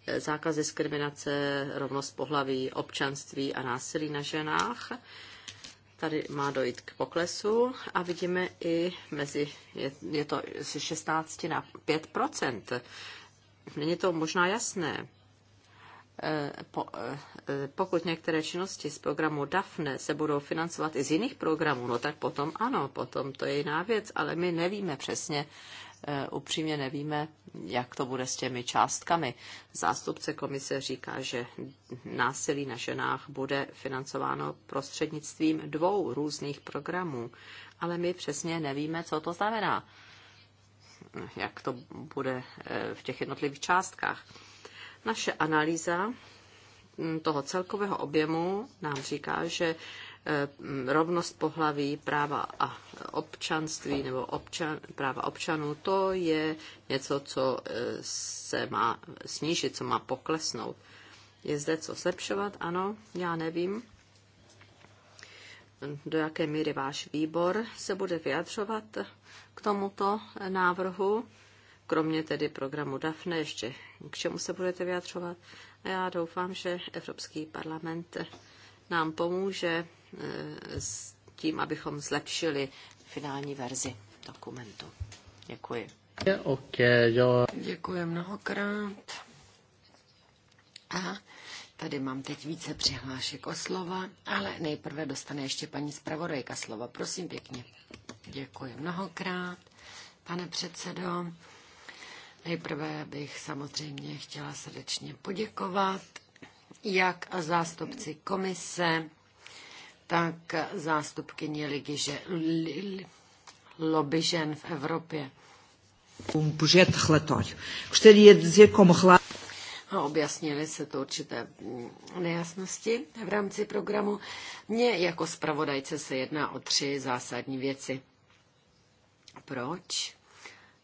e, zákaz diskriminace, rovnost pohlaví, občanství a násilí na ženách. Tady má dojít k poklesu a vidíme i mezi, je, je to z 16 na 5 Není to možná jasné. Eh, eh, pokud některé činnosti z programu DAFNE se budou financovat i z jiných programů, no tak potom ano, potom to je jiná věc, ale my nevíme přesně, eh, upřímně nevíme, jak to bude s těmi částkami. Zástupce komise říká, že násilí na ženách bude financováno prostřednictvím dvou různých programů, ale my přesně nevíme, co to znamená, jak to bude v těch jednotlivých částkách. Naše analýza mm, toho celkového objemu nám říká, že e, mm, rovnost pohlaví, práva a občanství nebo občan, práva občanů, to je něco, co e, se má snížit, co má poklesnout. Je zde co zlepšovat? Ano, já nevím, do jaké míry váš výbor se bude vyjadřovat k tomuto návrhu kromě tedy programu DAFNE, ještě k čemu se budete vyjadřovat. A já doufám, že Evropský parlament nám pomůže e, s tím, abychom zlepšili finální verzi dokumentu. Děkuji. Okay, jo. Děkuji mnohokrát. A tady mám teď více přihlášek o slova, ale nejprve dostane ještě paní zpravodajka slova. Prosím pěkně. Děkuji mnohokrát, pane předsedo. Nejprve bych samozřejmě chtěla srdečně poděkovat jak a zástupci komise, tak zástupkyně ligy že, lobby žen v Evropě. Um projeto a objasnily se to určité nejasnosti v rámci programu. Mně jako zpravodajce se jedná o tři zásadní věci. Proč?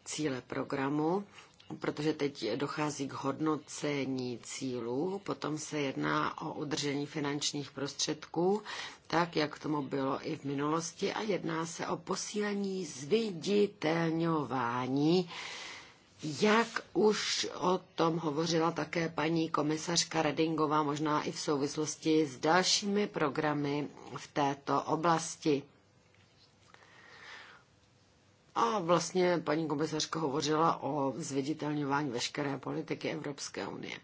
Cíle programu protože teď dochází k hodnocení cílů, potom se jedná o udržení finančních prostředků, tak jak tomu bylo i v minulosti, a jedná se o posílení zviditelňování jak už o tom hovořila také paní komisařka Redingová, možná i v souvislosti s dalšími programy v této oblasti. A vlastně paní komisařka hovořila o zviditelňování veškeré politiky Evropské unie.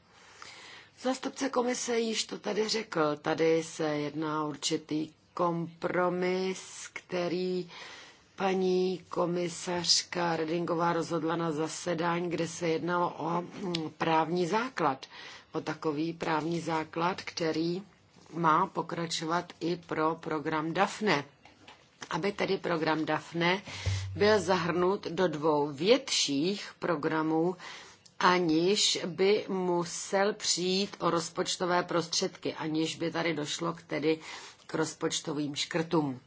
Zastupce komise již to tady řekl. Tady se jedná určitý kompromis, který paní komisařka Redingová rozhodla na zasedání, kde se jednalo o mm, právní základ. O takový právní základ, který má pokračovat i pro program DAFNE aby tedy program DAFNE byl zahrnut do dvou větších programů, aniž by musel přijít o rozpočtové prostředky, aniž by tady došlo k tedy k rozpočtovým škrtům.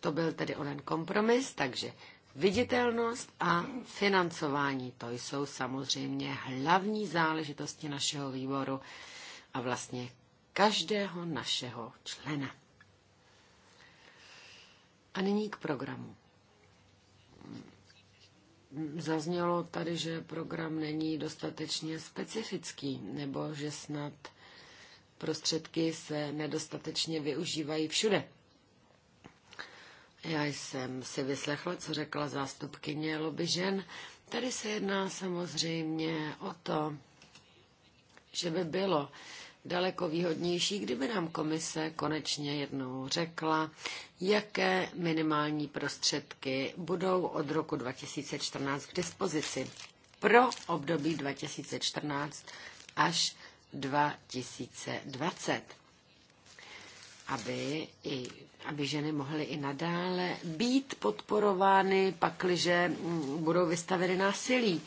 To byl tedy onen kompromis, takže viditelnost a financování, to jsou samozřejmě hlavní záležitosti našeho výboru a vlastně každého našeho člena. A nyní k programu. Zaznělo tady, že program není dostatečně specifický, nebo že snad prostředky se nedostatečně využívají všude. Já jsem si vyslechla, co řekla zástupkyně lobby žen. Tady se jedná samozřejmě o to, že by bylo daleko výhodnější, kdyby nám komise konečně jednou řekla, jaké minimální prostředky budou od roku 2014 k dispozici pro období 2014 až 2020, aby, i, aby ženy mohly i nadále být podporovány, pakliže mm, budou vystaveny násilí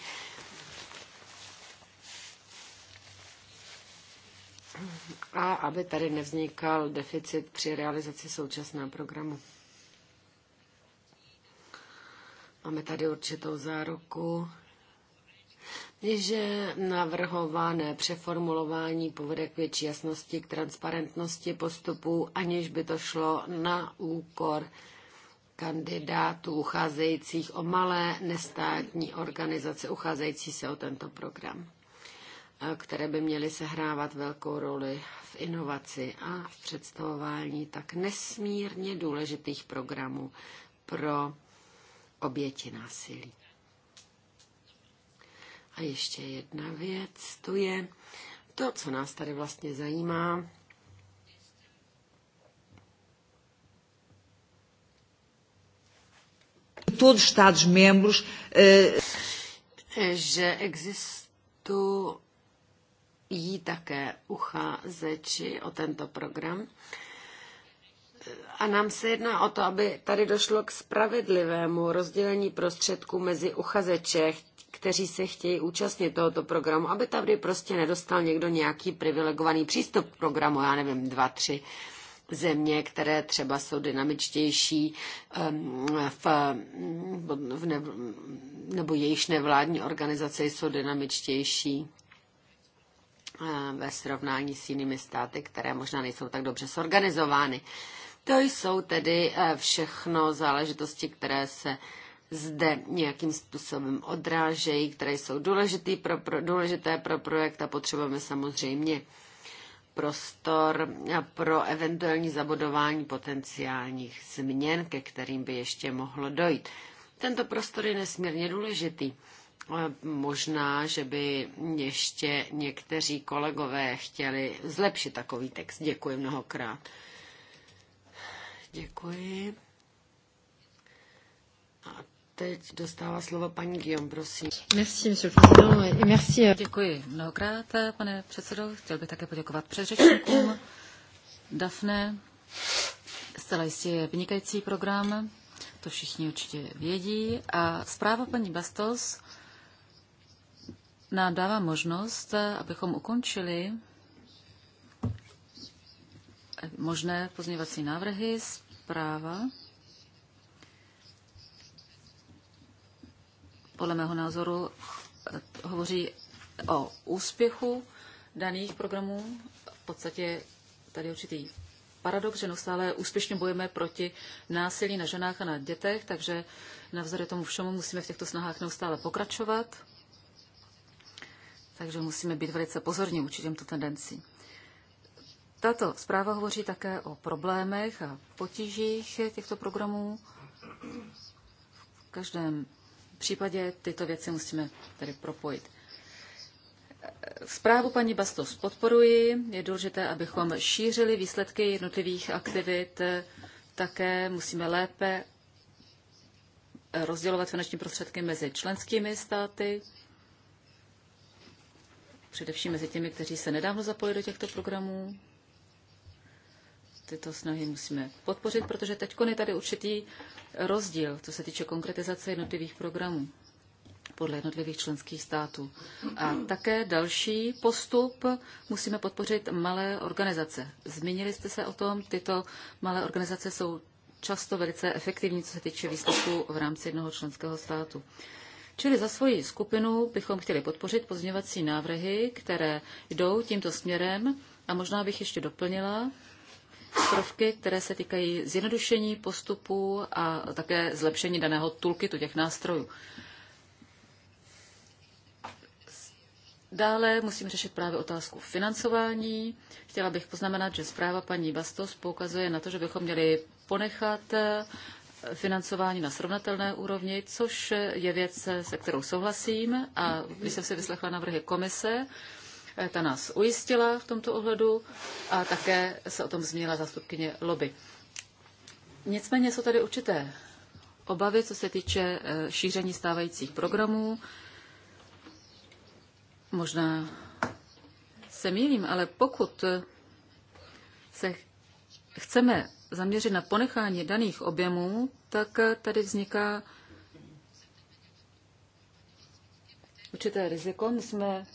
a aby tady nevznikal deficit při realizaci současného programu. Máme tady určitou záruku, že navrhované přeformulování povede k větší jasnosti, k transparentnosti postupů, aniž by to šlo na úkor kandidátů ucházejících o malé nestátní organizace ucházející se o tento program které by měly sehrávat velkou roli v inovaci a v představování tak nesmírně důležitých programů pro oběti násilí. A ještě jedna věc, to je to, co nás tady vlastně zajímá. Todos Estados-membros. Eh, Že existují jí také uchazeči o tento program. A nám se jedná o to, aby tady došlo k spravedlivému rozdělení prostředků mezi uchazeče, kteří se chtějí účastnit tohoto programu, aby tady prostě nedostal někdo nějaký privilegovaný přístup k programu, já nevím, dva, tři země, které třeba jsou dynamičtější v, v ne, nebo jejichž nevládní organizace jsou dynamičtější Eh, ve srovnání s jinými státy, které možná nejsou tak dobře sorganizovány. To jsou tedy eh, všechno záležitosti, které se zde nějakým způsobem odrážejí, které jsou důležité pro, pro, důležité pro projekt a potřebujeme samozřejmě prostor eh, pro eventuální zabudování potenciálních změn, ke kterým by ještě mohlo dojít. Tento prostor je nesmírně důležitý. Eh, možná, že by ještě někteří kolegové chtěli zlepšit takový text. Děkuji mnohokrát. Děkuji. A teď dostává slovo paní Guillaume, prosím. Merci, monsieur merci. Euh, Děkuji mnohokrát, eh, pane předsedo. Chtěl bych také poděkovat předřečníkům. Dafne, zcela jistě je vynikající program, to všichni určitě vědí. A zpráva paní Bastos nám dává možnost, abychom ukončili možné pozměňovací návrhy, zpráva. Podle mého názoru eh, hovoří o úspěchu daných programů. V podstatě tady určitý paradox, že neustále úspěšně bojujeme proti násilí na ženách a na dětech, takže navzory tomu všemu musíme v těchto snahách neustále pokračovat takže musíme být velice pozorní vůči těmto tendenci. Tato zpráva hovoří také o problémech a potížích těchto programů. V každém případě tyto věci musíme tedy propojit. Zprávu paní Bastos podporuji. Je důležité, abychom šířili výsledky jednotlivých aktivit. Také musíme lépe rozdělovat finanční prostředky mezi členskými státy především mezi těmi, kteří se nedávno zapojili do těchto programů. Tyto snahy musíme podpořit, protože teď je tady určitý rozdíl, co se týče konkretizace jednotlivých programů podle jednotlivých členských států. A také další postup musíme podpořit malé organizace. Zmínili jste se o tom, tyto malé organizace jsou často velice efektivní, co se týče výsledků v rámci jednoho členského státu. Čili za svoji skupinu bychom chtěli podpořit pozměňovací návrhy, které jdou tímto směrem a možná bych ještě doplnila prvky, které se týkají zjednodušení postupů a také zlepšení daného toolkitu těch nástrojů. Dále musím řešit právě otázku financování. Chtěla bych poznamenat, že zpráva paní Bastos poukazuje na to, že bychom měli ponechat financování na srovnatelné úrovni, což je věc, se kterou souhlasím. A když jsem si vyslechla návrhy komise, eh, ta nás ujistila v tomto ohledu a také se o tom zmínila zástupkyně lobby. Nicméně jsou tady určité obavy, co se týče eh, šíření stávajících programů. Možná se mýlím, ale pokud se chceme zaměřit na ponechání daných objemů, tak tady vzniká určité riziko. Musíme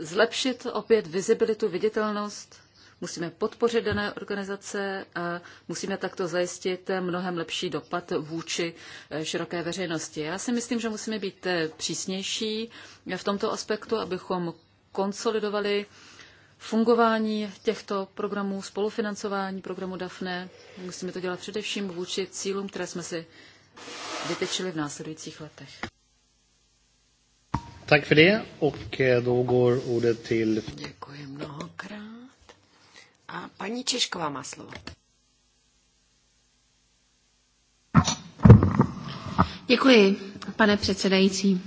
zlepšit opět vizibilitu, viditelnost, musíme podpořit dané organizace a musíme takto zajistit mnohem lepší dopad vůči eh, široké veřejnosti. Já si myslím, že musíme být eh, přísnější v tomto aspektu, abychom konsolidovali fungování těchto programů, spolufinancování programu DAFNE. Musíme to dělat především vůči cílům, které jsme si vytyčili v následujících letech. Tak för det och eh, då går ordet till... Děkuji mnohokrát. A paní Češková má slovo. Děkuji, pane předsedající.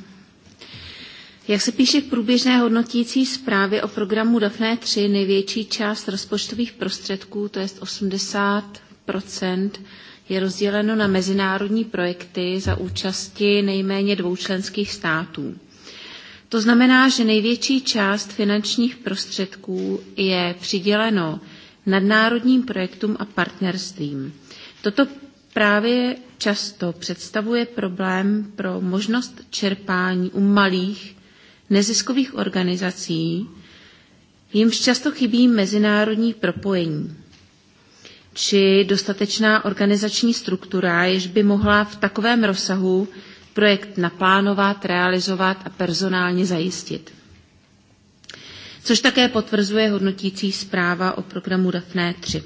Jak se píše v průběžné hodnotící zprávě o programu DAFNE 3, největší část rozpočtových prostředků, to je 80 je rozděleno na mezinárodní projekty za účasti nejméně dvou členských států. To znamená, že největší část finančních prostředků je přiděleno nadnárodním projektům a partnerstvím. Toto právě často představuje problém pro možnost čerpání u malých neziskových organizací, jimž často chybí mezinárodní propojení či dostatečná organizační struktura, jež by mohla v takovém rozsahu projekt naplánovat, realizovat a personálně zajistit. Což také potvrzuje hodnotící zpráva o programu DAFNE 3.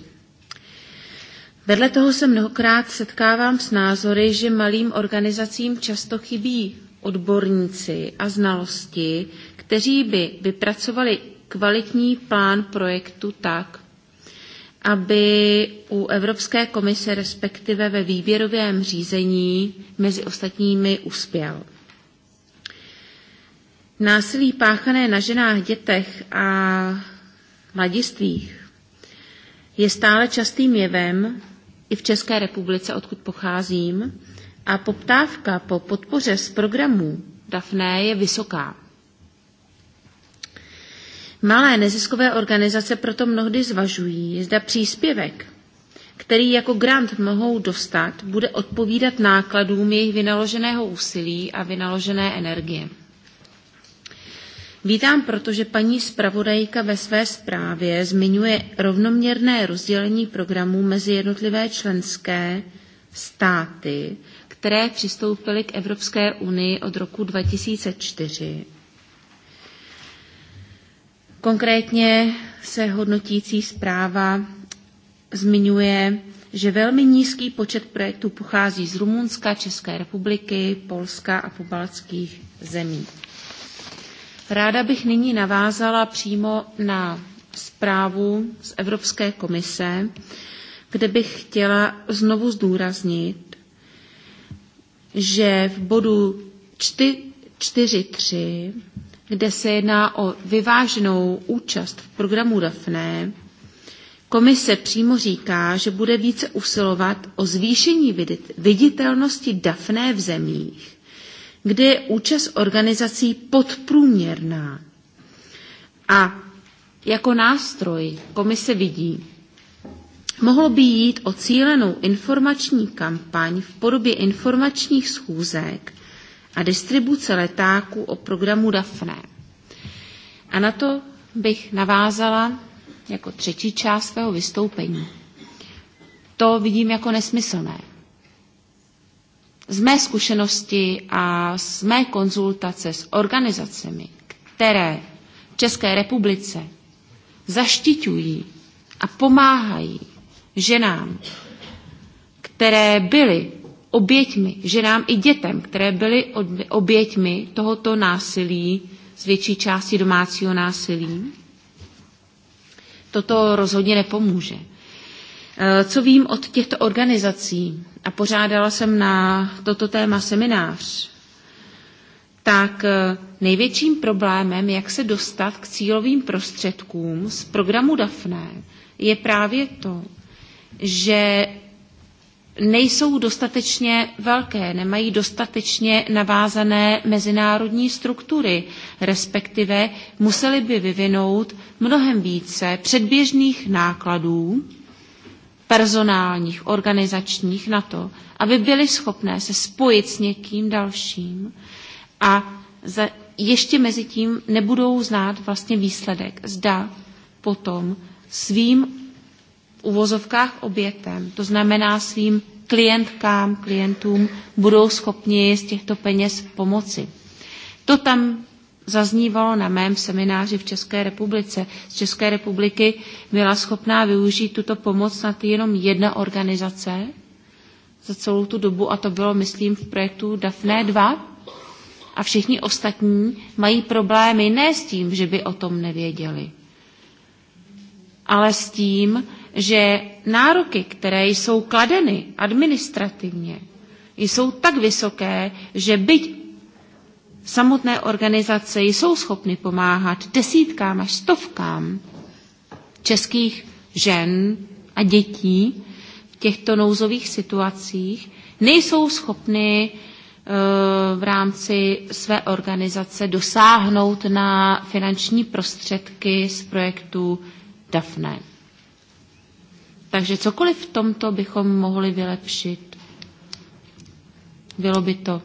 Vedle toho se mnohokrát setkávám s názory, že malým organizacím často chybí odborníci a znalosti, kteří by vypracovali kvalitní plán projektu tak, aby u Evropské komise, respektive ve výběrovém řízení, mezi ostatními uspěl. Násilí páchané na ženách, dětech a mladistvích je stále častým jevem i v České republice, odkud pocházím, a poptávka po podpoře z programů DAFNE je vysoká. Malé neziskové organizace proto mnohdy zvažují, zda příspěvek, který jako grant mohou dostat, bude odpovídat nákladům jejich vynaloženého úsilí a vynaložené energie. Vítám proto, že paní zpravodajka ve své zprávě zmiňuje rovnoměrné rozdělení programů mezi jednotlivé členské státy které přistoupily k Evropské unii od roku 2004. Konkrétně se hodnotící zpráva zmiňuje, že velmi nízký počet projektů pochází z Rumunska, České republiky, Polska a pobaltských zemí. Ráda bych nyní navázala přímo na zprávu z Evropské komise, kde bych chtěla znovu zdůraznit, že v bodu 4.3, kde se jedná o vyváženou účast v programu DAFNE, komise přímo říká, že bude více usilovat o zvýšení viditelnosti DAFNE v zemích, kde je účast organizací podprůměrná. A jako nástroj komise vidí Mohlo by jít o cílenou informační kampaň v podobě informačních schůzek a distribuce letáků o programu DAFNE. A na to bych navázala jako třetí část svého vystoupení. To vidím jako nesmyslné. Z mé zkušenosti a z mé konzultace s organizacemi, které v České republice zaštiťují a pomáhají ženám, které byly oběťmi, ženám i dětem, které byly oběťmi tohoto násilí, z větší části domácího násilí, toto rozhodně nepomůže. Eh, co vím od těchto organizací, a pořádala jsem na toto téma seminář, tak eh, největším problémem, jak se dostat k cílovým prostředkům z programu DAFNE, je právě to, že nejsou dostatečně velké, nemají dostatečně navázané mezinárodní struktury, respektive museli by vyvinout mnohem více předběžných nákladů, personálních, organizačních na to, aby byly schopné se spojit s někým dalším a za, ještě mezi tím nebudou znát vlastně výsledek, zda potom svým v uvozovkách obětem, to znamená svým klientkám, klientům, budou schopni z těchto peněz pomoci. To tam zaznívalo na mém semináři v České republice. Z České republiky byla schopná využít tuto pomoc snad jenom jedna organizace za celou tu dobu a to bylo, myslím, v projektu DAFNE 2 a všichni ostatní mají problémy ne s tím, že by o tom nevěděli, ale s tím, že nároky, které jsou kladeny administrativně, jsou tak vysoké, že byť samotné organizace jsou schopny pomáhat desítkám až stovkám českých žen a dětí v těchto nouzových situacích, nejsou schopny eh, v rámci své organizace dosáhnout na finanční prostředky z projektu DAFNE. Takže cokoliv v tomto bychom mohli vylepšit, bylo by to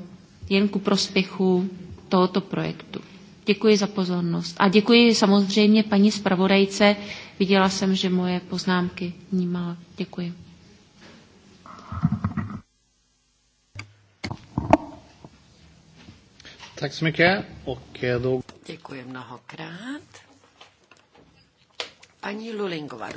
jen ku prospěchu tohoto projektu. Děkuji za pozornost. A děkuji samozřejmě paní zpravodajce. Viděla jsem, že moje poznámky vnímala. Děkuji. Tak så Děkuji mnohokrát. Paní Lulingová,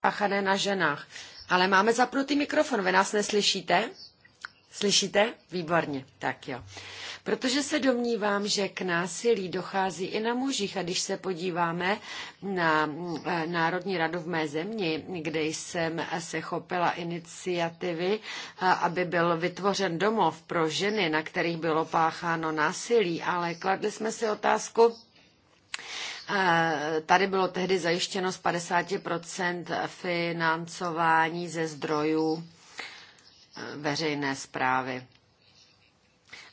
páchané na ženách. Ale máme zapnutý mikrofon, vy nás neslyšíte? Slyšíte? Výborně, tak jo. Protože se domnívám, že k násilí dochází i na mužích. A když se podíváme na eh, Národní radu v mé zemi, kde jsem se chopila iniciativy, eh, aby byl vytvořen domov pro ženy, na kterých bylo pácháno násilí, ale kladli jsme si otázku, Eh, tady bylo tehdy zajištěno z 50% financování ze zdrojů eh, veřejné zprávy.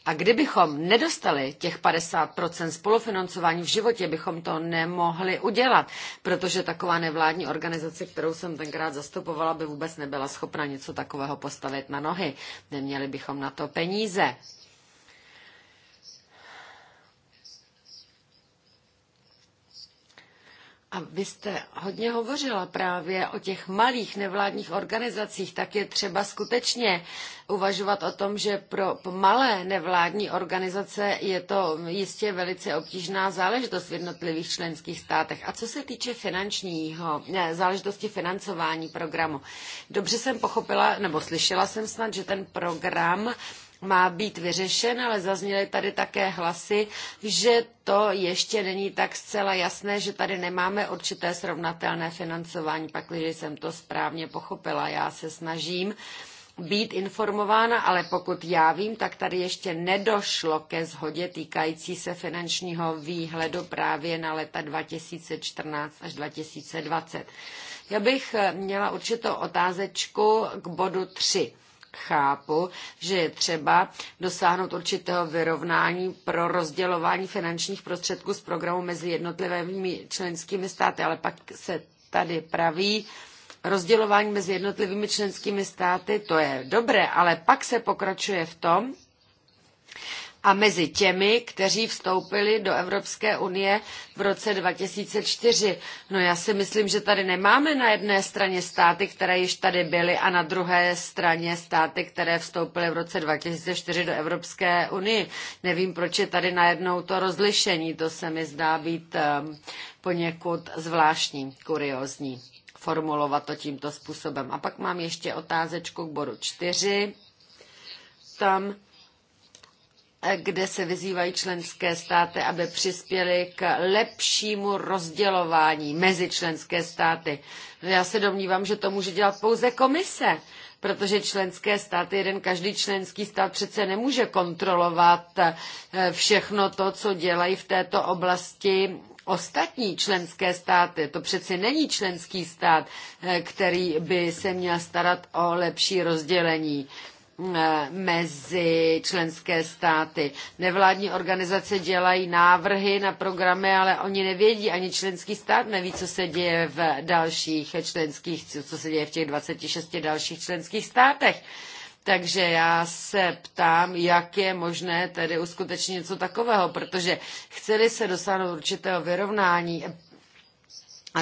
A kdybychom nedostali těch 50% spolufinancování v životě, bychom to nemohli udělat, protože taková nevládní organizace, kterou jsem tenkrát zastupovala, by vůbec nebyla schopna něco takového postavit na nohy. Neměli bychom na to peníze. A vy jste hodně hovořila právě o těch malých nevládních organizacích, tak je třeba skutečně uvažovat o tom, že pro malé nevládní organizace je to jistě velice obtížná záležitost v jednotlivých členských státech. A co se týče finančního, ne, záležitosti financování programu, dobře jsem pochopila, nebo slyšela jsem snad, že ten program má být vyřešen, ale zazněly tady také hlasy, že to ještě není tak zcela jasné, že tady nemáme určité srovnatelné financování, pakliže jsem to správně pochopila. Já se snažím být informována, ale pokud já vím, tak tady ještě nedošlo ke zhodě týkající se finančního výhledu právě na leta 2014 až 2020. Já bych měla určitou otázečku k bodu 3 chápu, že je třeba dosáhnout určitého vyrovnání pro rozdělování finančních prostředků z programu mezi jednotlivými členskými státy, ale pak se tady praví, rozdělování mezi jednotlivými členskými státy, to je dobré, ale pak se pokračuje v tom, a mezi těmi, kteří vstoupili do Evropské unie v roce 2004. No já si myslím, že tady nemáme na jedné straně státy, které již tady byly a na druhé straně státy, které vstoupily v roce 2004 do Evropské unie. Nevím, proč je tady najednou to rozlišení. To se mi zdá být ehm, poněkud zvláštní, kuriozní formulovat to tímto způsobem. A pak mám ještě otázečku k bodu čtyři. Tam kde se vyzývají členské státy, aby přispěly k lepšímu rozdělování mezi členské státy. Já se domnívám, že to může dělat pouze komise, protože členské státy, jeden každý členský stát přece nemůže kontrolovat eh, všechno to, co dělají v této oblasti ostatní členské státy. To přeci není členský stát, eh, který by se měl starat o lepší rozdělení Eh, mezi členské státy. Nevládní organizace dělají návrhy na programy, ale oni nevědí, ani členský stát neví, co se děje v dalších členských, co se děje v těch 26 dalších členských státech. Takže já se ptám, jak je možné tedy uskutečnit něco takového, protože chceli se dosáhnout určitého vyrovnání,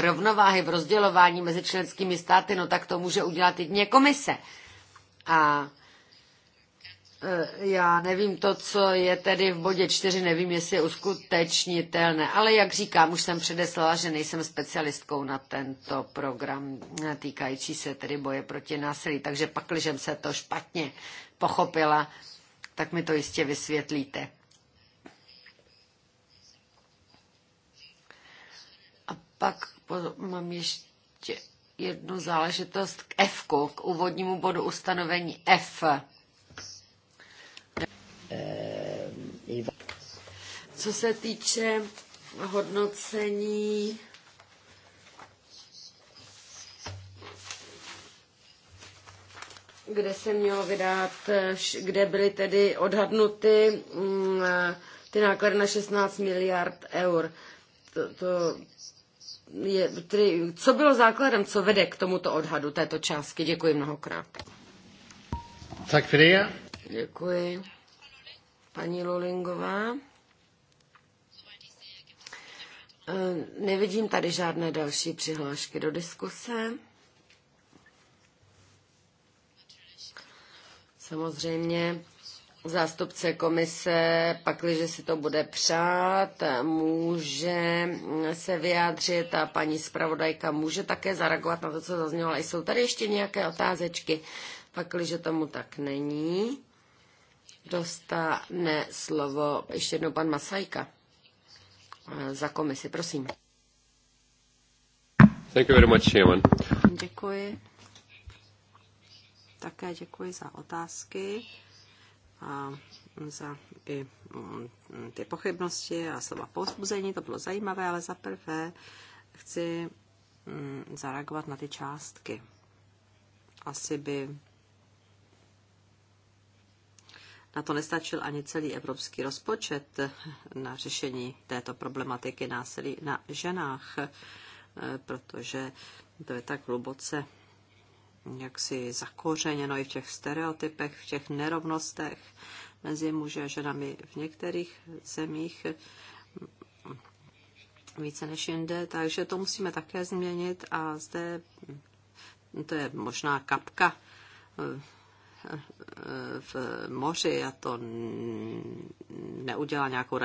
rovnováhy v rozdělování mezi členskými státy, no tak to může udělat jedině komise. A Eh, já nevím, to, co je tedy v bodě čtyři, nevím, jestli je uskutečnitelné, ale jak říkám, už jsem předeslala, že nejsem specialistkou na tento program eh, týkající se tedy boje proti násilí, takže pak, když jsem se to špatně pochopila, tak mi to jistě vysvětlíte. A pak mám ještě jednu záležitost k F, k úvodnímu bodu ustanovení F Eh, co se týče hodnocení kde se mělo vydat, eh, kde byly tedy odhadnuty mm, eh, ty náklady na 16 miliard eur. To, to je, tedy, co bylo základem, co vede k tomuto odhadu této částky? Děkuji mnohokrát. Tak, Fidia. Děkuji. Paní Lolingová. E, nevidím tady žádné další přihlášky do diskuse. Samozřejmě zástupce komise, pakliže si to bude přát, může se vyjádřit a paní zpravodajka může také zareagovat na to, co zaznělo. jsou tady ještě nějaké otázečky, pakliže tomu tak není dostane slovo ještě jednou pan Masajka eh, za komisi. Prosím. Thank you very much, Chairman. Děkuji. Také děkuji za otázky a za i mm, ty pochybnosti a slova pouzbuzení. To bylo zajímavé, ale za prvé chci mm, zareagovat na ty částky. Asi by Na to nestačil ani celý evropský rozpočet na řešení této problematiky násilí na ženách, eh, protože to je tak hluboce jaksi zakořeněno i v těch stereotypech, v těch nerovnostech mezi muži a ženami v některých zemích více než jinde, takže to musíme také změnit a zde to je možná kapka eh, v moři a to neudělá nějakou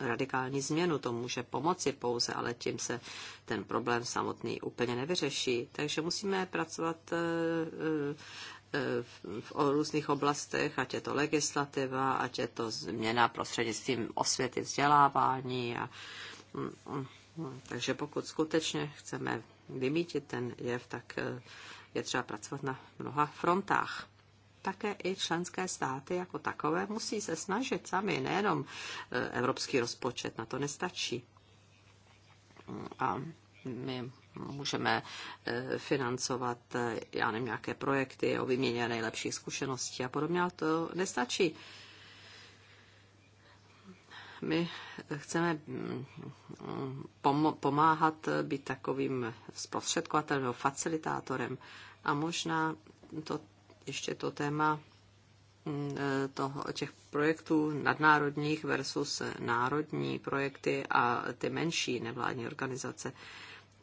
radikální změnu. To může pomoci pouze, ale tím se ten problém samotný úplně nevyřeší. Takže musíme pracovat eh, eh, v různých oblastech, ať je to legislativa, ať je to změna prostřednictvím osvěty vzdělávání. A, mm, mm, mm. takže pokud skutečně chceme vymítit ten jev, tak eh, je třeba pracovat na mnoha frontách také i členské státy jako takové musí se snažit sami, nejenom e, evropský rozpočet, na to nestačí. A my můžeme e, financovat, e, já nevím, nějaké projekty o vyměně nejlepších zkušeností a podobně, ale to nestačí. My chceme mm, pomáhat být takovým zprostředkovatelem nebo facilitátorem a možná to ještě to téma mm, e, toho, těch projektů nadnárodních versus národní projekty a ty menší nevládní organizace.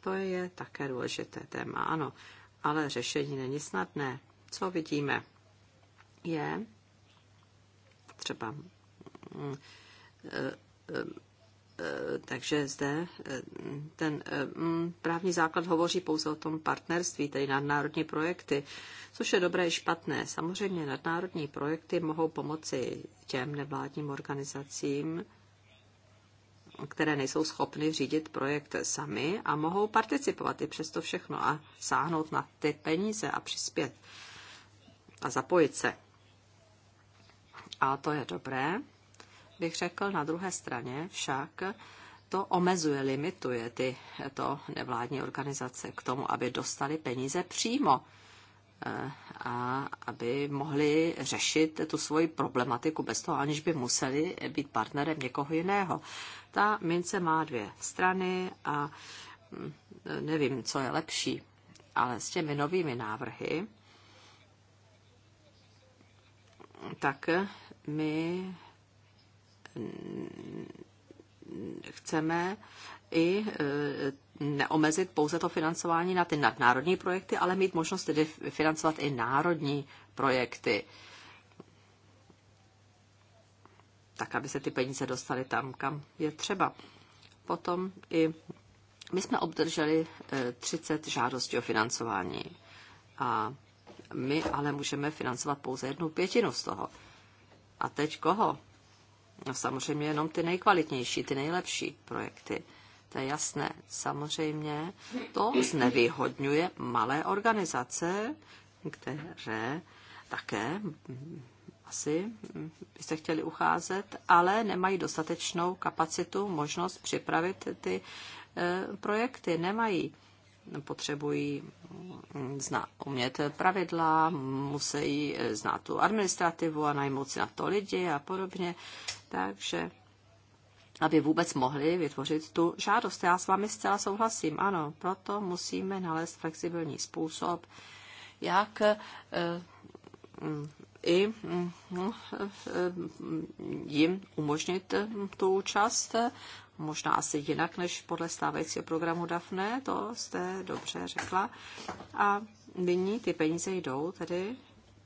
To je také důležité téma, ano. Ale řešení není snadné. Co vidíme? Je třeba mm, e, e, Eh, takže zde eh, ten eh, mm, právní základ hovoří pouze o tom partnerství, tedy nadnárodní projekty, což je dobré i špatné. Samozřejmě nadnárodní projekty mohou pomoci těm nevládním organizacím, které nejsou schopny řídit projekt sami a mohou participovat i přesto všechno a sáhnout na ty peníze a přispět a zapojit se. A to je dobré bych řekl, na druhé straně však to omezuje, limituje ty to nevládní organizace k tomu, aby dostali peníze přímo eh, a aby mohli řešit tu svoji problematiku bez toho, aniž by museli být partnerem někoho jiného. Ta mince má dvě strany a hm, nevím, co je lepší, ale s těmi novými návrhy tak my chceme i e, neomezit pouze to financování na ty nadnárodní projekty, ale mít možnost tedy financovat i národní projekty. Tak, aby se ty peníze dostaly tam, kam je třeba. Potom i my jsme obdrželi 30 e, žádostí o financování. A my ale můžeme financovat pouze jednu pětinu z toho. A teď koho No samozřejmě jenom ty nejkvalitnější, ty nejlepší projekty. To je jasné. Samozřejmě to znevýhodňuje malé organizace, které také mm, asi mm, by se chtěli ucházet, ale nemají dostatečnou kapacitu, možnost připravit ty eh, projekty. Nemají potřebují mm, zna, umět pravidla, musí znát tu administrativu a najmout si na to lidi a podobně. Takže aby vůbec mohli vytvořit tu žádost. Já s vámi zcela souhlasím, ano, proto musíme nalézt flexibilní způsob, jak eh, i mm, eh, jim umožnit tu účast možná asi jinak než podle stávajícího programu DAFNE, to jste dobře řekla. A nyní ty peníze jdou tedy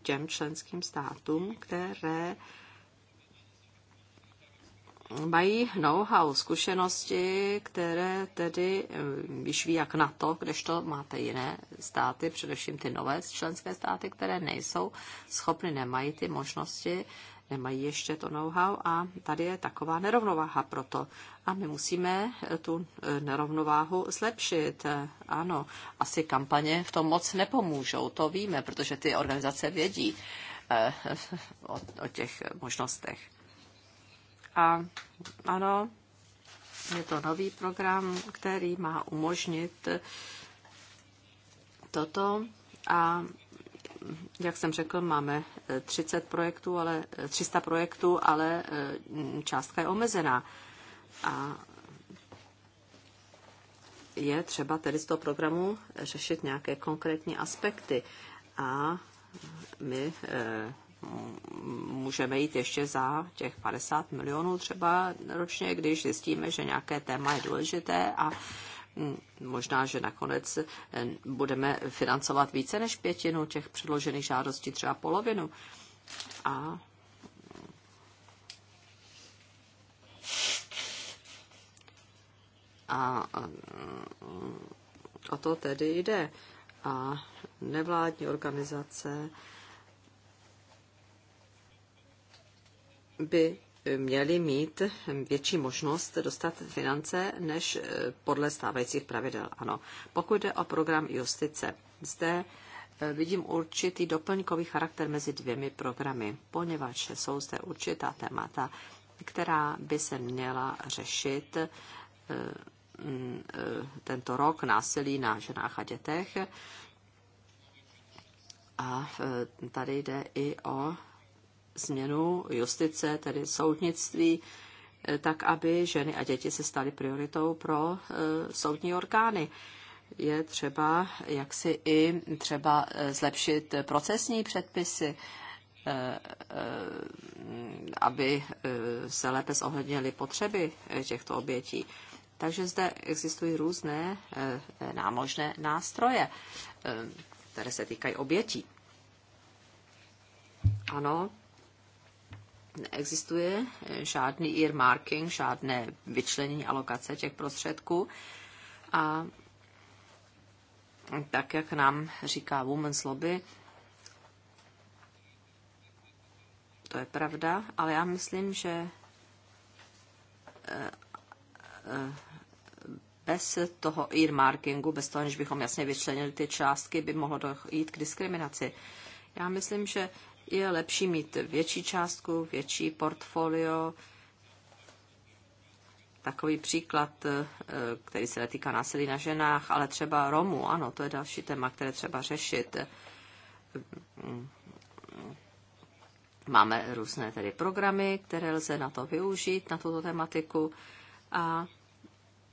těm členským státům, které mají know-how, zkušenosti, které tedy již eh, ví jak na to, kdežto máte jiné státy, především ty nové členské státy, které nejsou schopny, nemají ty možnosti nemají ještě to know-how a tady je taková nerovnováha proto. A my musíme eh, tu eh, nerovnováhu zlepšit. Eh, ano, asi kampaně v tom moc nepomůžou, to víme, protože ty organizace vědí o, o těch možnostech. A ano, je to nový program, který má umožnit toto a jak jsem řekl, máme 30 eh, projektů, ale 300 eh, projektů, ale eh, částka je omezená. A je třeba tedy z toho programu řešit nějaké konkrétní aspekty. A my můžeme jít ještě za těch 50 milionů třeba ročně, když zjistíme, že nějaké téma je důležité a Mm, možná, že nakonec eh, budeme financovat více než pětinu těch předložených žádostí, třeba polovinu. A A eh, o to tedy jde. A nevládní organizace by měli mít větší možnost dostat finance než eh, podle stávajících pravidel. Ano. Pokud jde o program justice, zde eh, vidím určitý doplňkový charakter mezi dvěmi programy, poněvadž jsou zde určitá témata, která by se měla řešit eh, mm, tento rok násilí na ženách a dětech. A tady jde i o změnu justice, tedy soudnictví, eh, tak aby ženy a děti se staly prioritou pro eh, soudní orgány. Je třeba jaksi i třeba eh, zlepšit procesní předpisy, aby se lépe zohlednily potřeby těchto obětí. Takže zde existují různé námožné nástroje, které se týkají obětí. Ano, neexistuje eh, žádný earmarking, žádné vyčlenění alokace těch prostředků. A tak, jak nám říká Women's Lobby, to je pravda, ale já myslím, že eh, eh, bez toho earmarkingu, bez toho, než bychom jasně vyčlenili ty částky, by mohlo dojít k diskriminaci. Já myslím, že je lepší mít větší částku, větší portfolio. Takový příklad, eh, který se netýká násilí na ženách, ale třeba Romů, ano, to je další téma, které třeba řešit. Máme různé tedy programy, které lze na to využít, na tuto tematiku a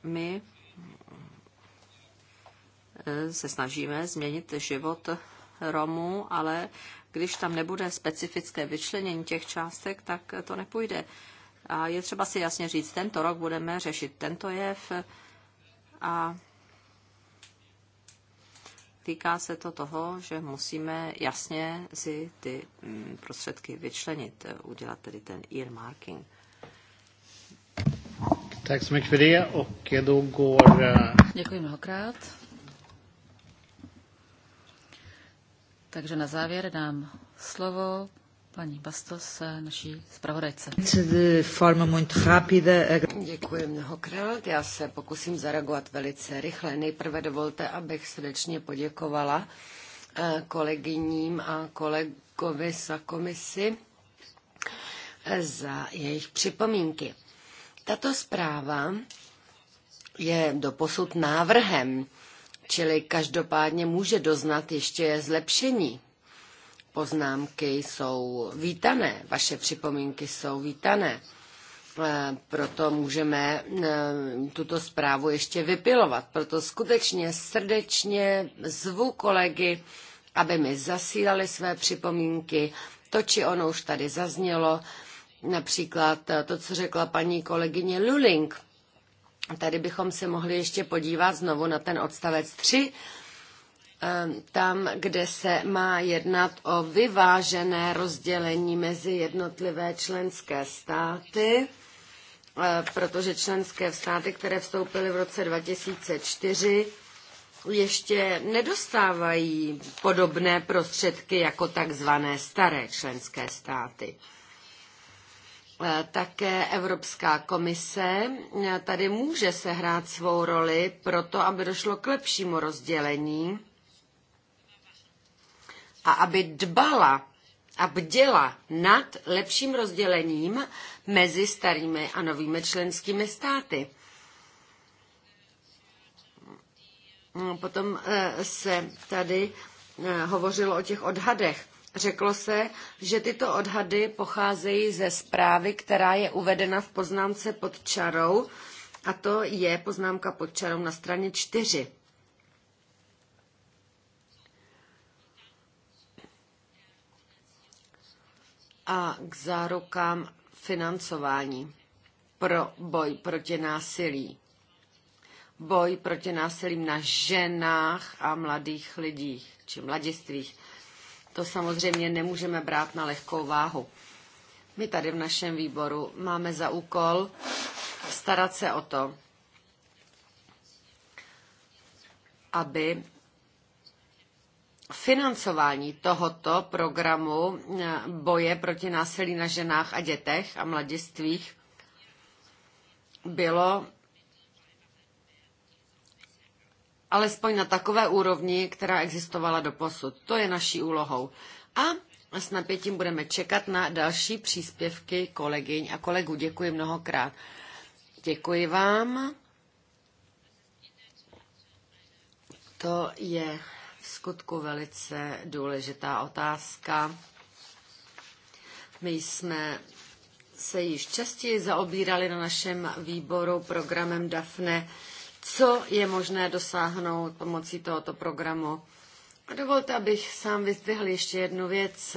my eh, se snažíme změnit život Romů, ale když tam nebude specifické vyčlenění těch částek, tak to nepůjde. A je třeba si jasně říct, tento rok budeme řešit tento jev a týká se to toho, že musíme jasně si ty mm, prostředky vyčlenit, eh, udělat tedy ten earmarking. Tak jsme mycket a eh, Děkuji mnohokrát. Takže na závěr dám slovo paní Bastos, eh, naší zpravodajce. Děkuji mnohokrát. Já se pokusím zareagovat velice rychle. Nejprve dovolte, abych srdečně poděkovala eh, kolegyním a kolegovi za komisi eh, za jejich připomínky. Tato zpráva je doposud návrhem čili každopádně může doznat ještě zlepšení. Poznámky jsou vítané, vaše připomínky jsou vítané. E, proto můžeme e, tuto zprávu ještě vypilovat. Proto skutečně srdečně zvu kolegy, aby mi zasílali své připomínky. To, či ono už tady zaznělo, například to, co řekla paní kolegyně Luling – Tady bychom se mohli ještě podívat znovu na ten odstavec 3, ehm, tam, kde se má jednat o vyvážené rozdělení mezi jednotlivé členské státy, eh, protože členské státy, které vstoupily v roce 2004, ještě nedostávají podobné prostředky jako takzvané staré členské státy. Eh, také Evropská komise eh, tady může sehrát svou roli pro to, aby došlo k lepšímu rozdělení a aby dbala a bděla nad lepším rozdělením mezi starými a novými členskými státy. Eh, potom se tady hovořilo o těch odhadech. Řeklo se, že tyto odhady pocházejí ze zprávy, která je uvedena v poznámce pod čarou, a to je poznámka pod čarou na straně 4. A k zárukám financování pro boj proti násilí. Boj proti násilím na ženách a mladých lidích či mladistvích to samozřejmě nemůžeme brát na lehkou váhu. My tady v našem výboru máme za úkol starat se o to, aby financování tohoto programu eh, boje proti násilí na ženách a dětech a mladistvích bylo alespoň na takové úrovni, která existovala do posud. To je naší úlohou. A s napětím budeme čekat na další příspěvky kolegyň a kolegů. Děkuji mnohokrát. Děkuji vám. To je v skutku velice důležitá otázka. My jsme se již častěji zaobírali na našem výboru programem DAFNE co je možné dosáhnout pomocí tohoto programu. A dovolte, abych sám vyzdvihl ještě jednu věc.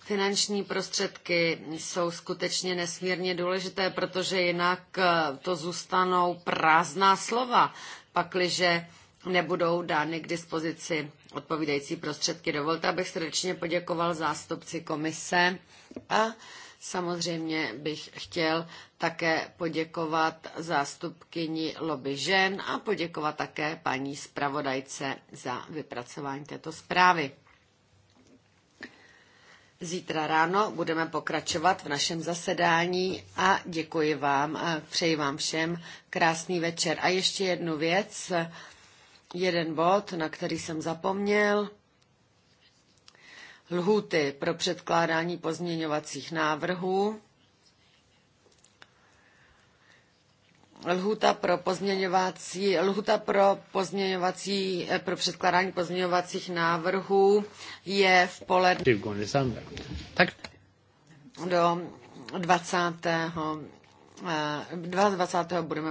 Finanční prostředky jsou skutečně nesmírně důležité, protože jinak eh, to zůstanou prázdná slova, pakliže nebudou dány k dispozici odpovídající prostředky. Dovolte, abych srdečně poděkoval zástupci komise a Samozřejmě bych chtěl také poděkovat zástupkyni lobby žen a poděkovat také paní zpravodajce za vypracování této zprávy. Zítra ráno budeme pokračovat v našem zasedání a děkuji vám, přeji vám všem krásný večer. A ještě jednu věc, jeden bod, na který jsem zapomněl lhůty pro předkládání pozměňovacích návrhů. Lhuta pro pozměňovací, lhuta pro, pozměňovací, eh, pro předkládání pozměňovacích návrhů je v poledne do 20. 22. Eh, budeme